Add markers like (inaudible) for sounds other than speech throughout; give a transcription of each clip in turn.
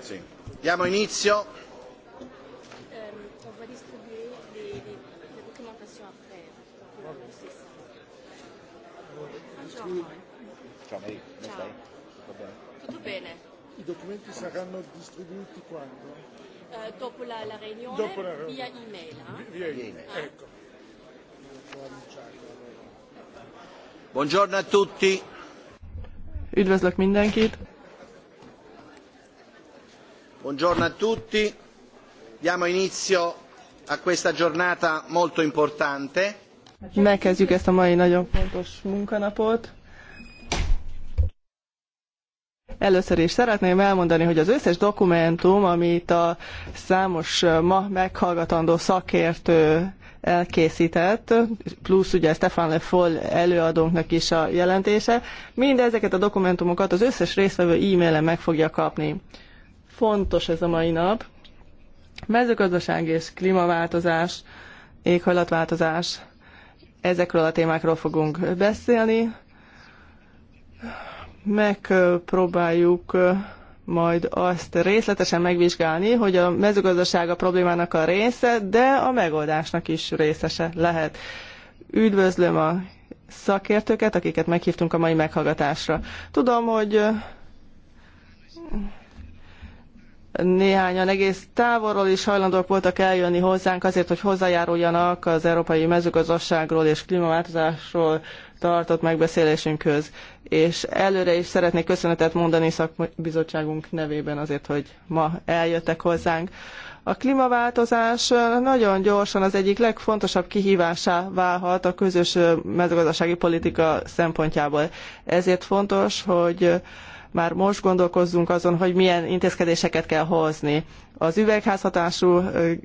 Sì. Diamo inizio. Ehm, eh, Ciao Maria, come Ciao. stai? Tutto bene? Tutto bene. I documenti saranno distribuiti quando? Eh, dopo la, la riunione dopo la... via email. Eh? Via email, ah. ecco. Buongiorno a tutti. Üdvözlök mindenkit! Buongiorno a tutti. Diamo inizio a questa giornata molto importante. Megkezdjük ezt a mai nagyon fontos munkanapot. Először is szeretném elmondani, hogy az összes dokumentum, amit a számos ma meghallgatandó szakértő elkészített, plusz ugye Stefan Le Foll előadónknak is a jelentése, mindezeket a dokumentumokat az összes résztvevő e-mailen meg fogja kapni fontos ez a mai nap. Mezőgazdaság és klímaváltozás, éghajlatváltozás, ezekről a témákról fogunk beszélni. Megpróbáljuk majd azt részletesen megvizsgálni, hogy a mezőgazdaság a problémának a része, de a megoldásnak is részese lehet. Üdvözlöm a szakértőket, akiket meghívtunk a mai meghallgatásra. Tudom, hogy Néhányan egész távolról is hajlandók voltak eljönni hozzánk azért, hogy hozzájáruljanak az európai mezőgazdaságról és klímaváltozásról tartott megbeszélésünkhöz. És előre is szeretnék köszönetet mondani szakbizottságunk nevében azért, hogy ma eljöttek hozzánk. A klímaváltozás nagyon gyorsan az egyik legfontosabb kihívásá válhat a közös mezőgazdasági politika szempontjából. Ezért fontos, hogy már most gondolkozzunk azon, hogy milyen intézkedéseket kell hozni. Az üvegházhatású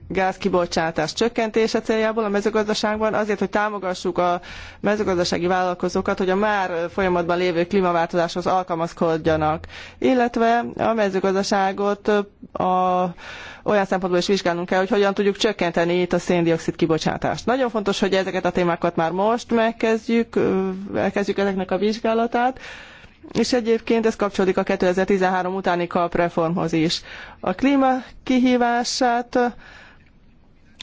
gázkibocsátás csökkentése céljából a mezőgazdaságban azért, hogy támogassuk a mezőgazdasági vállalkozókat, hogy a már folyamatban lévő klímaváltozáshoz alkalmazkodjanak, illetve a mezőgazdaságot a, olyan szempontból is vizsgálnunk kell, hogy hogyan tudjuk csökkenteni itt a széndiokszid kibocsátást. Nagyon fontos, hogy ezeket a témákat már most megkezdjük, elkezdjük ezeknek a vizsgálatát, és egyébként ez kapcsolódik a 2013 utáni kapreformhoz is. A klíma kihívását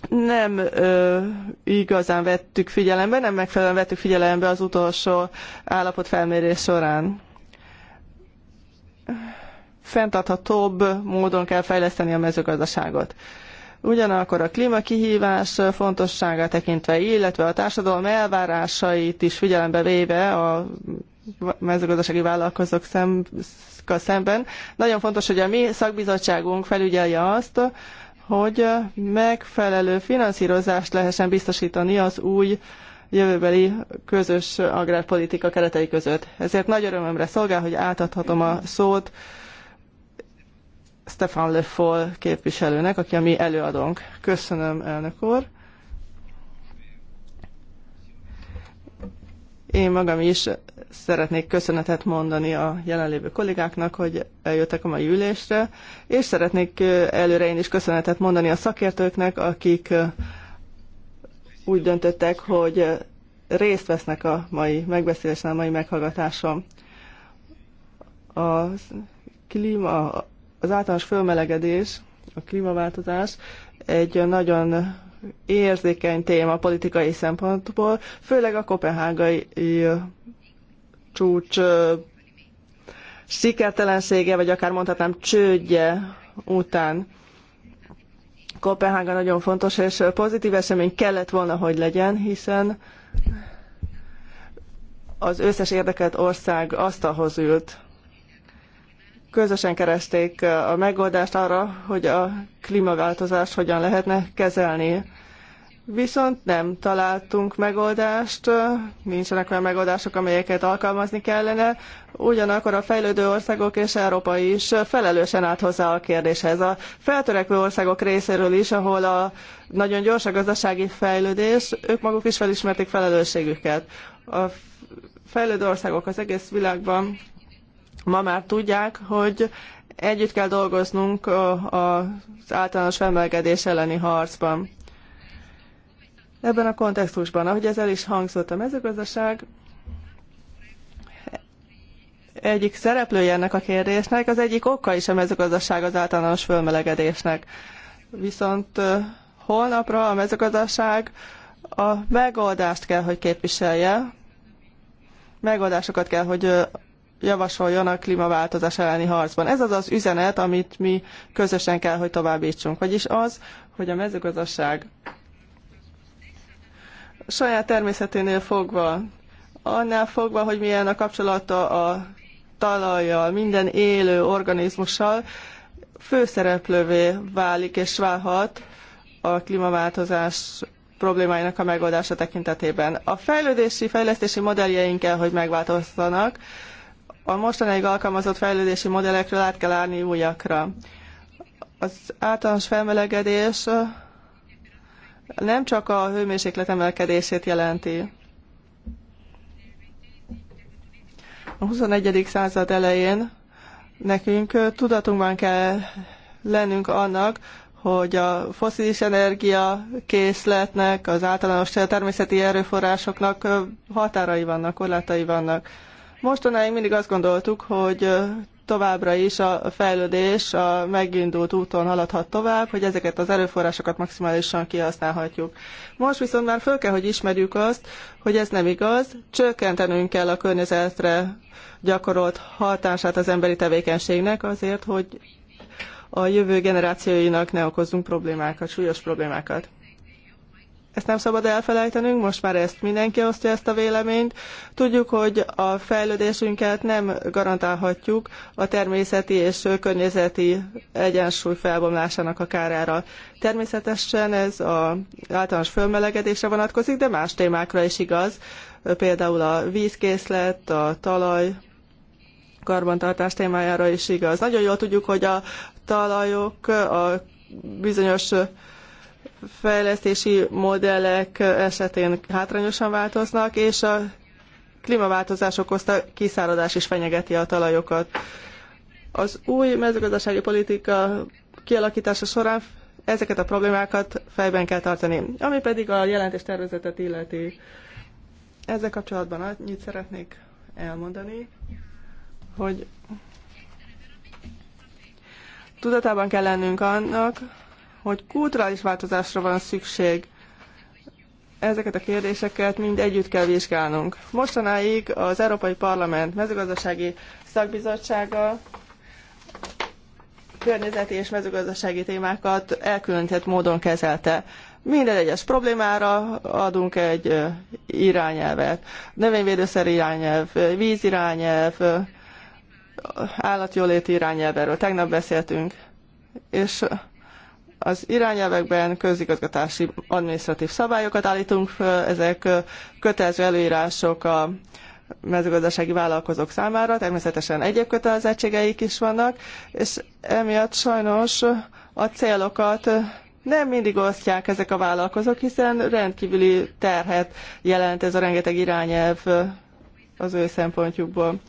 nem ö, igazán vettük figyelembe, nem megfelelően vettük figyelembe az utolsó állapotfelmérés során. Fentarthatóbb módon kell fejleszteni a mezőgazdaságot. Ugyanakkor a klímakihívás fontossága tekintve, illetve a társadalom elvárásait is figyelembe véve a mezőgazdasági vállalkozók szem, szemben. Nagyon fontos, hogy a mi szakbizottságunk felügyelje azt, hogy megfelelő finanszírozást lehessen biztosítani az új jövőbeli közös agrárpolitika keretei között. Ezért nagy örömömre szolgál, hogy átadhatom a szót Stefan Le Foll képviselőnek, aki a mi előadónk. Köszönöm, elnök úr! Én magam is szeretnék köszönetet mondani a jelenlévő kollégáknak, hogy eljöttek a mai ülésre, és szeretnék előre én is köszönetet mondani a szakértőknek, akik úgy döntöttek, hogy részt vesznek a mai megbeszélésen, a mai meghallgatáson. A klíma, az általános fölmelegedés, a klímaváltozás egy nagyon érzékeny téma politikai szempontból, főleg a kopenhágai csúcs sikertelensége, vagy akár mondhatnám csődje után. Kopenhága nagyon fontos és pozitív esemény kellett volna, hogy legyen, hiszen az összes érdekelt ország asztalhoz ült közösen keresték a megoldást arra, hogy a klímaváltozást hogyan lehetne kezelni. Viszont nem találtunk megoldást, nincsenek olyan megoldások, amelyeket alkalmazni kellene. Ugyanakkor a fejlődő országok és Európa is felelősen állt hozzá a kérdéshez. A feltörekvő országok részéről is, ahol a nagyon gyors a gazdasági fejlődés, ők maguk is felismerték felelősségüket. A fejlődő országok az egész világban Ma már tudják, hogy együtt kell dolgoznunk az általános felmelegedés elleni harcban. Ebben a kontextusban, ahogy ez el is hangzott, a mezőgazdaság egyik szereplője ennek a kérdésnek, az egyik oka is a mezőgazdaság az általános fölmelegedésnek. Viszont holnapra a mezőgazdaság a megoldást kell, hogy képviselje, megoldásokat kell, hogy javasoljon a klímaváltozás elleni harcban. Ez az az üzenet, amit mi közösen kell, hogy továbbítsunk. Vagyis az, hogy a mezőgazdaság saját természeténél fogva, annál fogva, hogy milyen a kapcsolata a talajjal, minden élő organizmussal, főszereplővé válik és válhat a klímaváltozás problémáinak a megoldása tekintetében. A fejlődési, fejlesztési modelljeinkkel, hogy megváltozzanak, a mostanáig alkalmazott fejlődési modellekről át kell állni újakra. Az általános felmelegedés nem csak a hőmérséklet emelkedését jelenti. A 21. század elején nekünk tudatunkban kell lennünk annak, hogy a foszilis energia készletnek, az általános természeti erőforrásoknak határai vannak, korlátai vannak. Mostanáig mindig azt gondoltuk, hogy továbbra is a fejlődés a megindult úton haladhat tovább, hogy ezeket az erőforrásokat maximálisan kihasználhatjuk. Most viszont már föl kell, hogy ismerjük azt, hogy ez nem igaz, csökkentenünk kell a környezetre gyakorolt hatását az emberi tevékenységnek azért, hogy a jövő generációinak ne okozzunk problémákat, súlyos problémákat ezt nem szabad elfelejtenünk, most már ezt mindenki osztja ezt a véleményt. Tudjuk, hogy a fejlődésünket nem garantálhatjuk a természeti és környezeti egyensúly felbomlásának a kárára. Természetesen ez az általános fölmelegedésre vonatkozik, de más témákra is igaz, például a vízkészlet, a talaj, karbantartás témájára is igaz. Nagyon jól tudjuk, hogy a talajok a bizonyos fejlesztési modellek esetén hátrányosan változnak, és a klímaváltozás okozta kiszáradás is fenyegeti a talajokat. Az új mezőgazdasági politika kialakítása során ezeket a problémákat fejben kell tartani. Ami pedig a jelentés tervezetet illeti. Ezzel kapcsolatban annyit szeretnék elmondani, hogy tudatában kell lennünk annak, hogy kulturális változásra van szükség. Ezeket a kérdéseket mind együtt kell vizsgálnunk. Mostanáig az Európai Parlament mezőgazdasági szakbizottsága környezeti és mezőgazdasági témákat elkülönített módon kezelte. Minden egyes problémára adunk egy irányelvet. Növényvédőszer irányelv, vízirányelv, állatjóléti irányelv, erről tegnap beszéltünk. És az irányelvekben közigazgatási administratív szabályokat állítunk föl, ezek kötelező előírások a mezőgazdasági vállalkozók számára, természetesen egyéb kötelezettségeik is vannak, és emiatt sajnos a célokat nem mindig osztják ezek a vállalkozók, hiszen rendkívüli terhet jelent ez a rengeteg irányelv az ő szempontjukból.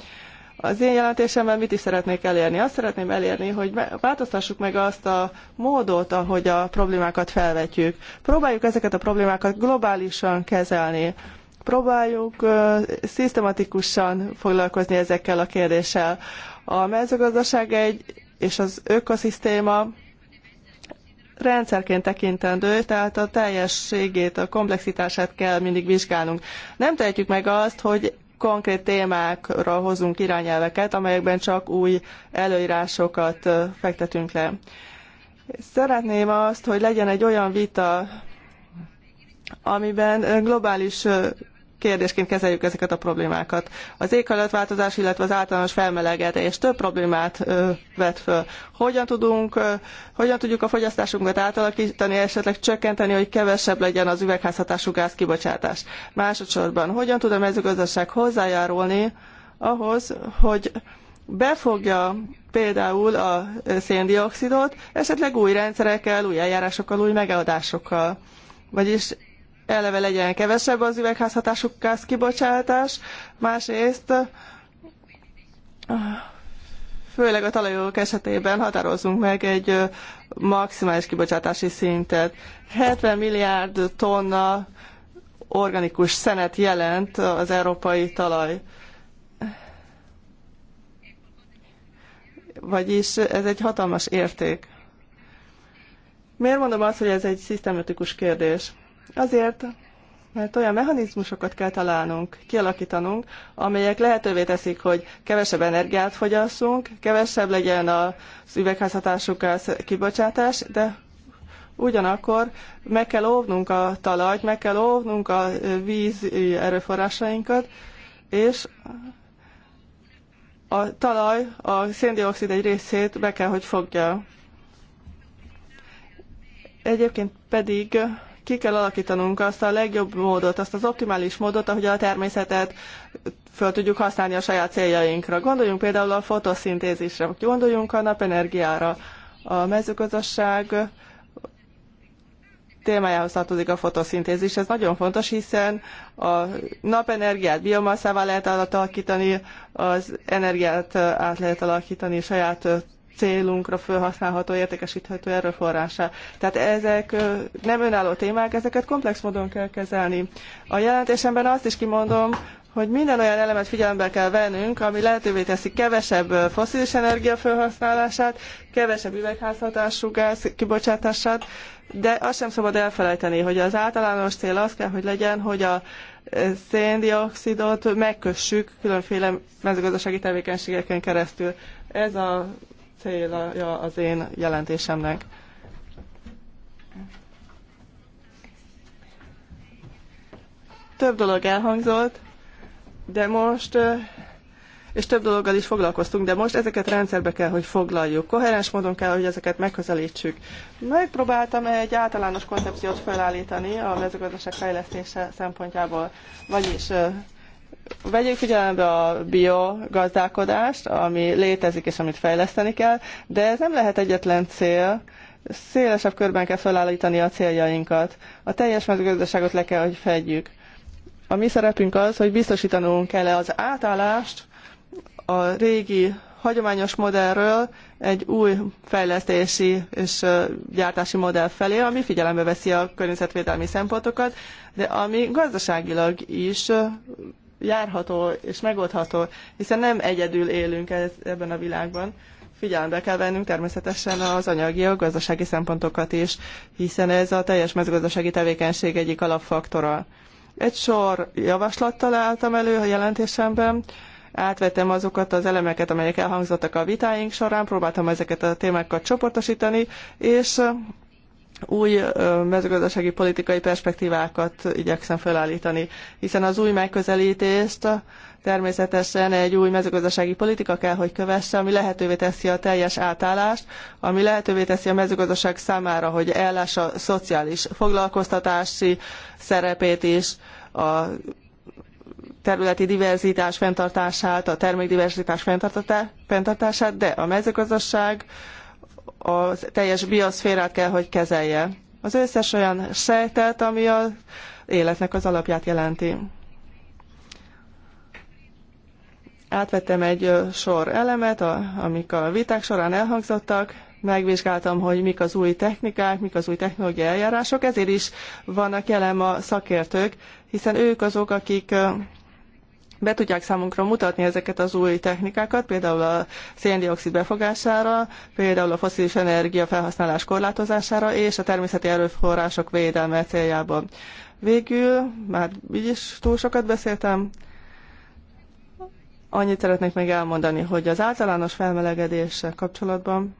Az én jelentésemben mit is szeretnék elérni? Azt szeretném elérni, hogy változtassuk meg azt a módot, ahogy a problémákat felvetjük. Próbáljuk ezeket a problémákat globálisan kezelni. Próbáljuk uh, szisztematikusan foglalkozni ezekkel a kérdéssel. A mezőgazdaság egy és az ökoszisztéma rendszerként tekintendő, tehát a teljességét, a komplexitását kell mindig vizsgálnunk. Nem tehetjük meg azt, hogy konkrét témákra hozunk irányelveket, amelyekben csak új előírásokat fektetünk le. Szeretném azt, hogy legyen egy olyan vita, amiben globális kérdésként kezeljük ezeket a problémákat. Az éghajlatváltozás, illetve az általános felmelegedés több problémát ö, vet föl. Hogyan, tudunk, ö, hogyan tudjuk a fogyasztásunkat átalakítani, esetleg csökkenteni, hogy kevesebb legyen az üvegházhatású gáz kibocsátás? Másodszorban, hogyan tud a mezőgazdaság hozzájárulni ahhoz, hogy befogja például a széndiokszidot, esetleg új rendszerekkel, új eljárásokkal, új megoldásokkal. Vagyis eleve legyen kevesebb az üvegházhatású gáz kibocsátás, másrészt ah, főleg a talajok esetében határozzunk meg egy maximális kibocsátási szintet. 70 milliárd tonna organikus szenet jelent az európai talaj. Vagyis ez egy hatalmas érték. Miért mondom azt, hogy ez egy szisztematikus kérdés? Azért, mert olyan mechanizmusokat kell találnunk, kialakítanunk, amelyek lehetővé teszik, hogy kevesebb energiát fogyasszunk, kevesebb legyen az üvegházhatású kibocsátás, de ugyanakkor meg kell óvnunk a talajt, meg kell óvnunk a víz erőforrásainkat, és a talaj a széndiokszid egy részét be kell, hogy fogja. Egyébként pedig ki kell alakítanunk azt a legjobb módot, azt az optimális módot, ahogy a természetet föl tudjuk használni a saját céljainkra. Gondoljunk például a fotoszintézisre, vagy gondoljunk a napenergiára. A mezőgazdaság témájához tartozik a fotoszintézis. Ez nagyon fontos, hiszen a napenergiát biomasszával lehet alakítani az energiát át lehet alakítani saját célunkra felhasználható, értékesíthető erőforrása. Tehát ezek nem önálló témák, ezeket komplex módon kell kezelni. A jelentésemben azt is kimondom, hogy minden olyan elemet figyelembe kell vennünk, ami lehetővé teszi kevesebb foszilis energia felhasználását, kevesebb üvegházhatású gáz kibocsátását, de azt sem szabad elfelejteni, hogy az általános cél az kell, hogy legyen, hogy a széndiokszidot megkössük különféle mezőgazdasági tevékenységeken keresztül. Ez a célja az én jelentésemnek. Több dolog elhangzott, de most, és több dologgal is foglalkoztunk, de most ezeket rendszerbe kell, hogy foglaljuk. Koherens módon kell, hogy ezeket megközelítsük. Megpróbáltam egy általános koncepciót felállítani a mezőgazdaság fejlesztése szempontjából, vagyis vegyük figyelembe a biogazdálkodást, ami létezik és amit fejleszteni kell, de ez nem lehet egyetlen cél, szélesebb körben kell felállítani a céljainkat. A teljes mezőgazdaságot le kell, hogy fedjük. A mi szerepünk az, hogy biztosítanunk kell -e az átállást a régi hagyományos modellről egy új fejlesztési és gyártási modell felé, ami figyelembe veszi a környezetvédelmi szempontokat, de ami gazdaságilag is járható és megoldható, hiszen nem egyedül élünk ez, ebben a világban. Figyelembe kell vennünk természetesen az anyagi, a gazdasági szempontokat is, hiszen ez a teljes mezőgazdasági tevékenység egyik alapfaktora. Egy sor javaslattal álltam elő a jelentésemben, átvettem azokat az elemeket, amelyek elhangzottak a vitáink során, próbáltam ezeket a témákat csoportosítani, és új mezőgazdasági politikai perspektívákat igyekszem felállítani, hiszen az új megközelítést természetesen egy új mezőgazdasági politika kell, hogy kövesse, ami lehetővé teszi a teljes átállást, ami lehetővé teszi a mezőgazdaság számára, hogy ellássa a szociális foglalkoztatási szerepét is, a területi diverzitás fenntartását, a termékdiverzitás fenntartását, de a mezőgazdaság a teljes bioszférát kell, hogy kezelje. Az összes olyan sejtet, ami az életnek az alapját jelenti. Átvettem egy sor elemet, amik a viták során elhangzottak, megvizsgáltam, hogy mik az új technikák, mik az új technológiai eljárások, ezért is vannak jelen a szakértők, hiszen ők azok, akik be tudják számunkra mutatni ezeket az új technikákat, például a széndiokszid befogására, például a foszilis energia felhasználás korlátozására és a természeti erőforrások védelme céljában. Végül, már így is túl sokat beszéltem, annyit szeretnék még elmondani, hogy az általános felmelegedéssel kapcsolatban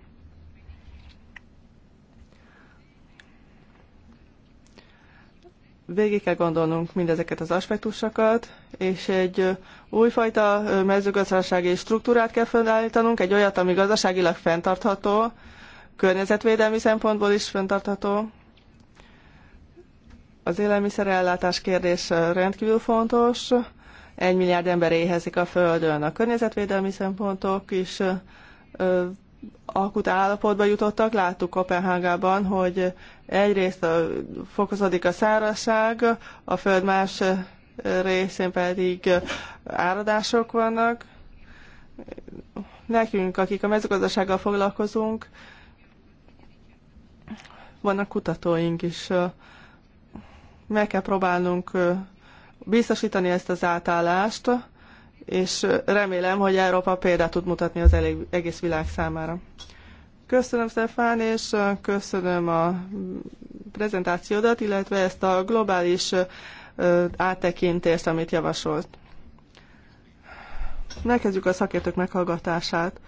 Végig kell gondolnunk mindezeket az aspektusokat, és egy újfajta mezőgazdasági struktúrát kell felállítanunk, egy olyat, ami gazdaságilag fenntartható, környezetvédelmi szempontból is fenntartható. Az élelmiszerellátás kérdés rendkívül fontos. Egy milliárd ember éhezik a Földön. A környezetvédelmi szempontok is akut állapotba jutottak. Láttuk Kopenhágában, hogy egyrészt a, fokozódik a szárazság, a föld más részén pedig áradások vannak. Nekünk, akik a mezőgazdasággal foglalkozunk, vannak kutatóink is. Meg kell próbálnunk biztosítani ezt az átállást, és remélem, hogy Európa példát tud mutatni az elég, egész világ számára. Köszönöm Stefán, és köszönöm a prezentációdat, illetve ezt a globális áttekintést, amit javasolt. Megkezdjük a szakértők meghallgatását.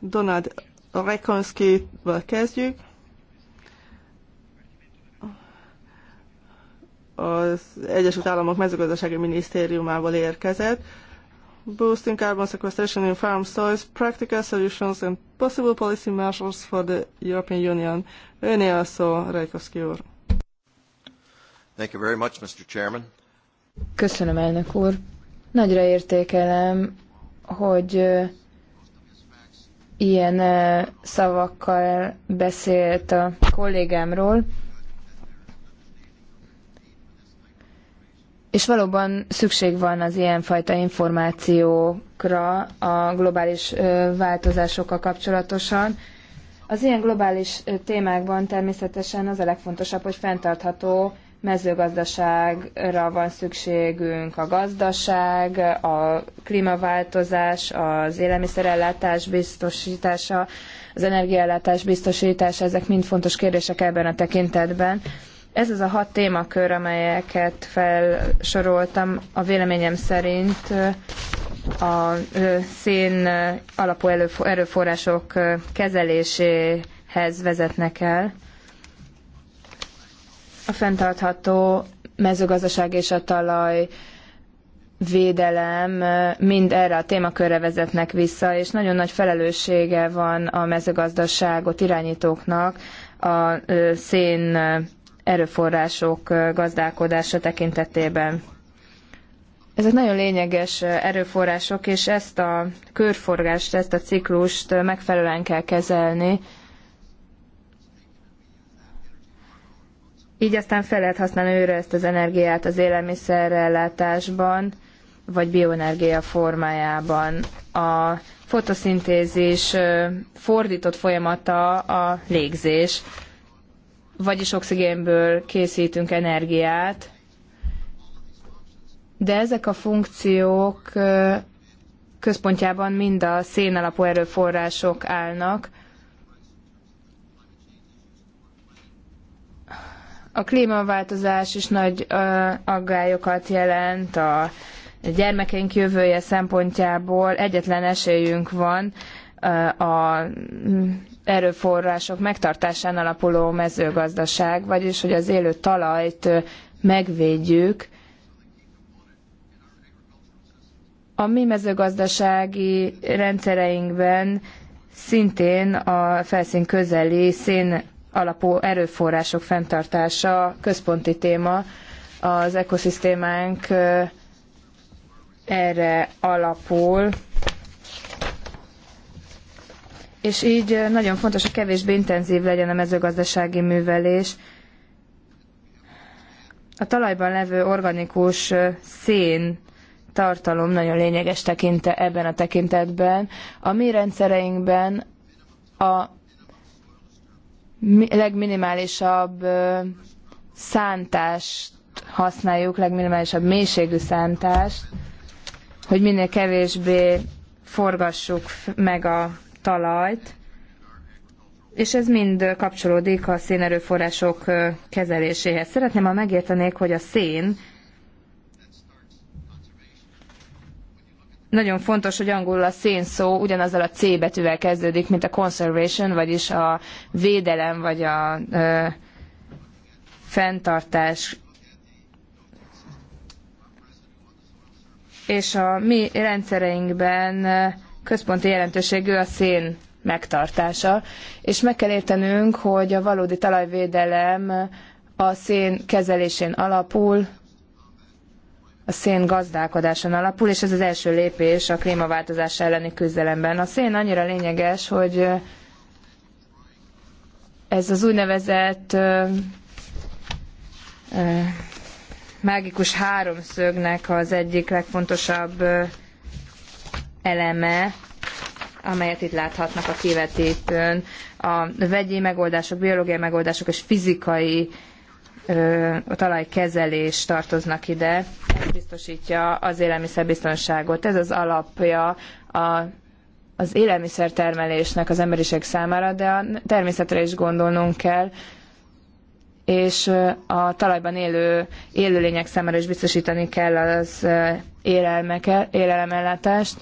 Donald Rekonszkival kezdjük. az Egyesült Államok mezőgazdasági minisztériumából érkezett. Boosting carbon sequestration in farm soils, practical solutions and possible policy measures for the European Union. Önél a szó, Rajkowski úr. Thank you very much, Mr. Chairman. Köszönöm, elnök úr. Nagyra értékelem, hogy ilyen szavakkal beszélt a kollégámról. és valóban szükség van az ilyenfajta információkra a globális változásokkal kapcsolatosan. Az ilyen globális témákban természetesen az a legfontosabb, hogy fenntartható mezőgazdaságra van szükségünk, a gazdaság, a klímaváltozás, az élelmiszerellátás biztosítása, az energiaellátás biztosítása, ezek mind fontos kérdések ebben a tekintetben. Ez az a hat témakör, amelyeket felsoroltam a véleményem szerint a szén alapú erőforrások kezeléséhez vezetnek el. A fenntartható mezőgazdaság és a talaj védelem mind erre a témakörre vezetnek vissza, és nagyon nagy felelőssége van a mezőgazdaságot irányítóknak a szén erőforrások gazdálkodása tekintetében. Ezek nagyon lényeges erőforrások, és ezt a körforgást, ezt a ciklust megfelelően kell kezelni. Így aztán fel lehet használni őre ezt az energiát az élelmiszerrellátásban, vagy bioenergia formájában. A fotoszintézis fordított folyamata a légzés vagyis oxigénből készítünk energiát, de ezek a funkciók központjában mind a szénalapú erőforrások állnak. A klímaváltozás is nagy aggályokat jelent, a gyermekeink jövője szempontjából egyetlen esélyünk van a erőforrások megtartásán alapuló mezőgazdaság, vagyis hogy az élő talajt megvédjük. A mi mezőgazdasági rendszereinkben szintén a felszín közeli szén alapú erőforrások fenntartása központi téma. Az ekoszisztémánk erre alapul és így nagyon fontos, hogy kevésbé intenzív legyen a mezőgazdasági művelés. A talajban levő organikus szén tartalom nagyon lényeges tekinte, ebben a tekintetben. A mi rendszereinkben a legminimálisabb szántást használjuk, legminimálisabb mélységű szántást, hogy minél kevésbé forgassuk meg a talajt, és ez mind kapcsolódik a szénerőforrások kezeléséhez. Szeretném, ha megértenék, hogy a szén nagyon fontos, hogy angolul a szén szó ugyanazzal a C betűvel kezdődik, mint a conservation, vagyis a védelem, vagy a ö, fenntartás. És a mi rendszereinkben központi jelentőségű a szén megtartása, és meg kell értenünk, hogy a valódi talajvédelem a szén kezelésén alapul, a szén gazdálkodáson alapul, és ez az első lépés a klímaváltozás elleni küzdelemben. A szén annyira lényeges, hogy ez az úgynevezett mágikus háromszögnek az egyik legfontosabb eleme, amelyet itt láthatnak a kivetítőn. A vegyi megoldások, biológiai megoldások és fizikai talajkezelés tartoznak ide. Ez biztosítja az élelmiszerbiztonságot. Ez az alapja a az élelmiszertermelésnek az emberiség számára, de a természetre is gondolnunk kell, és a talajban élő élőlények számára is biztosítani kell az élelmeket, élelemellátást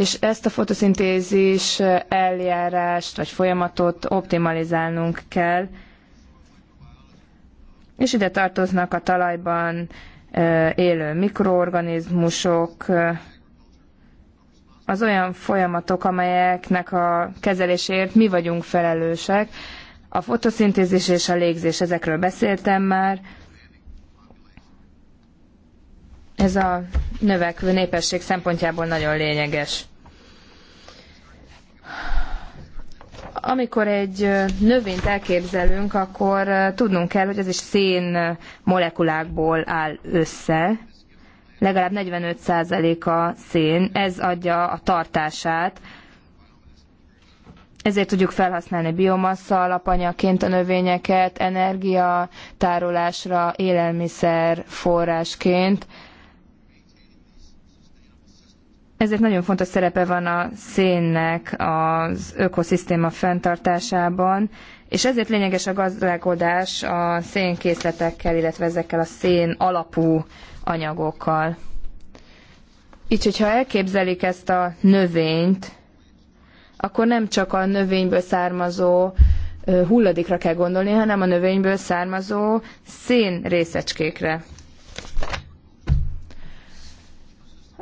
és ezt a fotoszintézis eljárást vagy folyamatot optimalizálnunk kell. És ide tartoznak a talajban élő mikroorganizmusok, az olyan folyamatok, amelyeknek a kezelésért mi vagyunk felelősek. A fotoszintézis és a légzés, ezekről beszéltem már. Ez a növekvő népesség szempontjából nagyon lényeges amikor egy növényt elképzelünk, akkor tudnunk kell, hogy ez is szén molekulákból áll össze, legalább 45% a szén, ez adja a tartását, ezért tudjuk felhasználni biomassa alapanyagként a növényeket, energia tárolásra, élelmiszer forrásként, ezért nagyon fontos szerepe van a szénnek az ökoszisztéma fenntartásában, és ezért lényeges a gazdálkodás a szénkészletekkel, illetve ezekkel a szén alapú anyagokkal. Így, hogyha elképzelik ezt a növényt, akkor nem csak a növényből származó hulladékra kell gondolni, hanem a növényből származó szén részecskékre.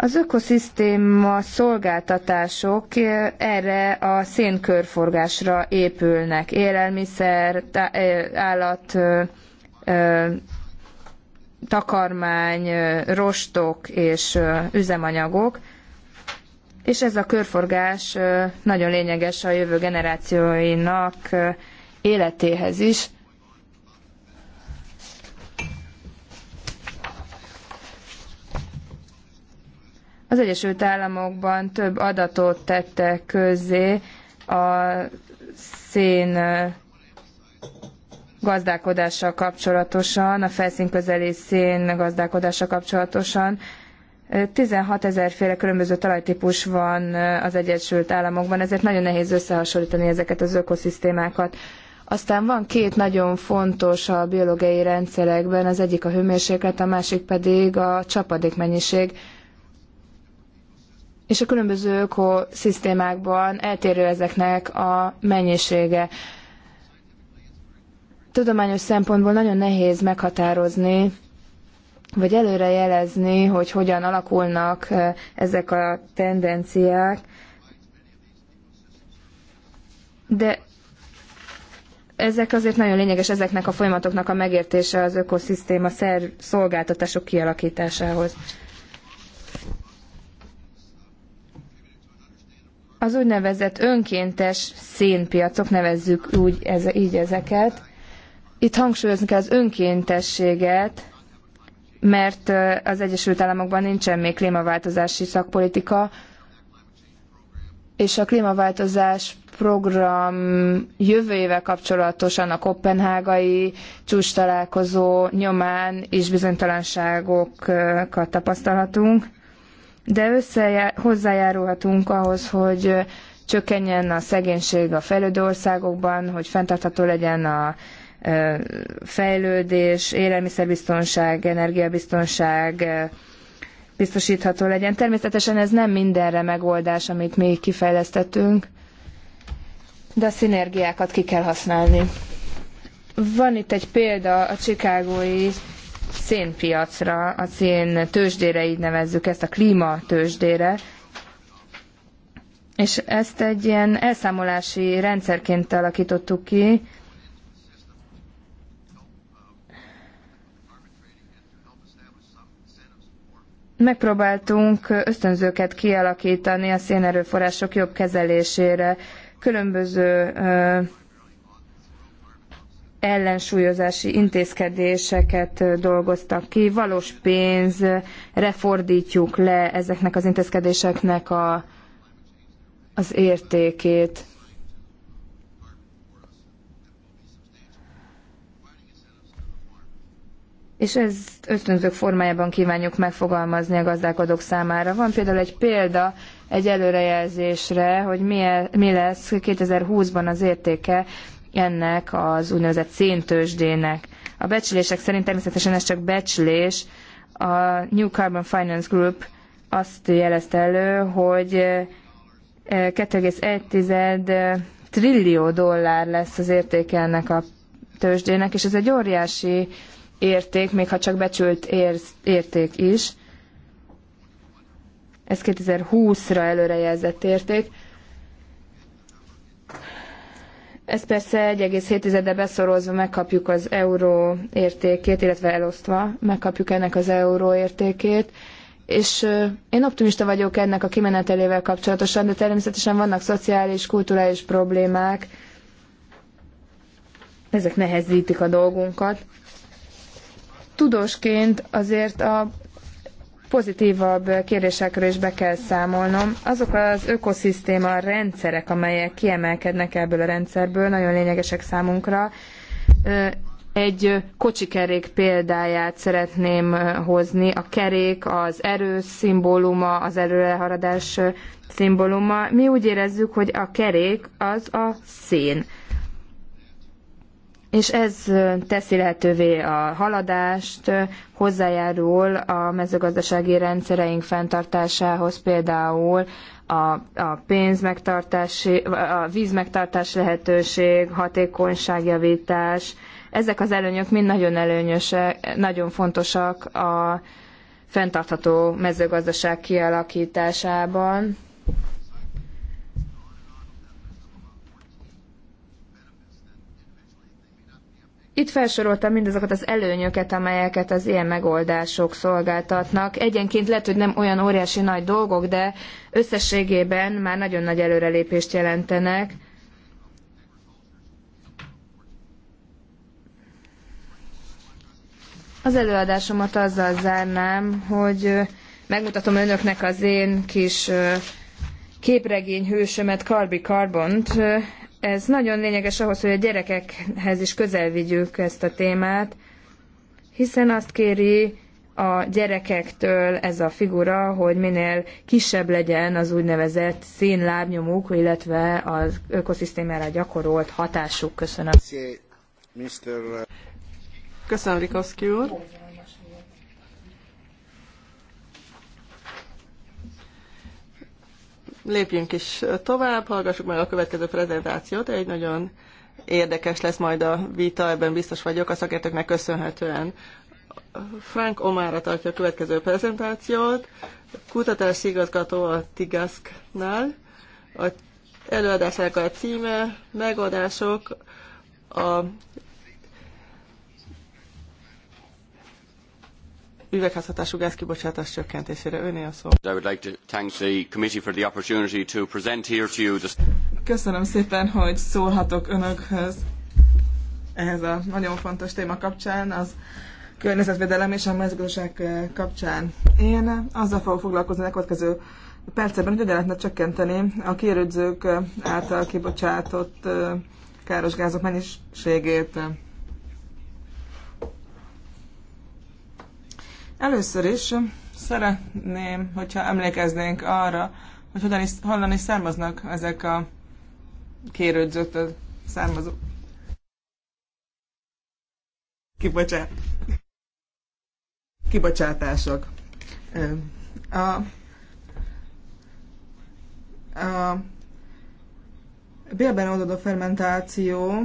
Az ökoszisztéma szolgáltatások eh, erre a szénkörforgásra épülnek. Élelmiszer, eh, állat, eh, takarmány, rostok és üzemanyagok, és ez a körforgás nagyon lényeges a jövő generációinak életéhez is. Az Egyesült Államokban több adatot tette közzé a szén gazdálkodással kapcsolatosan, a felszín közeli szén gazdálkodással kapcsolatosan. 16 ezer féle különböző talajtípus van az Egyesült Államokban, ezért nagyon nehéz összehasonlítani ezeket az ökoszisztémákat. Aztán van két nagyon fontos a biológiai rendszerekben, az egyik a hőmérséklet, a másik pedig a csapadékmennyiség. mennyiség és a különböző ökoszisztémákban eltérő ezeknek a mennyisége. Tudományos szempontból nagyon nehéz meghatározni, vagy előre jelezni, hogy hogyan alakulnak ezek a tendenciák, de ezek azért nagyon lényeges, ezeknek a folyamatoknak a megértése az ökoszisztéma szer szolgáltatások kialakításához. Az úgynevezett önkéntes szénpiacok, nevezzük úgy ez, így ezeket. Itt hangsúlyozni kell az önkéntességet, mert az Egyesült Államokban nincsen még klímaváltozási szakpolitika, és a klímaváltozás program jövőjével kapcsolatosan a kopenhágai csúcs találkozó nyomán is bizonytalanságokat tapasztalhatunk de össze hozzájárulhatunk ahhoz, hogy csökkenjen a szegénység a fejlődő országokban, hogy fenntartható legyen a fejlődés, élelmiszerbiztonság, energiabiztonság biztosítható legyen. Természetesen ez nem mindenre megoldás, amit mi kifejlesztettünk, de a szinergiákat ki kell használni. Van itt egy példa a csikágói szénpiacra, a szén tőzsdére így nevezzük ezt, a klíma tőzsdére, és ezt egy ilyen elszámolási rendszerként alakítottuk ki, megpróbáltunk ösztönzőket kialakítani a szénerőforrások jobb kezelésére, különböző ellensúlyozási intézkedéseket dolgoztak ki. Valós pénz, refordítjuk le ezeknek az intézkedéseknek a, az értékét. És ez ösztönzők formájában kívánjuk megfogalmazni a gazdálkodók számára. Van például egy példa egy előrejelzésre, hogy mi, e- mi lesz 2020-ban az értéke ennek az úgynevezett széntősdének. A becslések szerint természetesen ez csak becslés, a New Carbon Finance Group azt jelezte elő, hogy 2,1 eh, eh, trillió dollár lesz az értéke ennek a tőzsdének, és ez egy óriási érték, még ha csak becsült érték is. Ez 2020-ra előrejelzett érték. Ez persze 1,7-re beszorozva megkapjuk az euró értékét, illetve elosztva megkapjuk ennek az euró értékét. És én optimista vagyok ennek a kimenetelével kapcsolatosan, de természetesen vannak szociális, kulturális problémák. Ezek nehezítik a dolgunkat. Tudósként azért a pozitívabb kérdésekről is be kell számolnom. Azok az ökoszisztéma rendszerek, amelyek kiemelkednek ebből a rendszerből, nagyon lényegesek számunkra. Egy kocsikerék példáját szeretném hozni. A kerék az erő szimbóluma, az előreharadás szimbóluma. Mi úgy érezzük, hogy a kerék az a szén és ez teszi lehetővé a haladást, hozzájárul a mezőgazdasági rendszereink fenntartásához, például a, a pénz megtartási, a víz megtartás lehetőség, hatékonyságjavítás. Ezek az előnyök mind nagyon előnyösek, nagyon fontosak a fenntartható mezőgazdaság kialakításában Itt felsoroltam mindazokat az előnyöket, amelyeket az ilyen megoldások szolgáltatnak. Egyenként lehet, hogy nem olyan óriási nagy dolgok, de összességében már nagyon nagy előrelépést jelentenek. Az előadásomat azzal zárnám, hogy megmutatom önöknek az én kis képregény hősömet, Carby Carbont, ez nagyon lényeges ahhoz, hogy a gyerekekhez is közel vigyük ezt a témát, hiszen azt kéri a gyerekektől ez a figura, hogy minél kisebb legyen az úgynevezett szénlábnyomuk, illetve az ökoszisztémára gyakorolt hatásuk. Köszönöm. Köszönöm, Rikoszki úr. lépjünk is tovább, hallgassuk meg a következő prezentációt, egy nagyon érdekes lesz majd a vita, ebben biztos vagyok, a szakértőknek köszönhetően. Frank Omára tartja a következő prezentációt, kutatási igazgató a Tigasknál. A előadásának a címe megoldások a üvegházhatású gázkibocsátás csökkentésére. Öné a szó. Köszönöm szépen, hogy szólhatok önökhöz ehhez a nagyon fontos téma kapcsán, az környezetvédelem és a mezőgazdaság eh, kapcsán. Én azzal fogok foglalkozni a következő percekben, hogy hogyan lehetne csökkenteni a kérődzők eh, által kibocsátott eh, káros gázok mennyiségét. Először is szeretném, hogyha emlékeznénk arra, hogy hogyan is, honnan is származnak ezek a kérődzőtől származó Kibocsát... kibocsátások. A, a bélben oldódó fermentáció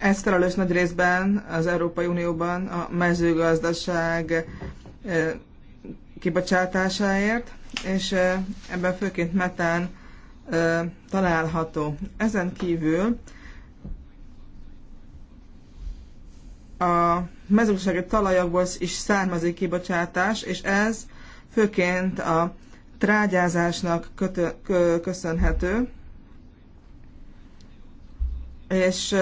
ez felelős nagy részben az Európai Unióban a mezőgazdaság eh, kibocsátásáért, és eh, ebben főként metán eh, található. Ezen kívül a mezőgazdasági talajokból is származik kibocsátás, és ez főként a trágyázásnak köszönhető. És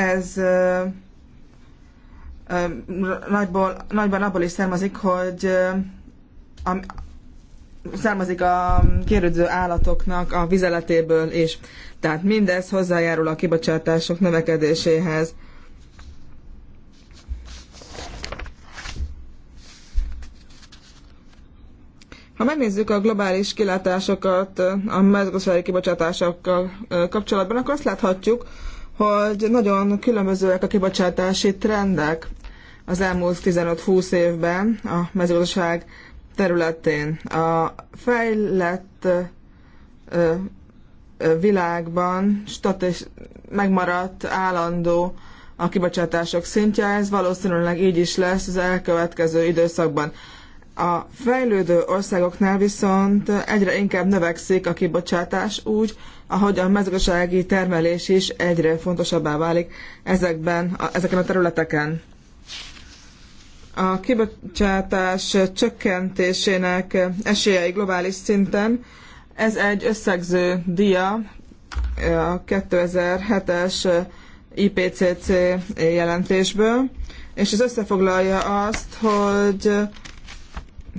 ez nagyból, nagyban abból is származik, hogy a, származik a kérődző állatoknak a vizeletéből is. Tehát mindez hozzájárul a kibocsátások növekedéséhez. Ha megnézzük a globális kilátásokat a mezőgazdasági kibocsátásokkal kapcsolatban, akkor azt láthatjuk, hogy nagyon különbözőek a kibocsátási trendek az elmúlt 15-20 évben a mezőgazdaság területén. A fejlett világban statis, megmaradt állandó a kibocsátások szintje, ez valószínűleg így is lesz az elkövetkező időszakban. A fejlődő országoknál viszont egyre inkább növekszik a kibocsátás úgy, ahogy a mezőgazdasági termelés is egyre fontosabbá válik ezekben, a, ezeken a területeken. A kibocsátás csökkentésének esélyei globális szinten ez egy összegző dia a 2007-es IPCC jelentésből, és ez összefoglalja azt, hogy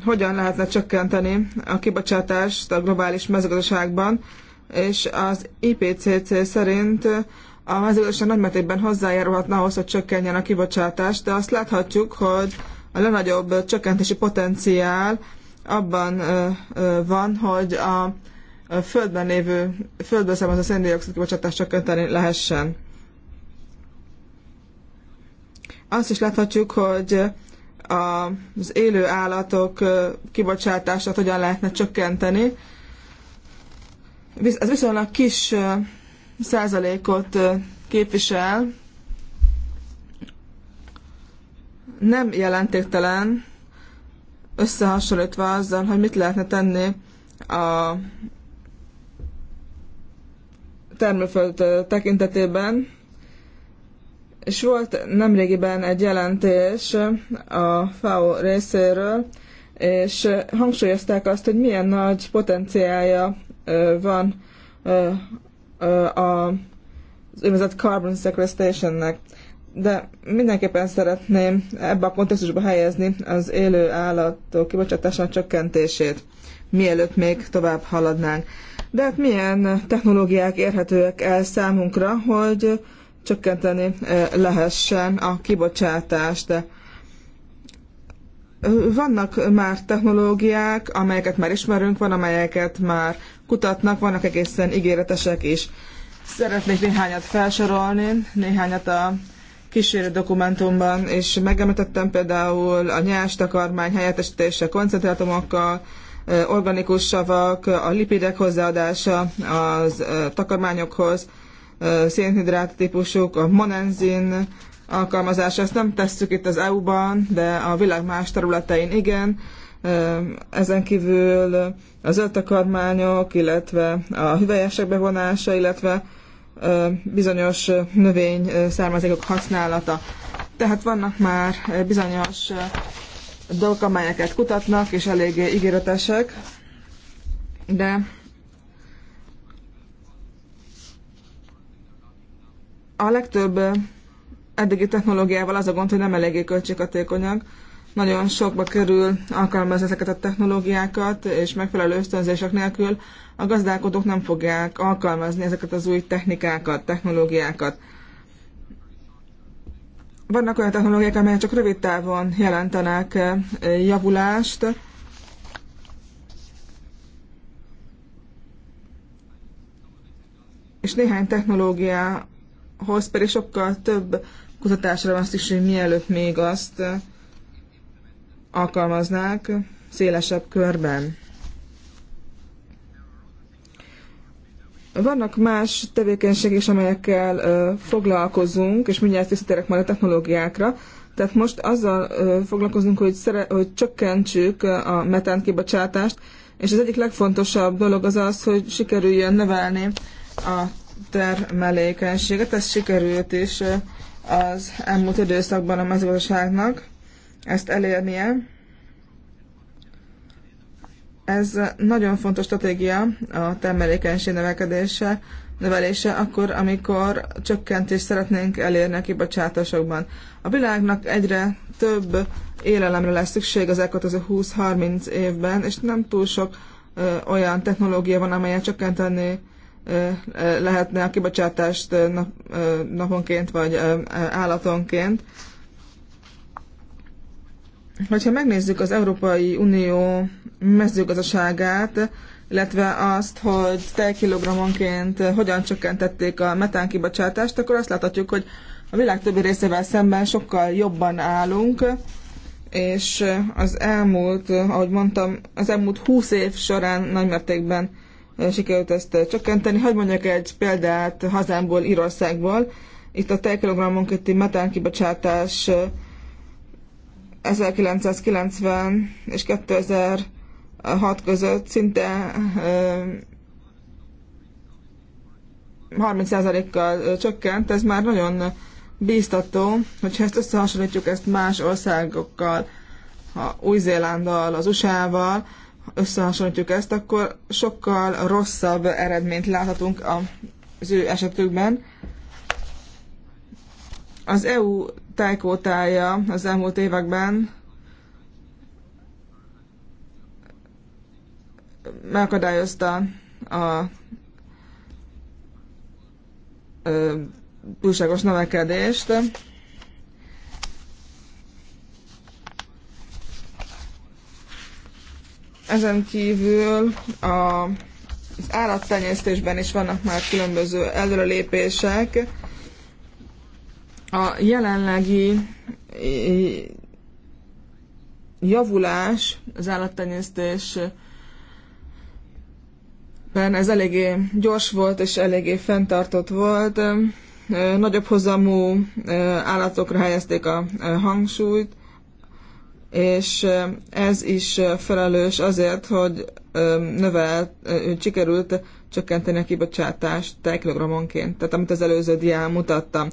hogyan lehetne csökkenteni a kibocsátást a globális mezőgazdaságban, és az IPCC szerint a mezőgazdaság nagymértékben hozzájárulhatna ahhoz, hogy csökkenjen a kibocsátás, de azt láthatjuk, hogy a legnagyobb csökkentési potenciál abban van, hogy a földben lévő, földből származó széndiokszid kibocsátást csökkenteni lehessen. Azt is láthatjuk, hogy az élő állatok kibocsátását hogyan lehetne csökkenteni. Ez viszonylag kis százalékot képvisel, nem jelentéktelen, összehasonlítva azzal, hogy mit lehetne tenni a termőföld tekintetében, és volt nemrégiben egy jelentés a FAO részéről, és hangsúlyozták azt, hogy milyen nagy potenciálja van az úgynevezett carbon sequestrationnek. De mindenképpen szeretném ebbe a kontextusba helyezni az élő állatok kibocsátásának csökkentését, mielőtt még tovább haladnánk. De hát milyen technológiák érhetőek el számunkra, hogy csökkenteni lehessen a kibocsátást. De vannak már technológiák, amelyeket már ismerünk, van amelyeket már kutatnak, vannak egészen ígéretesek is. Szeretnék néhányat felsorolni, néhányat a kísérő dokumentumban, és megemlítettem például a nyers takarmány helyettesítése koncentrátumokkal, organikus savak, a lipidek hozzáadása az takarmányokhoz, szénhidrát típusok, a monenzin alkalmazás, ezt nem tesszük itt az EU-ban, de a világ más területein igen. Ezen kívül az öltakarmányok, illetve a hüvelyesek bevonása, illetve bizonyos növény származékok használata. Tehát vannak már bizonyos dolgok, amelyeket kutatnak, és eléggé ígéretesek, de A legtöbb eh, eddigi technológiával az a gond, hogy nem eléggé költséghatékonyak. Nagyon sokba kerül alkalmazni ezeket a technológiákat, és megfelelő ösztönzések nélkül a gazdálkodók nem fogják alkalmazni ezeket az új technikákat, technológiákat. Vannak olyan technológiák, amelyek csak rövid távon jelentenek eh, javulást, és néhány technológia hoz pedig sokkal több kutatásra van szükség, mielőtt még azt eh, alkalmaznák szélesebb körben. Vannak más tevékenységek is, amelyekkel ö, eh, foglalkozunk, és mindjárt visszatérek majd a technológiákra. Tehát most azzal ö, eh, foglalkozunk, hogy, szere, hogy csökkentsük a metán kibocsátást, és az egyik legfontosabb dolog az az, hogy sikerüljön növelni a termelékenységet. Ez sikerült is az elmúlt időszakban a mezőgazdaságnak ezt elérnie. Ez nagyon fontos stratégia a termelékenység növekedése, növelése akkor, amikor csökkentést szeretnénk elérni a kibocsátásokban. A világnak egyre több élelemre lesz szükség az elkötöző 20-30 évben, és nem túl sok ö, olyan technológia van, amelyet csökkenteni lehetne a kibocsátást naponként vagy állatonként. Hogyha megnézzük az Európai Unió mezőgazdaságát, illetve azt, hogy kilogramonként hogyan csökkentették a metán kibocsátást, akkor azt láthatjuk, hogy a világ többi részével szemben sokkal jobban állunk, és az elmúlt, ahogy mondtam, az elmúlt 20 év során nagymértékben sikerült ezt eh, csökkenteni. Hogy mondjak egy példát hazámból, Írországból. Itt a tejkilogrammonkéti metánkibocsátás 1990 eh, és 2006 között szinte 30%-kal eh, csökkent, ez már nagyon bíztató, hogyha ezt összehasonlítjuk ezt más országokkal, ha új zélánddal az USA-val, összehasonlítjuk ezt, akkor sokkal rosszabb eredményt láthatunk az ő esetükben. Az EU tájkótája az elmúlt években megakadályozta a túlságos növekedést. Ezen kívül a, az állattenyésztésben is vannak már különböző előrelépések. A jelenlegi javulás az állattenyésztés ez eléggé gyors volt és eléggé fenntartott volt. Nagyobb hozamú állatokra helyezték a hangsúlyt, és ez is felelős azért, hogy növelt, sikerült csökkenteni a kibocsátást kilogrammonként, tehát amit az előző dián mutattam.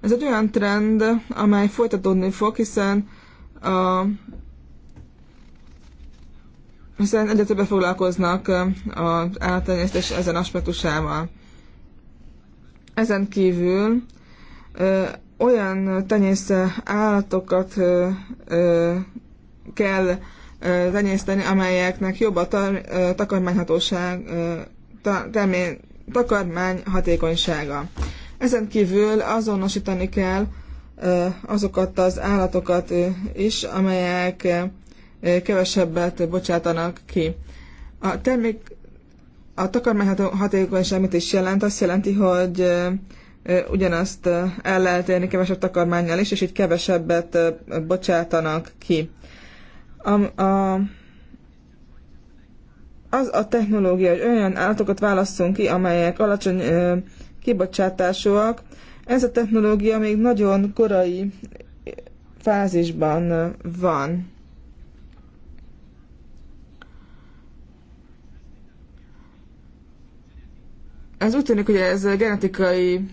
Ez egy olyan trend, amely folytatódni fog, hiszen a hiszen egyre többet foglalkoznak az állattenyésztés ezen aspektusával. Ezen kívül olyan tenyészte állatokat kell tenyészteni, amelyeknek jobb a tar- takarmányhatóság, ta- termény, takarmány hatékonysága. Ezen kívül azonosítani kell azokat az állatokat is, amelyek kevesebbet bocsátanak ki. A termék a takarmányhatékonyság hatékonyság mit is jelent? Azt jelenti, hogy ugyanazt el lehet érni kevesebb takarmányjal is, és így kevesebbet bocsátanak ki. A, a, az a technológia, hogy olyan állatokat válasszunk ki, amelyek alacsony ö, kibocsátásúak, ez a technológia még nagyon korai fázisban van. Ez úgy tűnik, hogy ez genetikai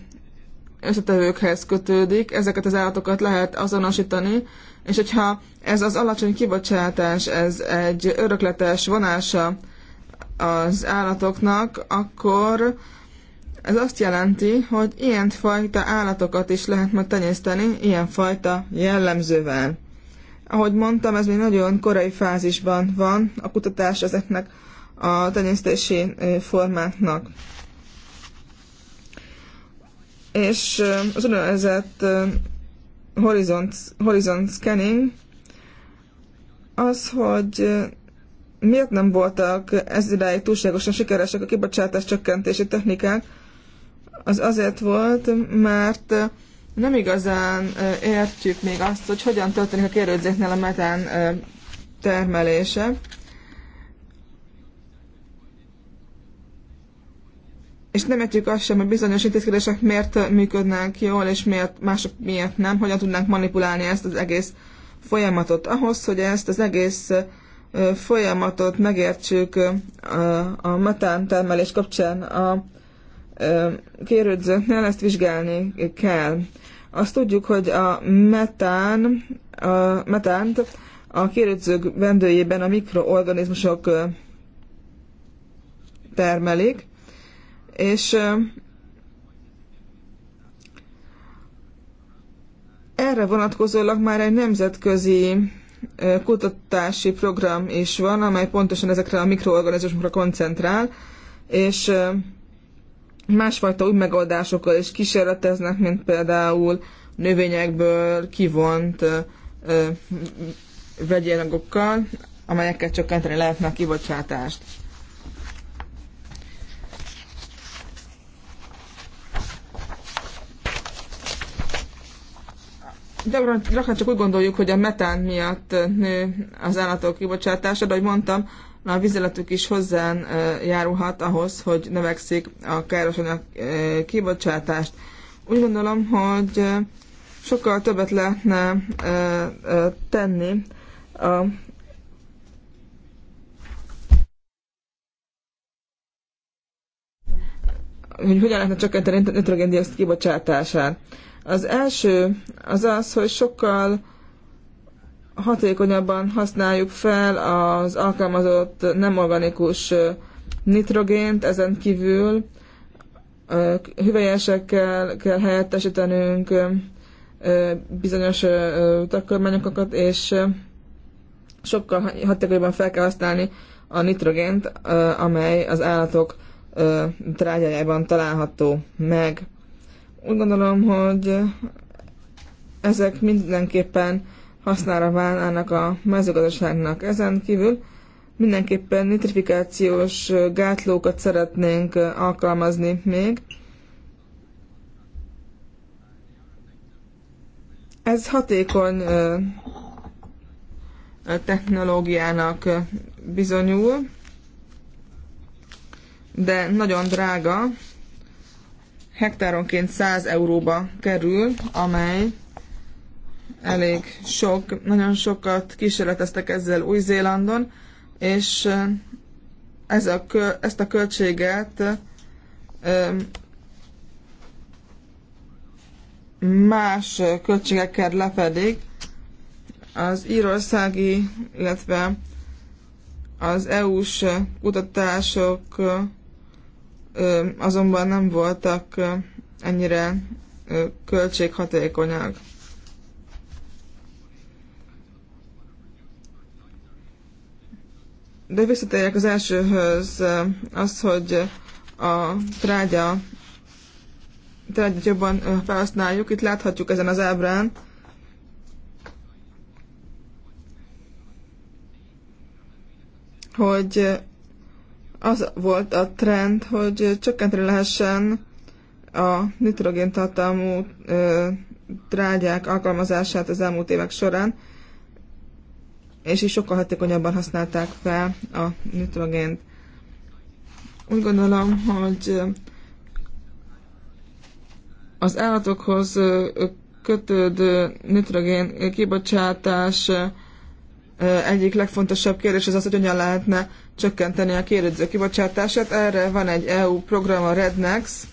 összetevőkhez kötődik, ezeket az állatokat lehet azonosítani, és hogyha ez az alacsony kibocsátás, ez egy örökletes vonása az állatoknak, akkor ez azt jelenti, hogy ilyen fajta állatokat is lehet majd tenyészteni ilyen fajta jellemzővel. Ahogy mondtam, ez még nagyon korai fázisban van a kutatás ezeknek a tenyésztési formáknak. És az úgynevezett horizont, horizont scanning az, hogy miért nem voltak ez idáig túlságosan sikeresek a kibocsátás csökkentési technikák, az azért volt, mert nem igazán értjük még azt, hogy hogyan történik a kérődzéknél a metán termelése. és nem értjük azt sem, hogy bizonyos intézkedések miért működnek jól, és miért, mások miért nem, hogyan tudnánk manipulálni ezt az egész folyamatot. Ahhoz, hogy ezt az egész folyamatot megértsük a metán termelés kapcsán a kérődzőknél, ezt vizsgálni kell. Azt tudjuk, hogy a metán, a metánt a kérődzők vendőjében a mikroorganizmusok termelik, és erre vonatkozólag már egy nemzetközi kutatási program is van, amely pontosan ezekre a mikroorganizmusokra koncentrál, és másfajta új megoldásokkal is kísérleteznek, mint például növényekből kivont uh, vegyélagokkal, amelyekkel csökkenteni lehetne a kibocsátást. gyakran, gyakran csak úgy gondoljuk, hogy a metán miatt nő az állatok kibocsátása, de ahogy mondtam, a vizeletük is hozzán járulhat ahhoz, hogy növekszik a károsanyag kibocsátást. Úgy gondolom, hogy sokkal többet lehetne tenni a hogy hogyan lehetne csökkenteni a nitrogén kibocsátását. Az első az az, hogy sokkal hatékonyabban használjuk fel az alkalmazott nem organikus nitrogént, ezen kívül hüvelyesekkel kell helyettesítenünk bizonyos takarmányokat, és sokkal hatékonyabban fel kell használni a nitrogént, amely az állatok trágyájában található meg. Úgy gondolom, hogy ezek mindenképpen hasznára válnának a mezőgazdaságnak. Ezen kívül mindenképpen nitrifikációs gátlókat szeretnénk alkalmazni még. Ez hatékony technológiának bizonyul, de nagyon drága, hektáronként 100 euróba kerül, amely elég sok, nagyon sokat kísérleteztek ezzel Új-Zélandon, és ez a, ezt a költséget más költségekkel lefedik. Az írországi, illetve az EU-s kutatások azonban nem voltak ennyire költséghatékonyak. De visszatérjek az elsőhöz, az, hogy a trágya trágyat jobban felhasználjuk. Itt láthatjuk ezen az ábrán, hogy az volt a trend, hogy csökkenteni lehessen a nitrogéntartalmú drágyák alkalmazását az elmúlt évek során, és is sokkal hatékonyabban használták fel a nitrogént. Úgy gondolom, hogy az állatokhoz kötődő nitrogén kibocsátás egyik legfontosabb kérdés az az, hogy hogyan lehetne csökkenteni a kérődző kibocsátását. Erre van egy EU program, a Rednex,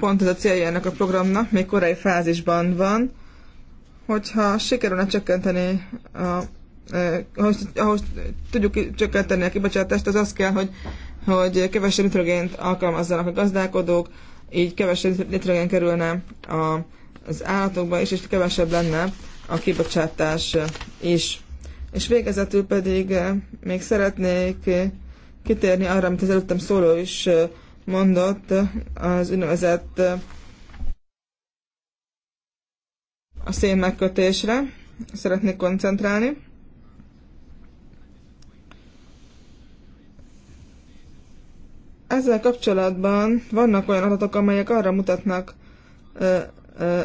pont ez a célja ennek a programnak, még korai fázisban van, hogyha sikerülne csökkenteni a ahhoz, ahhoz tudjuk csökkenteni a kibocsátást, az az kell, hogy, hogy kevesebb nitrogént alkalmazzanak a gazdálkodók, így kevesebb nitrogén kerülne a, az állatokba is, és kevesebb lenne a kibocsátás is. És végezetül pedig eh, még szeretnék eh, kitérni arra, amit az előttem szóló is eh, mondott, az úgynevezett a szén megkötésre. Szeretnék koncentrálni. Ezzel kapcsolatban vannak olyan adatok, amelyek arra mutatnak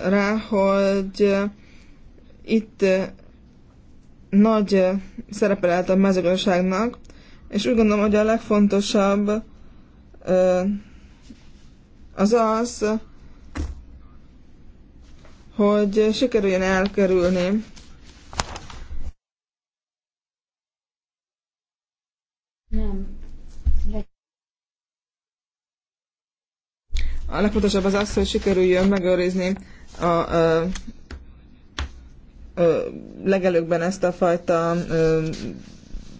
rá, hogy itt nagy szerepe lehet a mezőgazdaságnak, és úgy gondolom, hogy a legfontosabb az az, hogy sikerüljön elkerülni Nem. A legfontosabb az az, hogy sikerüljön megőrizni a, a legelőkben ezt a fajta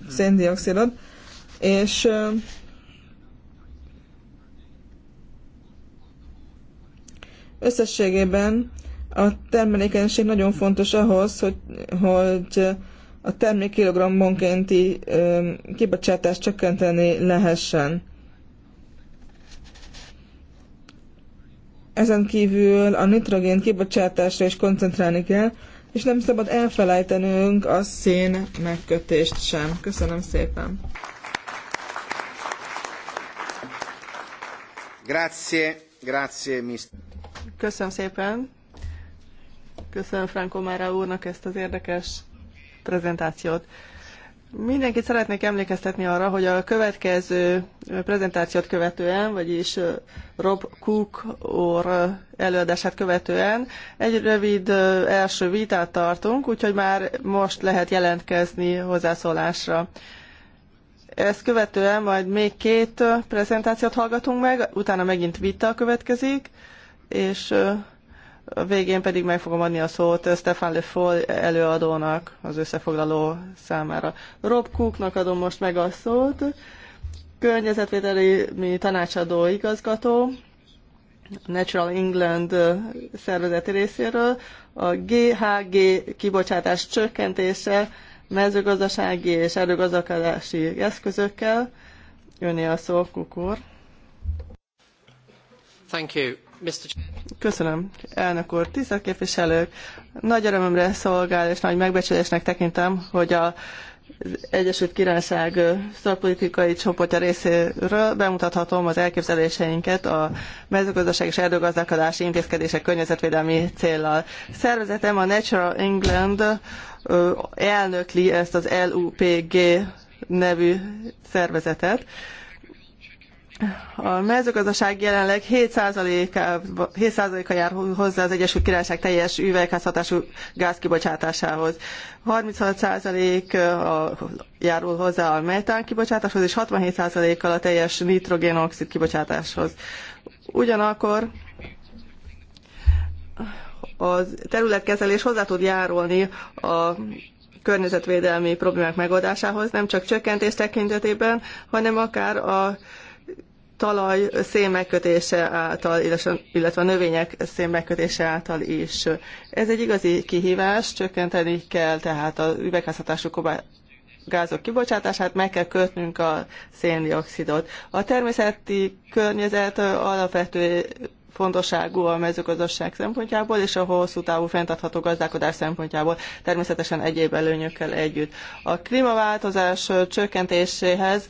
széndiokszidot, és összességében a termelékenység nagyon fontos ahhoz, hogy, hogy a termék kilogrammonkénti kibocsátást csökkenteni lehessen. Ezen kívül a nitrogén kibocsátásra is koncentrálni kell, és nem szabad elfelejtenünk a szén megkötést sem. Köszönöm szépen! Grazie, grazie, mister. Köszönöm szépen! Köszönöm Franco Mára úrnak ezt az érdekes prezentációt. Mindenkit szeretnék emlékeztetni arra, hogy a következő prezentációt követően, vagyis Rob Cook or előadását követően egy rövid első vitát tartunk, úgyhogy már most lehet jelentkezni hozzászólásra. Ezt követően majd még két prezentációt hallgatunk meg, utána megint vita következik, és a végén pedig meg fogom adni a szót Stefan Le Foll előadónak az összefoglaló számára. Rob Cooknak adom most meg a szót, környezetvédelmi tanácsadó igazgató, Natural England szervezet részéről. A GHG kibocsátás csökkentése mezőgazdasági és erőgazdakadási eszközökkel. Jönni a szó, kukor. Thank you. Köszönöm, elnök úr, tisztelt képviselők! Nagy örömömre szolgál, és nagy megbecsülésnek tekintem, hogy a az Egyesült Királyság szakpolitikai csoportja részéről bemutathatom az elképzeléseinket a mezőgazdaság és erdőgazdálkodási intézkedések környezetvédelmi céllal. Szervezetem a Natural England elnökli ezt az LUPG nevű szervezetet, a mezőgazdaság jelenleg 7%-a 7 jár hozzá az Egyesült Királyság teljes üvegházhatású gáz kibocsátásához. a járul hozzá a metán kibocsátáshoz, és 67%-kal a teljes nitrogénoxid kibocsátáshoz. Ugyanakkor a területkezelés hozzá tud járulni a környezetvédelmi problémák megoldásához, nem csak csökkentés tekintetében, hanem akár a talaj szén megkötése által, illetve a növények szén megkötése által is. Ez egy igazi kihívás, csökkenteni kell tehát az üvegházhatású gázok kibocsátását, meg kell kötnünk a széndiokszidot. A természeti környezet alapvető fontosságú a mezőgazdaság szempontjából és a hosszú távú fenntartható gazdálkodás szempontjából, természetesen egyéb előnyökkel együtt. A klímaváltozás csökkentéséhez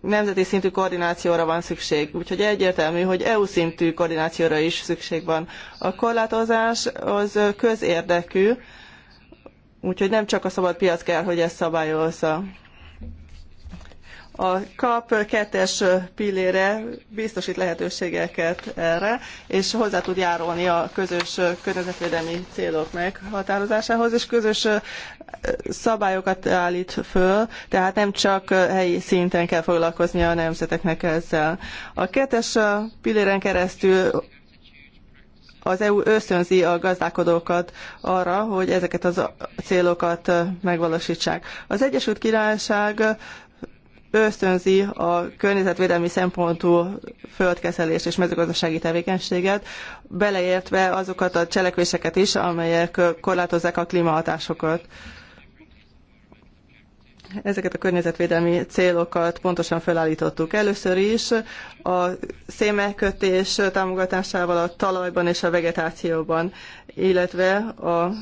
nemzeti szintű koordinációra van szükség, úgyhogy egyértelmű, hogy EU szintű koordinációra is szükség van. A korlátozás az közérdekű, úgyhogy nem csak a szabad piac kell, hogy ezt szabályozza a kap kettes pillére biztosít lehetőségeket erre, és hozzá tud járulni a közös környezetvédelmi célok meghatározásához, és közös szabályokat állít föl, tehát nem csak helyi szinten kell foglalkozni a nemzeteknek ezzel. A kettes pilléren keresztül az EU ösztönzi a gazdálkodókat arra, hogy ezeket a célokat megvalósítsák. Az Egyesült Királyság ösztönzi a környezetvédelmi szempontú földkezelést és mezőgazdasági tevékenységet, beleértve azokat a cselekvéseket is, amelyek korlátozzák a klímahatásokat. Ezeket a környezetvédelmi célokat pontosan felállítottuk először is. A szémelkötés támogatásával a talajban és a vegetációban, illetve a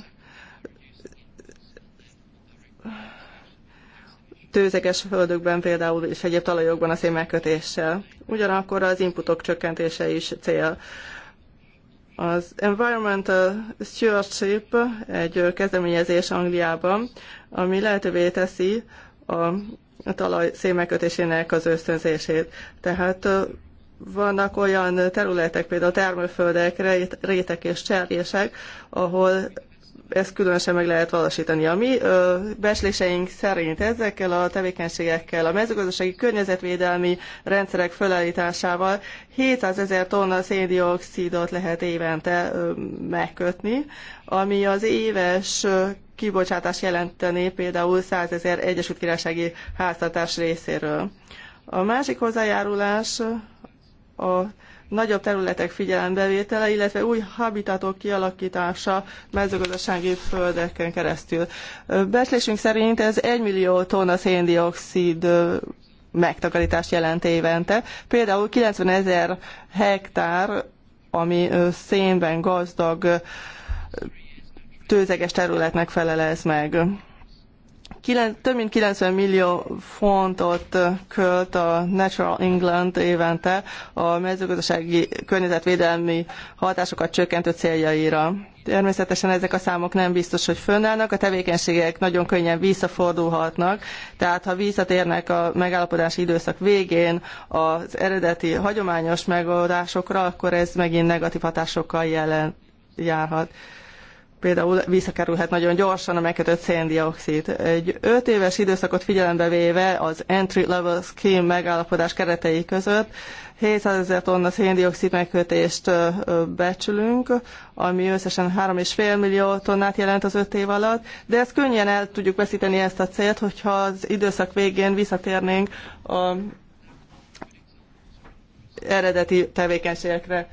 tőzeges földökben például és egyéb talajokban a szénmegkötéssel. Ugyanakkor az inputok csökkentése is cél. Az Environmental Stewardship egy kezdeményezés Angliában, ami lehetővé teszi a, talaj szénmegkötésének az ösztönzését. Tehát vannak olyan területek, például termőföldek, rétek és cserjések, ahol ezt különösen meg lehet valósítani. A mi ö, besléseink szerint ezekkel a tevékenységekkel, a mezőgazdasági környezetvédelmi rendszerek felállításával 700 ezer tonna széndiokszidot lehet évente ö, megkötni, ami az éves ö, kibocsátás jelenteni például 100 ezer Egyesült Királysági háztartás részéről. A másik hozzájárulás a nagyobb területek figyelembevétele, illetve új habitatok kialakítása mezőgazdasági földeken keresztül. Becslésünk szerint ez 1 millió tonna széndiokszid megtakarítást jelent évente. Például 90 ezer hektár, ami szénben gazdag tőzeges területnek felelez meg több mint 90 millió fontot költ a Natural England évente a mezőgazdasági környezetvédelmi hatásokat csökkentő céljaira. Természetesen ezek a számok nem biztos, hogy fönnállnak, a tevékenységek nagyon könnyen visszafordulhatnak, tehát ha visszatérnek a megállapodási időszak végén az eredeti hagyományos megoldásokra, akkor ez megint negatív hatásokkal jelen, járhat például visszakerülhet nagyon gyorsan a megkötött széndiokszid. Egy 5 éves időszakot figyelembe véve az entry level scheme megállapodás keretei között 700 ezer tonna széndiokszid megkötést becsülünk, ami összesen 3,5 millió tonnát jelent az 5 év alatt, de ezt könnyen el tudjuk veszíteni ezt a célt, hogyha az időszak végén visszatérnénk a eredeti tevékenységekre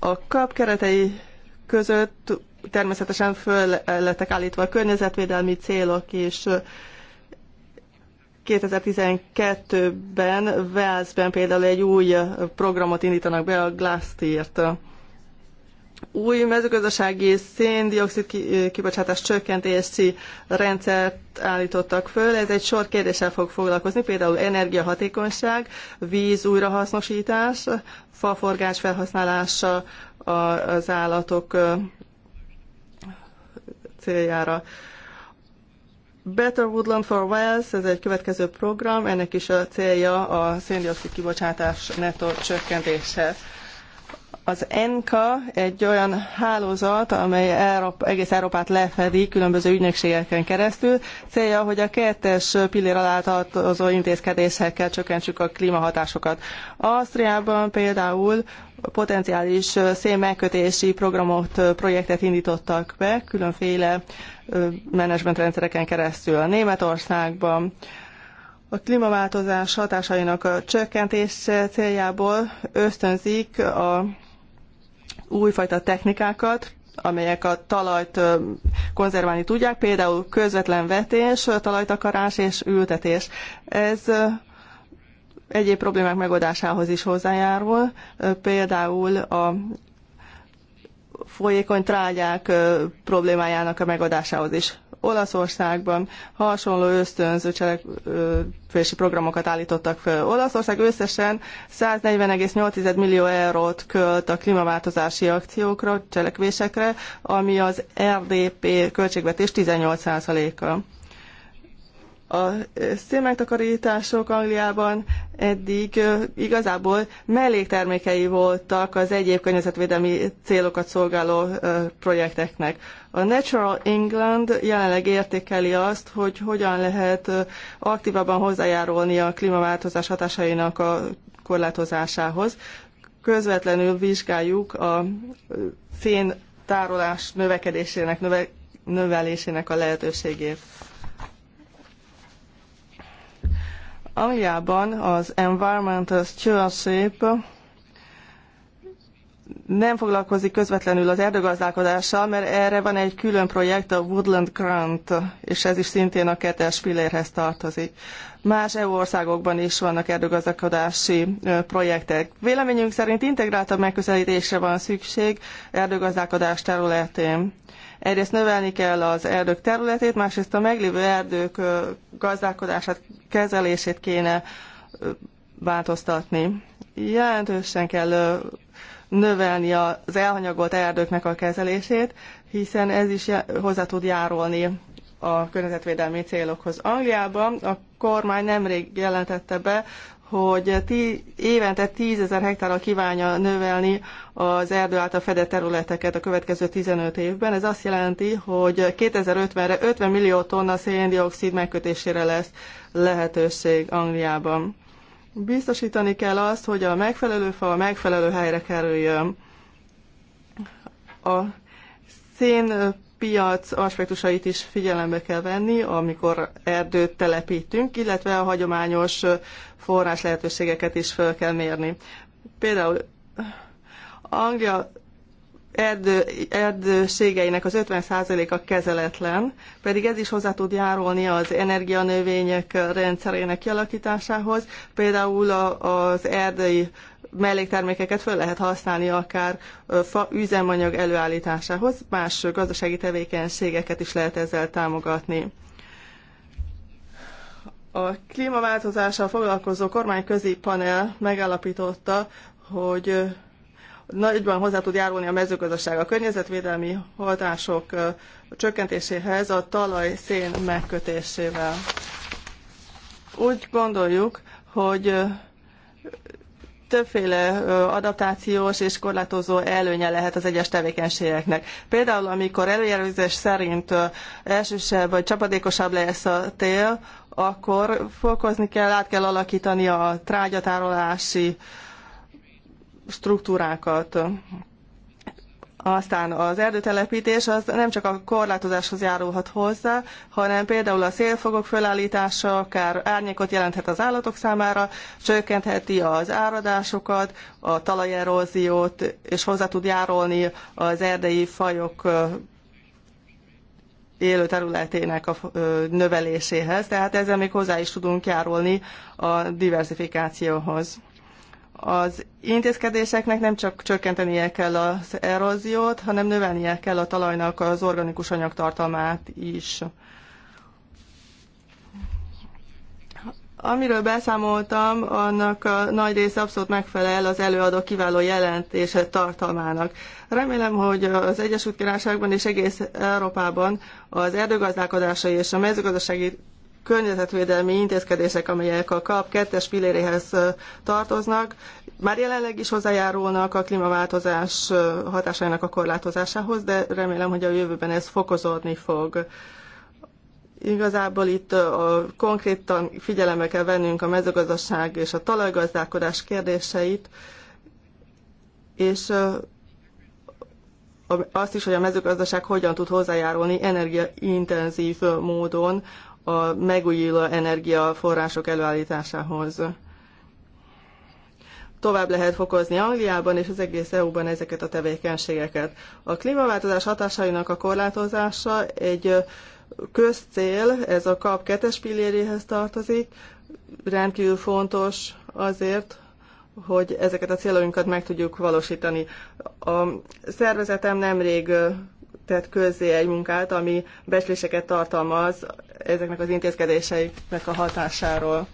a kap keretei között természetesen föl lettek állítva a környezetvédelmi célok, és 2012-ben Velszben például egy új programot indítanak be, a glass tírt új mezőgazdasági széndiokszid kibocsátás csökkentési rendszert állítottak föl. Ez egy sor kérdéssel fog foglalkozni, például energiahatékonyság, víz újrahasznosítás, faforgás felhasználása az állatok céljára. Better Woodland for Wales, ez egy következő program, ennek is a célja a széndiokszid kibocsátás netto csökkentése. Az ENKA egy olyan hálózat, amely Európa, egész Európát lefedi különböző ügynökségeken keresztül. Célja, hogy a kettes pillér alá tartozó intézkedésekkel csökkentsük a klímahatásokat. Ausztriában például potenciális szénmegkötési programot, projektet indítottak be különféle menedzsmentrendszereken keresztül. A Németországban a klímaváltozás hatásainak a csökkentés céljából ösztönzik a újfajta technikákat, amelyek a talajt konzerválni tudják, például közvetlen vetés, talajtakarás és ültetés. Ez egyéb problémák megoldásához is hozzájárul, például a folyékony trágyák problémájának a megoldásához is. Olaszországban hasonló ösztönző cselekvési programokat állítottak fel. Olaszország összesen 140,8 millió eurót költ a klímaváltozási akciókra, cselekvésekre, ami az RDP költségvetés 18%-a. A szélmegtakarítások Angliában eddig igazából melléktermékei voltak az egyéb környezetvédelmi célokat szolgáló projekteknek. A Natural England jelenleg értékeli azt, hogy hogyan lehet aktívabban hozzájárulni a klímaváltozás hatásainak a korlátozásához. Közvetlenül vizsgáljuk a fén tárolás növekedésének, növe, növelésének a lehetőségét Angliában az Environmental Stewardship nem foglalkozik közvetlenül az erdőgazdálkodással, mert erre van egy külön projekt, a Woodland Grant, és ez is szintén a kettes pillérhez tartozik. Más EU országokban is vannak erdőgazdálkodási projektek. Véleményünk szerint integráltabb megközelítésre van szükség erdőgazdálkodás területén. Egyrészt növelni kell az erdők területét, másrészt a meglévő erdők gazdálkodását, kezelését kéne változtatni. Jelentősen kell növelni az elhanyagolt erdőknek a kezelését, hiszen ez is hozzá tud járulni a környezetvédelmi célokhoz. Angliában a kormány nemrég jelentette be hogy tí, évente 10 ezer hektára kívánja növelni az erdő által fedett területeket a következő 15 évben. Ez azt jelenti, hogy 2050-re 50 millió tonna széndiokszid megkötésére lesz lehetőség Angliában. Biztosítani kell azt, hogy a megfelelő fa a megfelelő helyre kerüljön. A szén piac aspektusait is figyelembe kell venni, amikor erdőt telepítünk, illetve a hagyományos forrás lehetőségeket is fel kell mérni. Például Anglia erdő, erdőségeinek az 50%-a kezeletlen, pedig ez is hozzá tud járulni az energianövények rendszerének kialakításához, például az erdei melléktermékeket föl lehet használni akár fa üzemanyag előállításához, más gazdasági tevékenységeket is lehet ezzel támogatni. A klímaváltozással foglalkozó kormányközi panel megállapította, hogy nagyban hozzá tud járulni a mezőgazdaság a környezetvédelmi hatások csökkentéséhez a talajszén megkötésével. Úgy gondoljuk, hogy többféle adaptációs és korlátozó előnye lehet az egyes tevékenységeknek. Például, amikor előjelzés szerint elsősebb vagy csapadékosabb lesz a tél, akkor fokozni kell, át kell alakítani a trágyatárolási struktúrákat. Aztán az erdőtelepítés az nem csak a korlátozáshoz járulhat hozzá, hanem például a szélfogok fölállítása akár árnyékot jelenthet az állatok számára, csökkentheti az áradásokat, a talajeróziót, és hozzá tud járulni az erdei fajok élő területének a növeléséhez, tehát ezzel még hozzá is tudunk járulni a diversifikációhoz. Az intézkedéseknek nem csak csökkentenie kell az eróziót, hanem növelnie kell a talajnak az organikus anyagtartalmát is. Amiről beszámoltam, annak a nagy része abszolút megfelel az előadó kiváló jelentése tartalmának. Remélem, hogy az Egyesült Királyságban és egész Európában az erdőgazdálkodásai és a mezőgazdasági környezetvédelmi intézkedések, amelyek a kap kettes pilléréhez tartoznak, már jelenleg is hozzájárulnak a klímaváltozás hatásainak a korlátozásához, de remélem, hogy a jövőben ez fokozódni fog. Igazából itt a, konkrétan figyelembe kell vennünk a mezőgazdaság és a talajgazdálkodás kérdéseit, és azt is, hogy a mezőgazdaság hogyan tud hozzájárulni energiaintenzív módon a megújuló energiaforrások előállításához. Tovább lehet fokozni Angliában és az egész EU-ban ezeket a tevékenységeket. A klímaváltozás hatásainak a korlátozása egy közcél, ez a kap kettes pilléréhez tartozik, rendkívül fontos azért, hogy ezeket a céloinkat meg tudjuk valósítani. A szervezetem nemrég tett közzé egy munkát, ami becsléseket tartalmaz ezeknek az intézkedéseiknek a hatásáról.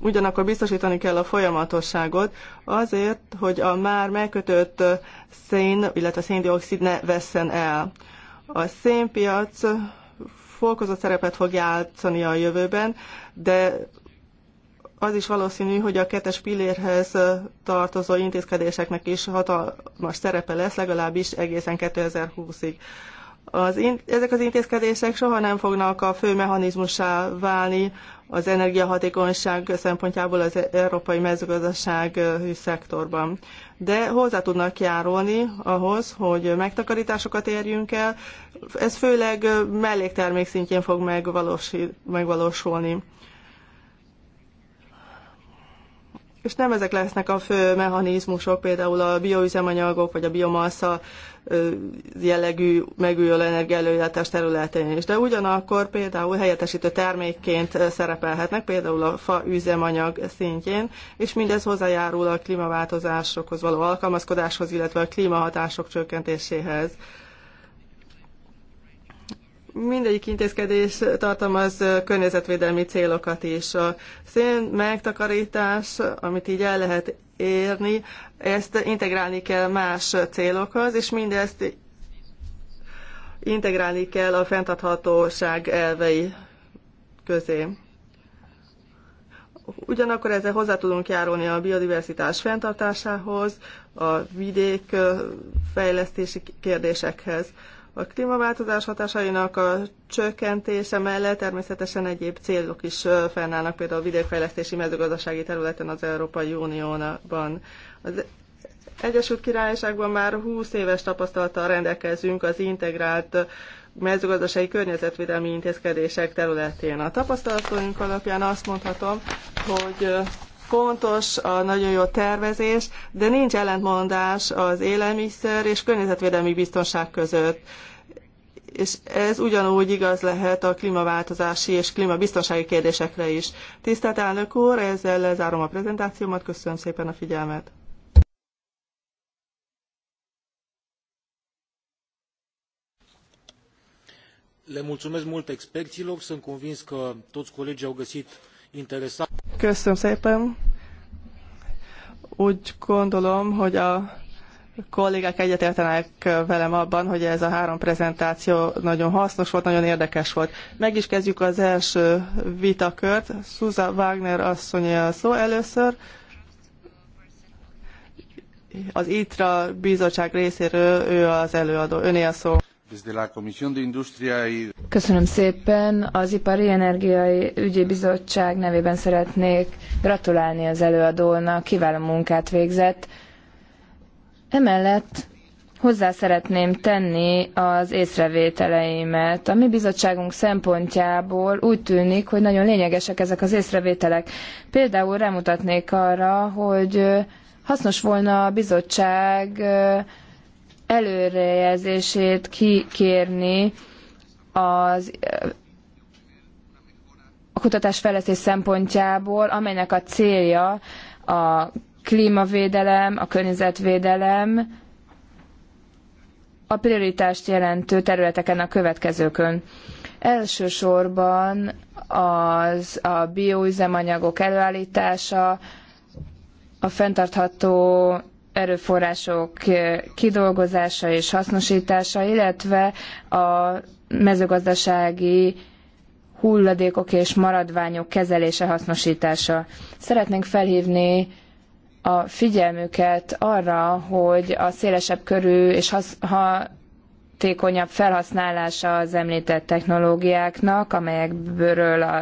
Ugyanakkor biztosítani kell a folyamatosságot azért, hogy a már megkötött szén, illetve a széndiokszid ne vesszen el. A szénpiac fokozott szerepet fog játszani a jövőben, de az is valószínű, hogy a kettes pillérhez tartozó intézkedéseknek is hatalmas szerepe lesz, legalábbis egészen 2020-ig. Az in, ezek az intézkedések soha nem fognak a fő mechanizmussá válni az energiahatékonyság szempontjából az európai mezőgazdaság szektorban. De hozzá tudnak járulni ahhoz, hogy megtakarításokat érjünk el. Ez főleg melléktermék szintjén fog megvalósulni. és nem ezek lesznek a fő mechanizmusok, például a bioüzemanyagok vagy a biomassa jellegű megújuló energiaelőjátás területén is. De ugyanakkor például helyettesítő termékként szerepelhetnek, például a fa üzemanyag szintjén, és mindez hozzájárul a klímaváltozásokhoz való alkalmazkodáshoz, illetve a klímahatások csökkentéséhez. Mindegyik intézkedés tartalmaz környezetvédelmi célokat is. A szén megtakarítás, amit így el lehet érni, ezt integrálni kell más célokhoz, és mindezt integrálni kell a fenntarthatóság elvei közé. Ugyanakkor ezzel hozzá tudunk járulni a biodiversitás fenntartásához, a vidék fejlesztési kérdésekhez. A klímaváltozás hatásainak a csökkentése mellett természetesen egyéb célok is fennállnak, például a vidékfejlesztési mezőgazdasági területen az Európai Uniónakban. Az Egyesült Királyságban már 20 éves tapasztalattal rendelkezünk az integrált mezőgazdasági környezetvédelmi intézkedések területén. A tapasztalatunk alapján azt mondhatom, hogy fontos a nagyon jó tervezés, de nincs ellentmondás az élelmiszer és környezetvédelmi biztonság között. És ez ugyanúgy igaz lehet a klímaváltozási és klímabiztonsági kérdésekre is. Tisztelt elnök úr, ezzel lezárom a prezentációmat, köszönöm szépen a figyelmet. Le mulțumesc mult experților, sunt convins că toți colegii au găsit Köszönöm szépen. Úgy gondolom, hogy a kollégák egyetértenek velem abban, hogy ez a három prezentáció nagyon hasznos volt, nagyon érdekes volt. Meg is kezdjük az első vitakört. Suza Wagner asszony a szó először. Az ITRA bizottság részéről ő az előadó. Öné a szó. Köszönöm szépen. Az Ipari Energiai Ügyi Bizottság nevében szeretnék gratulálni az előadónak, kiváló munkát végzett. Emellett hozzá szeretném tenni az észrevételeimet. A mi bizottságunk szempontjából úgy tűnik, hogy nagyon lényegesek ezek az észrevételek. Például rámutatnék arra, hogy hasznos volna a bizottság előrejelzését kikérni az a kutatásfejlesztés szempontjából, amelynek a célja a klímavédelem, a környezetvédelem, a prioritást jelentő területeken a következőkön. Elsősorban az a bioüzemanyagok előállítása, a fenntartható erőforrások eh, kidolgozása és hasznosítása, illetve a mezőgazdasági hulladékok és maradványok kezelése, hasznosítása. Szeretnénk felhívni a figyelmüket arra, hogy a szélesebb körű és ha hatékonyabb felhasználása az említett technológiáknak, amelyekről a,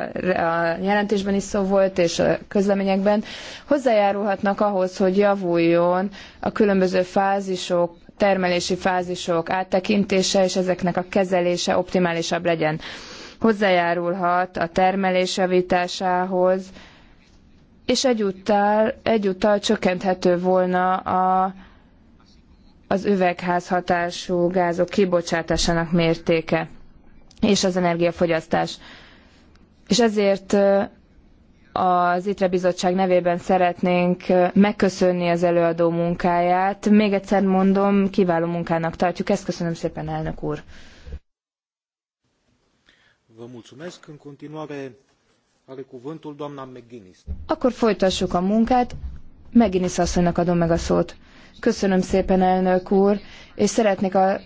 a jelentésben is szó volt, és a közleményekben, hozzájárulhatnak ahhoz, hogy javuljon a különböző fázisok, termelési fázisok áttekintése, és ezeknek a kezelése optimálisabb legyen. Hozzájárulhat a termelés javításához, és egyúttal, egyúttal csökkenthető volna a az üvegházhatású gázok kibocsátásának mértéke és az energiafogyasztás. És ezért az ITRE bizottság nevében szeretnénk megköszönni az előadó munkáját. Még egyszer mondom, kiváló munkának tartjuk ezt. Köszönöm szépen, elnök úr. Akkor folytassuk a munkát. McGuinness asszonynak adom meg a szót. Köszönöm szépen, elnök úr, és szeretnék a,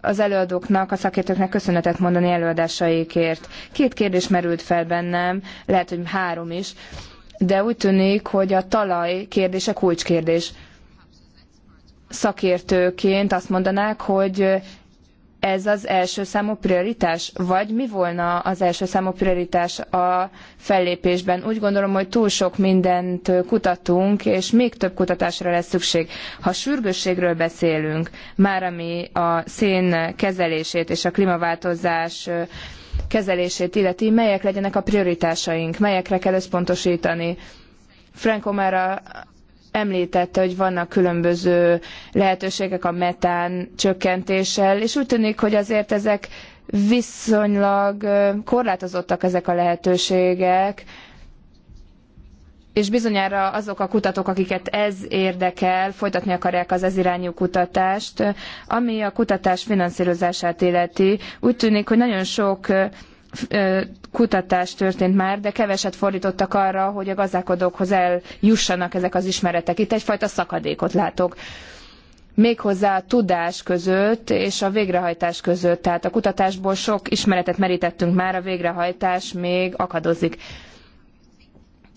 az előadóknak, a szakértőknek köszönetet mondani előadásaikért. Két kérdés merült fel bennem, lehet, hogy három is, de úgy tűnik, hogy a talaj kérdése kulcskérdés szakértőként azt mondanák, hogy ez az első számú prioritás? Vagy mi volna az első számú prioritás a fellépésben? Úgy gondolom, hogy túl sok mindent kutatunk, és még több kutatásra lesz szükség. Ha sürgősségről beszélünk, már ami a szén kezelését és a klímaváltozás kezelését illeti, melyek legyenek a prioritásaink, melyekre kell összpontosítani. Frank Omera említette, hogy vannak különböző lehetőségek a metán csökkentéssel, és úgy tűnik, hogy azért ezek viszonylag korlátozottak ezek a lehetőségek, és bizonyára azok a kutatók, akiket ez érdekel, folytatni akarják az ez irányú kutatást, ami a kutatás finanszírozását illeti. Úgy tűnik, hogy nagyon sok kutatás történt már, de keveset fordítottak arra, hogy a gazdálkodókhoz eljussanak ezek az ismeretek. Itt egyfajta szakadékot látok méghozzá a tudás között és a végrehajtás között. Tehát a kutatásból sok ismeretet merítettünk már, a végrehajtás még akadozik.